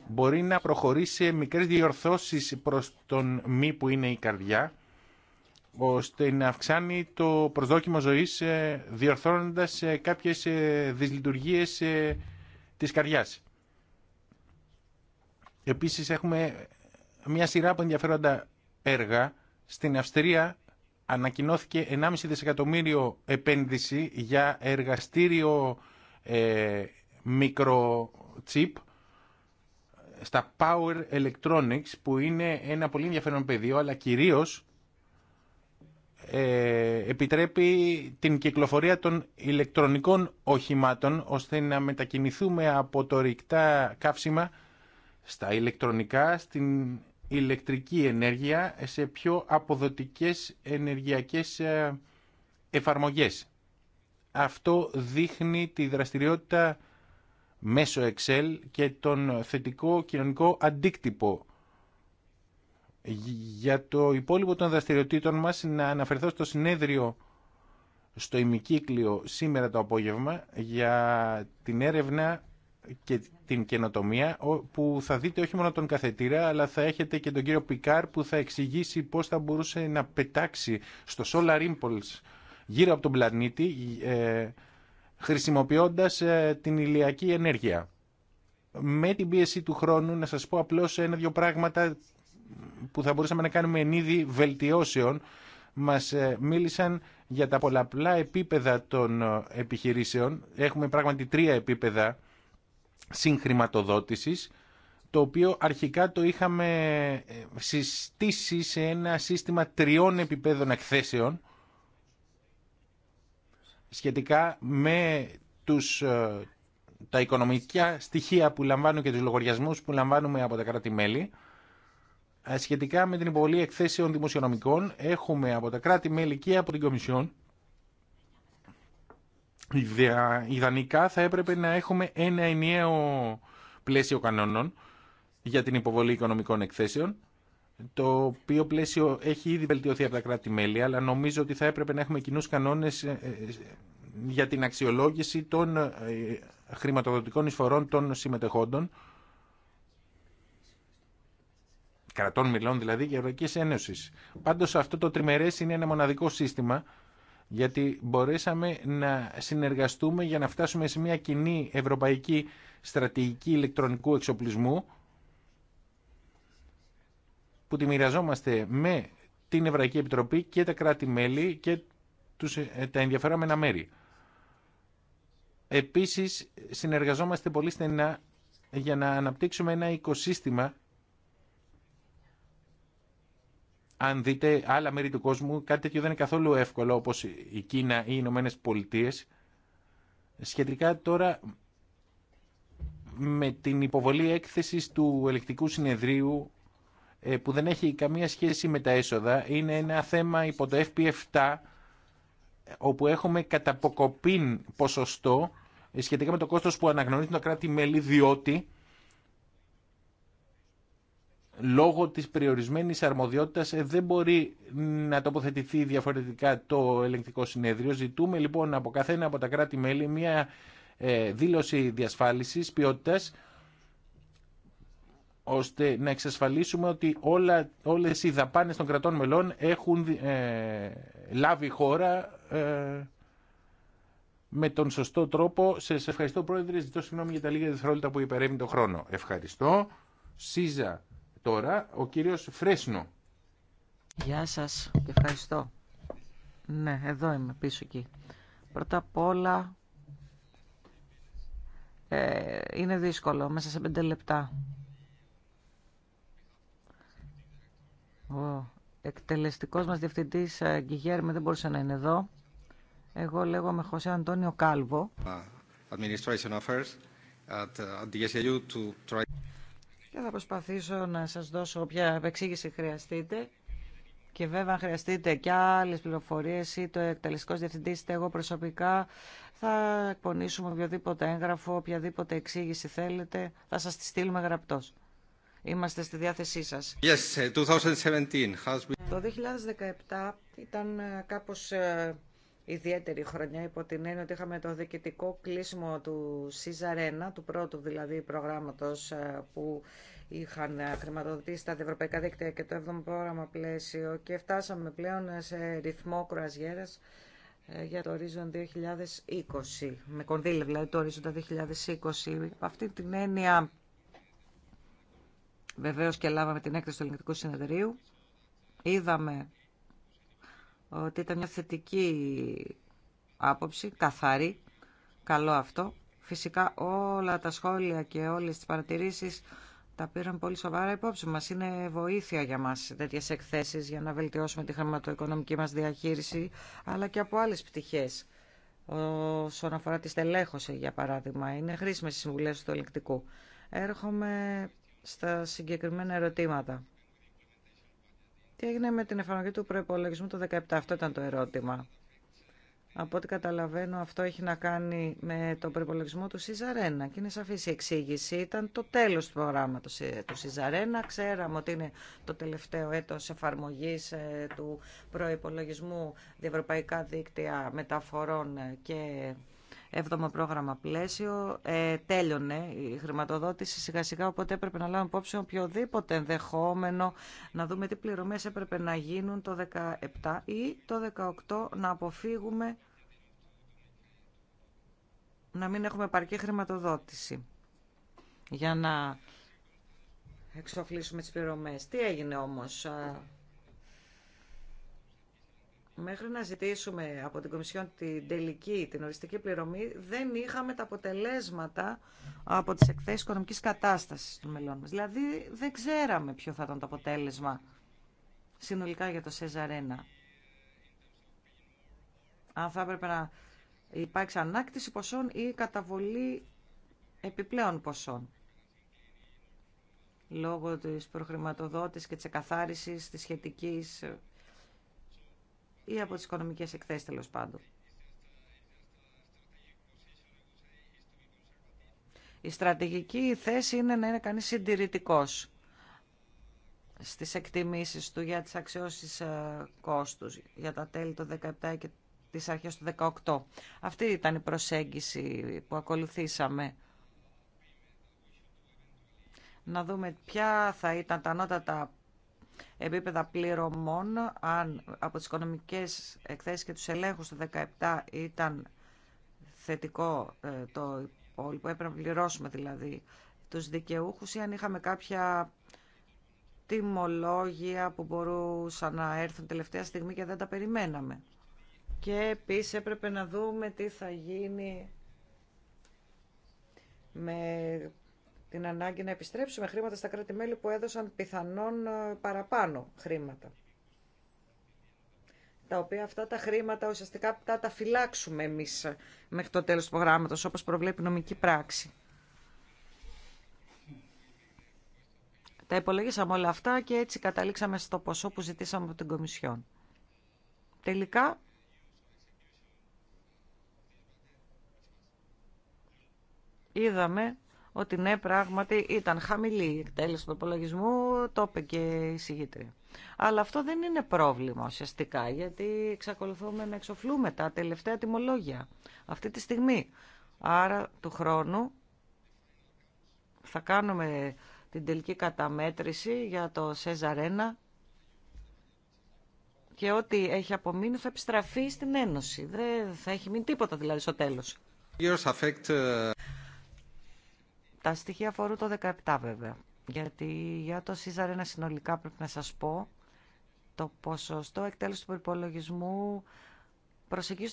Speaker 2: μπορεί να προχωρήσει σε μικρές διορθώσεις προς τον μη που είναι η καρδιά, ώστε να αυξάνει το προσδόκιμο ζωής ε, διορθώνοντας ε, κάποιες ε, δυσλειτουργίες της καρδιάς. Επίσης έχουμε μια σειρά από ενδιαφέροντα έργα στην Αυστρία ανακοινώθηκε 1,5 δισεκατομμύριο επένδυση για εργαστήριο ε, μικροτσίπ στα Power Electronics που είναι ένα πολύ ενδιαφέρον πεδίο αλλά κυρίως ε, επιτρέπει την κυκλοφορία των ηλεκτρονικών οχημάτων ώστε να μετακινηθούμε από το ρηκτά καύσιμα στα ηλεκτρονικά, στην ηλεκτρική ενέργεια σε πιο αποδοτικές ενεργειακές ε, εφαρμογές. Αυτό δείχνει τη δραστηριότητα μέσω Excel και τον θετικό κοινωνικό αντίκτυπο. Για το υπόλοιπο των δραστηριοτήτων μας να αναφερθώ στο συνέδριο στο ημικύκλιο σήμερα το απόγευμα για την έρευνα και την καινοτομία που θα δείτε όχι μόνο τον καθετήρα αλλά θα έχετε και τον κύριο Πικάρ που θα εξηγήσει πώς θα μπορούσε να πετάξει στο Solar Impulse γύρω από τον πλανήτη ε, χρησιμοποιώντας ε, την ηλιακή ενέργεια. Με την πίεση του χρόνου να σας πω απλώς ένα-δυο πράγματα που θα μπορούσαμε να κάνουμε εν είδη βελτιώσεων μας ε, μίλησαν για τα πολλαπλά επίπεδα των επιχειρήσεων. Έχουμε πράγματι τρία επίπεδα συγχρηματοδότησης, το οποίο αρχικά το είχαμε ε, συστήσει σε ένα σύστημα τριών επιπέδων εκθέσεων σχετικά με τους, ε, τα οικονομικά στοιχεία που λαμβάνουν και τους λογαριασμούς που λαμβάνουμε από τα κράτη-μέλη. Ε, σχετικά με την υποβολή εκθέσεων δημοσιονομικών έχουμε από τα κράτη-μέλη και από την Κομισιόν Ιδανικά θα έπρεπε να έχουμε ένα ενιαίο πλαίσιο κανόνων για την υποβολή οικονομικών εκθέσεων, το οποίο πλαίσιο έχει ήδη βελτιωθεί από τα κράτη-μέλη, αλλά νομίζω ότι θα έπρεπε να έχουμε κοινού κανόνες ε, ε, για την αξιολόγηση των ε, χρηματοδοτικών εισφορών των συμμετεχόντων, κρατών μιλών δηλαδή και Ευρωπαϊκή Ένωση. Πάντω αυτό το τριμερέ είναι ένα μοναδικό σύστημα γιατί μπορέσαμε να συνεργαστούμε για να φτάσουμε σε μια κοινή ευρωπαϊκή στρατηγική ηλεκτρονικού εξοπλισμού που τη μοιραζόμαστε με την Ευρωπαϊκή Επιτροπή και τα κράτη-μέλη και τους, ε, τα ενδιαφερόμενα μέρη. Επίσης, συνεργαζόμαστε πολύ στενά για να αναπτύξουμε ένα οικοσύστημα αν δείτε άλλα μέρη του κόσμου, κάτι τέτοιο δεν είναι καθόλου εύκολο όπως η Κίνα ή οι Ηνωμένε Πολιτείε. Σχετικά τώρα με την υποβολή έκθεσης του ελεκτικού συνεδρίου ε, που δεν έχει καμία σχέση με τα έσοδα, είναι ένα θέμα υπό το FP7 όπου έχουμε καταποκοπήν ποσοστό ε, σχετικά με το κόστος που αναγνωρίζουν το κράτη-μέλη διότι λόγω της περιορισμένης αρμοδιότητας ε, δεν μπορεί να τοποθετηθεί διαφορετικά το ελεγκτικό συνέδριο. Ζητούμε λοιπόν από καθένα από τα κράτη-μέλη μια ε, δήλωση διασφάλισης ποιότητας ώστε να εξασφαλίσουμε ότι όλα, όλες οι δαπάνες των κρατών μελών έχουν ε, λάβει χώρα με τον σωστό τρόπο. Σε, ευχαριστώ πρόεδρε, ζητώ συγγνώμη για τα λίγα δευτερόλεπτα που υπερεύει το χρόνο. Ευχαριστώ. Σίζα Τώρα ο κύριος Φρέσνο.
Speaker 3: Γεια σας και ευχαριστώ. Ναι, εδώ είμαι πίσω εκεί. Πρώτα απ' όλα ε, είναι δύσκολο μέσα σε πέντε λεπτά. Ο εκτελεστικός μας διευθυντής ε, Γκυγέρμη δεν μπορούσε να είναι εδώ. Εγώ λέγομαι Χωσέ Αντώνιο Κάλβο.
Speaker 2: Uh, Administration Affairs at, uh, the to try
Speaker 3: και θα προσπαθήσω να σας δώσω όποια εξήγηση χρειαστείτε. Και βέβαια, αν χρειαστείτε και άλλες πληροφορίες ή το εκτελεστικό διευθυντή, είτε εγώ προσωπικά, θα εκπονήσουμε οποιοδήποτε έγγραφο, οποιαδήποτε εξήγηση θέλετε, θα σας τη στείλουμε γραπτό. Είμαστε στη διάθεσή σας.
Speaker 2: Yes, ε, 2017 has Το
Speaker 3: 2017 ήταν ε, κάπως... Ε, ιδιαίτερη χρονιά υπό την έννοια ότι είχαμε το διοικητικό κλείσιμο του ΣΥΖΑΡΕΝΑ, του πρώτου δηλαδή προγράμματος ε, που είχαν ε, χρηματοδοτήσει τα ευρωπαϊκά δίκτυα και το 7ο πρόγραμμα πλαίσιο και φτάσαμε πλέον ε, σε ρυθμό κρουαζιέρας για το ορίζον 2020, με κονδύλια δηλαδή το ορίζοντα 2020. αυτή την έννοια βεβαίως και λάβαμε την έκθεση του Ελληνικού Συνεδρίου. Είδαμε ότι ήταν μια θετική άποψη, καθαρή, καλό αυτό. Φυσικά όλα τα σχόλια και όλες τις παρατηρήσεις τα πήραν πολύ σοβαρά υπόψη μας. Είναι βοήθεια για μας τέτοιες εκθέσεις για να βελτιώσουμε τη χρηματοοικονομική μας διαχείριση, αλλά και από άλλες πτυχές. Όσον αφορά τη στελέχωση, για παράδειγμα, είναι χρήσιμες οι συμβουλές του ελεκτικού. Έρχομαι στα συγκεκριμένα ερωτήματα. Τι έγινε με την εφαρμογή του προπολογισμού το 2017, αυτό ήταν το ερώτημα. Από ό,τι καταλαβαίνω αυτό έχει να κάνει με τον προπολογισμό του Σιζαρένα και είναι σαφή η εξήγηση. Ήταν το τέλος του προγράμματο ε, του Σιζαρένα. Ξέραμε ότι είναι το τελευταίο έτος εφαρμογή ε, του προπολογισμού διευρωπαϊκά δίκτυα μεταφορών ε, και 7ο πρόγραμμα πλαίσιο. Ε, τέλειωνε η χρηματοδότηση σιγά σιγά, οπότε έπρεπε να λάβουμε υπόψη οποιοδήποτε ενδεχόμενο να δούμε τι πληρωμές έπρεπε να γίνουν το 17 ή το 18 να αποφύγουμε να μην έχουμε επαρκή χρηματοδότηση για να εξοφλήσουμε τις πληρωμές. Τι έγινε όμως, ε, Μέχρι να ζητήσουμε από την Κομισιόν την τελική, την οριστική πληρωμή, δεν είχαμε τα αποτελέσματα από τις εκθέσεις οικονομικής κατάστασης των μελών μας. Δηλαδή δεν ξέραμε ποιο θα ήταν το αποτέλεσμα συνολικά για το ΣΕΖΑΡΕΝΑ. Αν θα έπρεπε να υπάρξει ανάκτηση ποσών ή καταβολή επιπλέον ποσών λόγω της προχρηματοδότησης και της εκαθάρισης της σχετικής ή από τις οικονομικές εκθέσεις τέλος πάντων. Η στρατηγική θέση είναι να είναι κανείς συντηρητικός στις εκτιμήσεις του για τις αξιώσεις ε, κόστους για τα τέλη του 17 και τις αρχές του 18. Αυτή ήταν η προσέγγιση που ακολουθήσαμε. Να δούμε ποια θα ήταν τα ανώτατα επίπεδα πληρωμών, αν από τις οικονομικές εκθέσεις και τους ελέγχους το 2017 ήταν θετικό ε, το υπόλοιπο, έπρεπε να πληρώσουμε δηλαδή τους δικαιούχους ή αν είχαμε κάποια τιμολόγια που μπορούσαν να έρθουν τελευταία στιγμή και δεν τα περιμέναμε. Και επίσης έπρεπε να δούμε τι θα γίνει με την ανάγκη να επιστρέψουμε χρήματα στα κράτη-μέλη που έδωσαν πιθανόν ε, παραπάνω χρήματα. Τα οποία αυτά τα χρήματα ουσιαστικά τα, τα φυλάξουμε εμείς ε, μέχρι το τέλος του προγράμματος, όπως προβλέπει η νομική πράξη. Τα υπολογίσαμε όλα αυτά και έτσι καταλήξαμε στο ποσό που ζητήσαμε από την Κομισιόν. Τελικά, είδαμε ότι ναι, πράγματι ήταν χαμηλή η εκτέλεση του απολογισμού, το είπε και η συγγήτρια. Αλλά αυτό δεν είναι πρόβλημα ουσιαστικά, γιατί εξακολουθούμε να εξοφλούμε τα τελευταία τιμολόγια αυτή τη στιγμή. Άρα του χρόνου θα κάνουμε την τελική καταμέτρηση για το Σέζαρένα και ό,τι έχει απομείνει θα επιστραφεί στην Ένωση. Δεν θα έχει μείνει τίποτα δηλαδή στο τέλος. Τα στοιχεία αφορούν το 17 βέβαια. Γιατί για το ΣΥΖΑΡ ένα συνολικά πρέπει να σας πω το ποσοστό εκτέλεση του προπολογισμού προσεγγίζει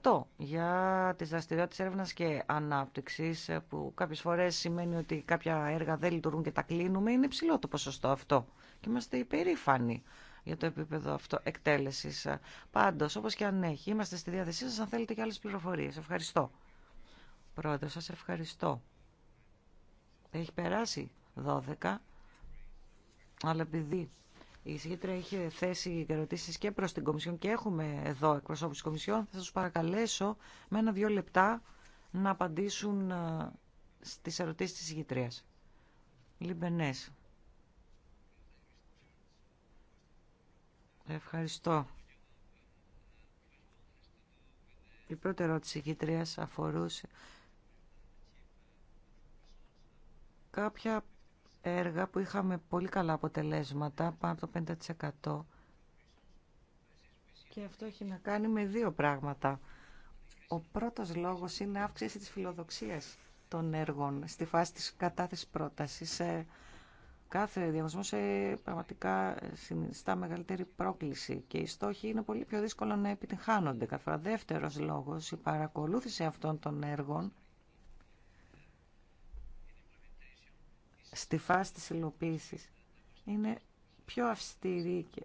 Speaker 3: το 90% για τις δραστηριότητες έρευνας και ανάπτυξης που κάποιες φορές σημαίνει ότι κάποια έργα δεν λειτουργούν και τα κλείνουμε. Είναι υψηλό το ποσοστό αυτό και είμαστε υπερήφανοι για το επίπεδο αυτό εκτέλεσης. Πάντως, όπως και αν έχει, είμαστε στη διάθεσή σας αν θέλετε και άλλες πληροφορίες. Ευχαριστώ. Πρόεδρε, σας ευχαριστώ. Έχει περάσει 12, αλλά επειδή η συγκήτρια είχε θέσει ερωτήσει και προ την Κομισιόν και έχουμε εδώ εκπροσώπου τη Κομισιόν. Θα σα παρακαλέσω με ένα-δύο λεπτά να απαντήσουν ε, στι ερωτήσει τη Σύγητρια. Λιμπενέ. Ευχαριστώ. Η πρώτη ερώτηση Σύγητρια αφορούσε κάποια έργα που είχαμε πολύ καλά αποτελέσματα, πάνω από το 5%. Και αυτό έχει να κάνει με δύο πράγματα. Ο πρώτος λόγος είναι αύξηση της φιλοδοξίας των έργων στη φάση της κατάθεσης πρότασης. Κάθε διαγωνισμό σε πραγματικά ε, συνιστά μεγαλύτερη πρόκληση και οι στόχοι είναι πολύ πιο δύσκολο να επιτυγχάνονται. Κατά δεύτερος λόγος, η παρακολούθηση αυτών των έργων στη φάση της υλοποίησης είναι πιο αυστηρή και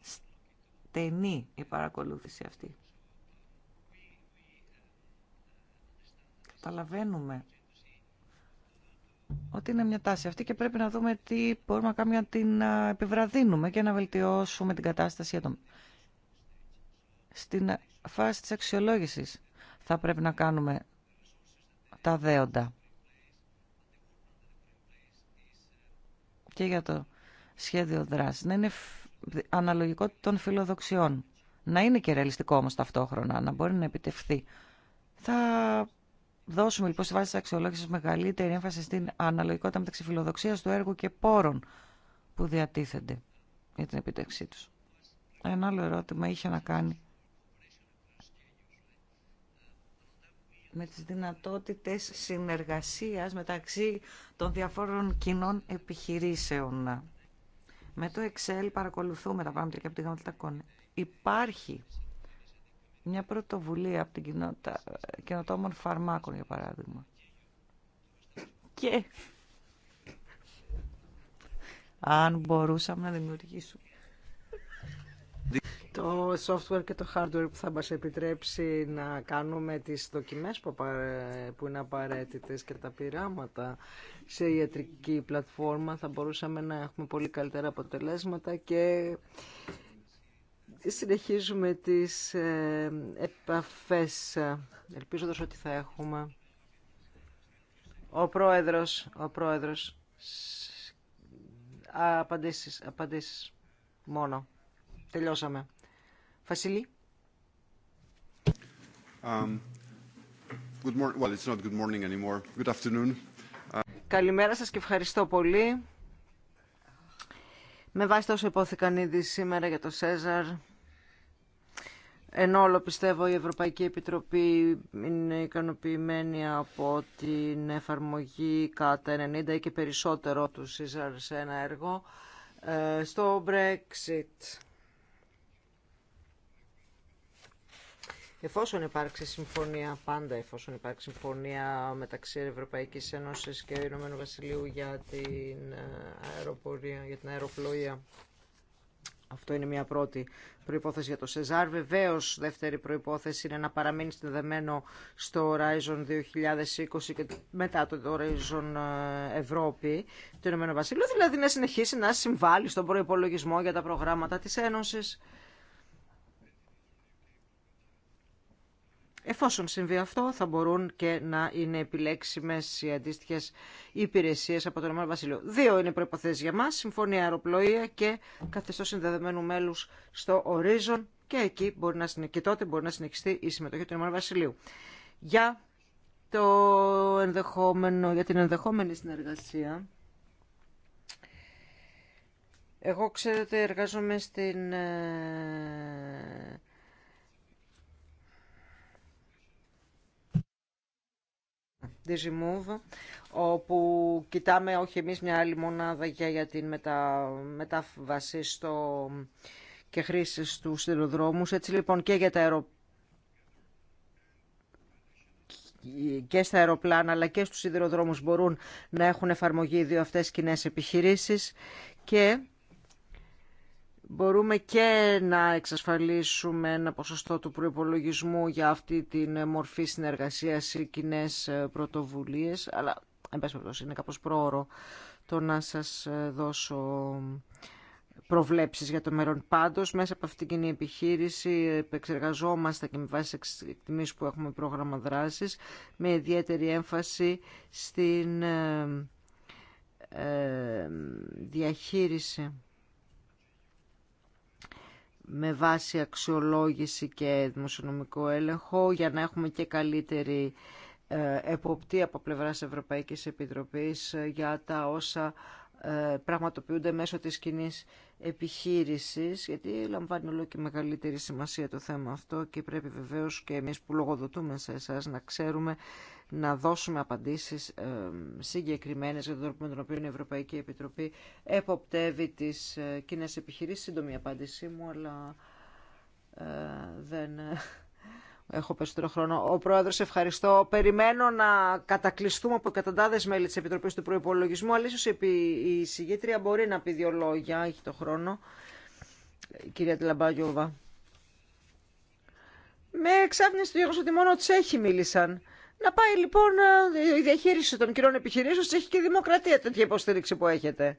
Speaker 3: στενή η παρακολούθηση αυτή. Καταλαβαίνουμε ότι είναι μια τάση αυτή και πρέπει να δούμε τι μπορούμε να κάνουμε να την επιβραδύνουμε και να βελτιώσουμε την κατάσταση εδώ. Στην φάση της αξιολόγησης θα πρέπει να κάνουμε τα δέοντα. και για το σχέδιο δράσης. Να είναι αναλογικό των φιλοδοξιών. Να είναι και ρεαλιστικό όμω ταυτόχρονα, να μπορεί να επιτευχθεί. Θα δώσουμε λοιπόν στη βάση τη αξιολόγηση μεγαλύτερη έμφαση στην αναλογικότητα μεταξύ φιλοδοξία του έργου και πόρων που διατίθενται για την επιτευχή τους. Ένα άλλο ερώτημα είχε να κάνει με τις δυνατότητες συνεργασίας μεταξύ των διαφόρων κοινών επιχειρήσεων. Με το Excel παρακολουθούμε τα πράγματα και από την Γαμματικά Υπάρχει μια πρωτοβουλία από την κοινότητα καινοτόμων φαρμάκων, για παράδειγμα. Και αν μπορούσαμε να δημιουργήσουμε
Speaker 1: το software και το hardware που θα μας επιτρέψει να κάνουμε τις δοκιμές που είναι απαραίτητες και τα πειράματα σε ιατρική πλατφόρμα θα μπορούσαμε να έχουμε πολύ καλύτερα αποτελέσματα και συνεχίζουμε τις ε, επαφές ελπίζοντας ότι θα έχουμε ο πρόεδρος ο πρόεδρος απαντήσεις απαντήσεις μόνο τελειώσαμε Um, good morning. Well, it's not good morning anymore. Good afternoon. Καλημέρα σας και ευχαριστώ πολύ. Με βάση τόσο υπόθηκαν ήδη σήμερα για το Σέζαρ, ενώ όλο πιστεύω η Ευρωπαϊκή Επιτροπή είναι ικανοποιημένη από την εφαρμογή κατά 90 ή και περισσότερο του Σέζαρ σε ένα έργο, ε, στο Brexit Εφόσον υπάρξει συμφωνία, πάντα εφόσον υπάρξει συμφωνία μεταξύ Ευρωπαϊκής Ένωσης και Ηνωμένου Βασιλείου για την ε, αεροπορία, για την αεροπλοεία. Αυτό είναι μια πρώτη προϋπόθεση για το ΣΕΖΑΡ. Βεβαίω, δεύτερη προϋπόθεση είναι να παραμείνει συνδεμένο στο Horizon 2020 και μετά το Horizon ε, Ευρώπη, του Ηνωμένο Βασιλείου, δηλαδή να συνεχίσει να συμβάλλει στον προϋπολογισμό για τα προγράμματα της Ένωσης. Εφόσον συμβεί αυτό, θα μπορούν και να είναι επιλέξιμε οι αντίστοιχε υπηρεσίε από το Ηνωμένο Βασίλειο. Δύο είναι προποθέσει για μα: συμφωνία αεροπλοεία και καθεστώ συνδεδεμένου μέλου στο ορίζον Και εκεί μπορεί να, και τότε μπορεί να συνεχιστεί η συμμετοχή του Ηνωμένου Βασιλείου. Για, το ενδεχόμενο, για την ενδεχόμενη συνεργασία. Εγώ, ξέρετε, εργάζομαι στην ε, Digimove, όπου κοιτάμε όχι εμείς μια άλλη μονάδα για την μετα... μετάβαση στο... και χρήση του σιδηροδρόμου, Έτσι λοιπόν και για τα και στα αεροπλάνα αλλά και στους σιδηροδρόμους μπορούν να έχουν εφαρμογή δύο αυτές κοινέ επιχειρήσεις και μπορούμε και να εξασφαλίσουμε ένα ποσοστό του προϋπολογισμού για αυτή τη μορφή συνεργασίας ή κοινέ ε, πρωτοβουλίες, αλλά εν πάση είναι κάπως πρόωρο το να σας ε, δώσω προβλέψεις για το μέλλον. Πάντως, μέσα από αυτήν την κοινή επιχείρηση επεξεργαζόμαστε και με βάση εκτιμήσεις που έχουμε πρόγραμμα δράσης, με ιδιαίτερη έμφαση στην ε, διαχείριση με βάση αξιολόγηση και δημοσιονομικό έλεγχο για να έχουμε και καλύτερη ε, εποπτεία από πλευράς Ευρωπαϊκής Επιτροπής ε, για τα όσα ε, πραγματοποιούνται μέσω της κοινή επιχείρησης, γιατί λαμβάνει όλο και μεγαλύτερη σημασία το θέμα αυτό και πρέπει βεβαίως και εμείς που λογοδοτούμε σε εσάς να ξέρουμε να δώσουμε απαντήσεις ε, συγκεκριμένες για τον τρόπο με τον οποίο η Ευρωπαϊκή Επιτροπή εποπτεύει τις ε, κοινέ επιχειρήσεις. Σύντομη απάντησή μου, αλλά ε, δεν ε, έχω περισσότερο χρόνο. Ο Πρόεδρο, ευχαριστώ. Περιμένω να κατακλειστούμε από εκατοντάδε μέλη τη Επιτροπή του Προπολογισμού, αλλά ίσω η συγγήτρια μπορεί να πει δύο λόγια. Έχει το χρόνο. Κυρία Τλαμπάγιουβα. Με εξάφνησε του γεγονό ότι μόνο Τσέχοι μίλησαν. Να πάει λοιπόν ε, η διαχείριση των κυρών επιχειρήσεων, Τσέχη και η Δημοκρατία, τέτοια υποστήριξη που έχετε.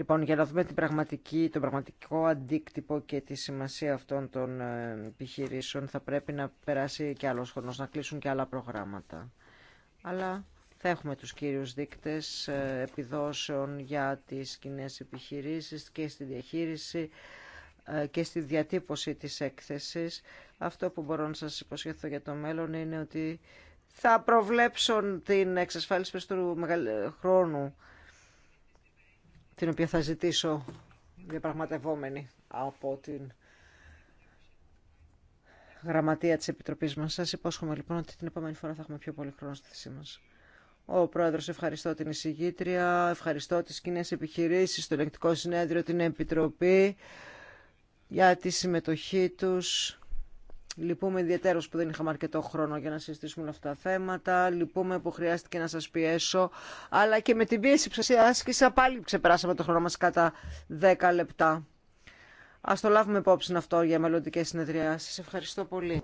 Speaker 1: Λοιπόν, για να δούμε την πραγματική, το πραγματικό αντίκτυπο και τη σημασία αυτών των ε, επιχειρήσεων θα πρέπει να περάσει και άλλος χρόνος, να κλείσουν και άλλα προγράμματα. Αλλά θα έχουμε τους κύριους δείκτες ε, επιδόσεων για τις κοινέ επιχειρήσεις και στη διαχείριση ε, και στη διατύπωση της έκθεσης. Αυτό που μπορώ να σας υποσχεθώ για το μέλλον είναι ότι θα προβλέψουν την εξασφάλιση του χρόνου την οποία θα ζητήσω διαπραγματευόμενη από την γραμματεία της Επιτροπής μας. Σας υπόσχομαι λοιπόν ότι την επόμενη φορά θα έχουμε πιο πολύ χρόνο στη θέση μας. Ο Πρόεδρος ευχαριστώ την εισηγήτρια, ευχαριστώ τις κοινέ επιχειρήσεις, το Ελεκτικό Συνέδριο, την Επιτροπή για τη συμμετοχή τους Λυπούμε ιδιαίτερως που δεν είχαμε αρκετό χρόνο για να συζητήσουμε αυτά τα θέματα. Λυπούμε που χρειάστηκε να σας πιέσω. Αλλά και με την πίεση που σας άσκησα πάλι ξεπεράσαμε το χρόνο μας κατά 10 λεπτά. Ας το λάβουμε υπόψη αυτό για μελλοντικές συνεδριάσεις. Ευχαριστώ πολύ.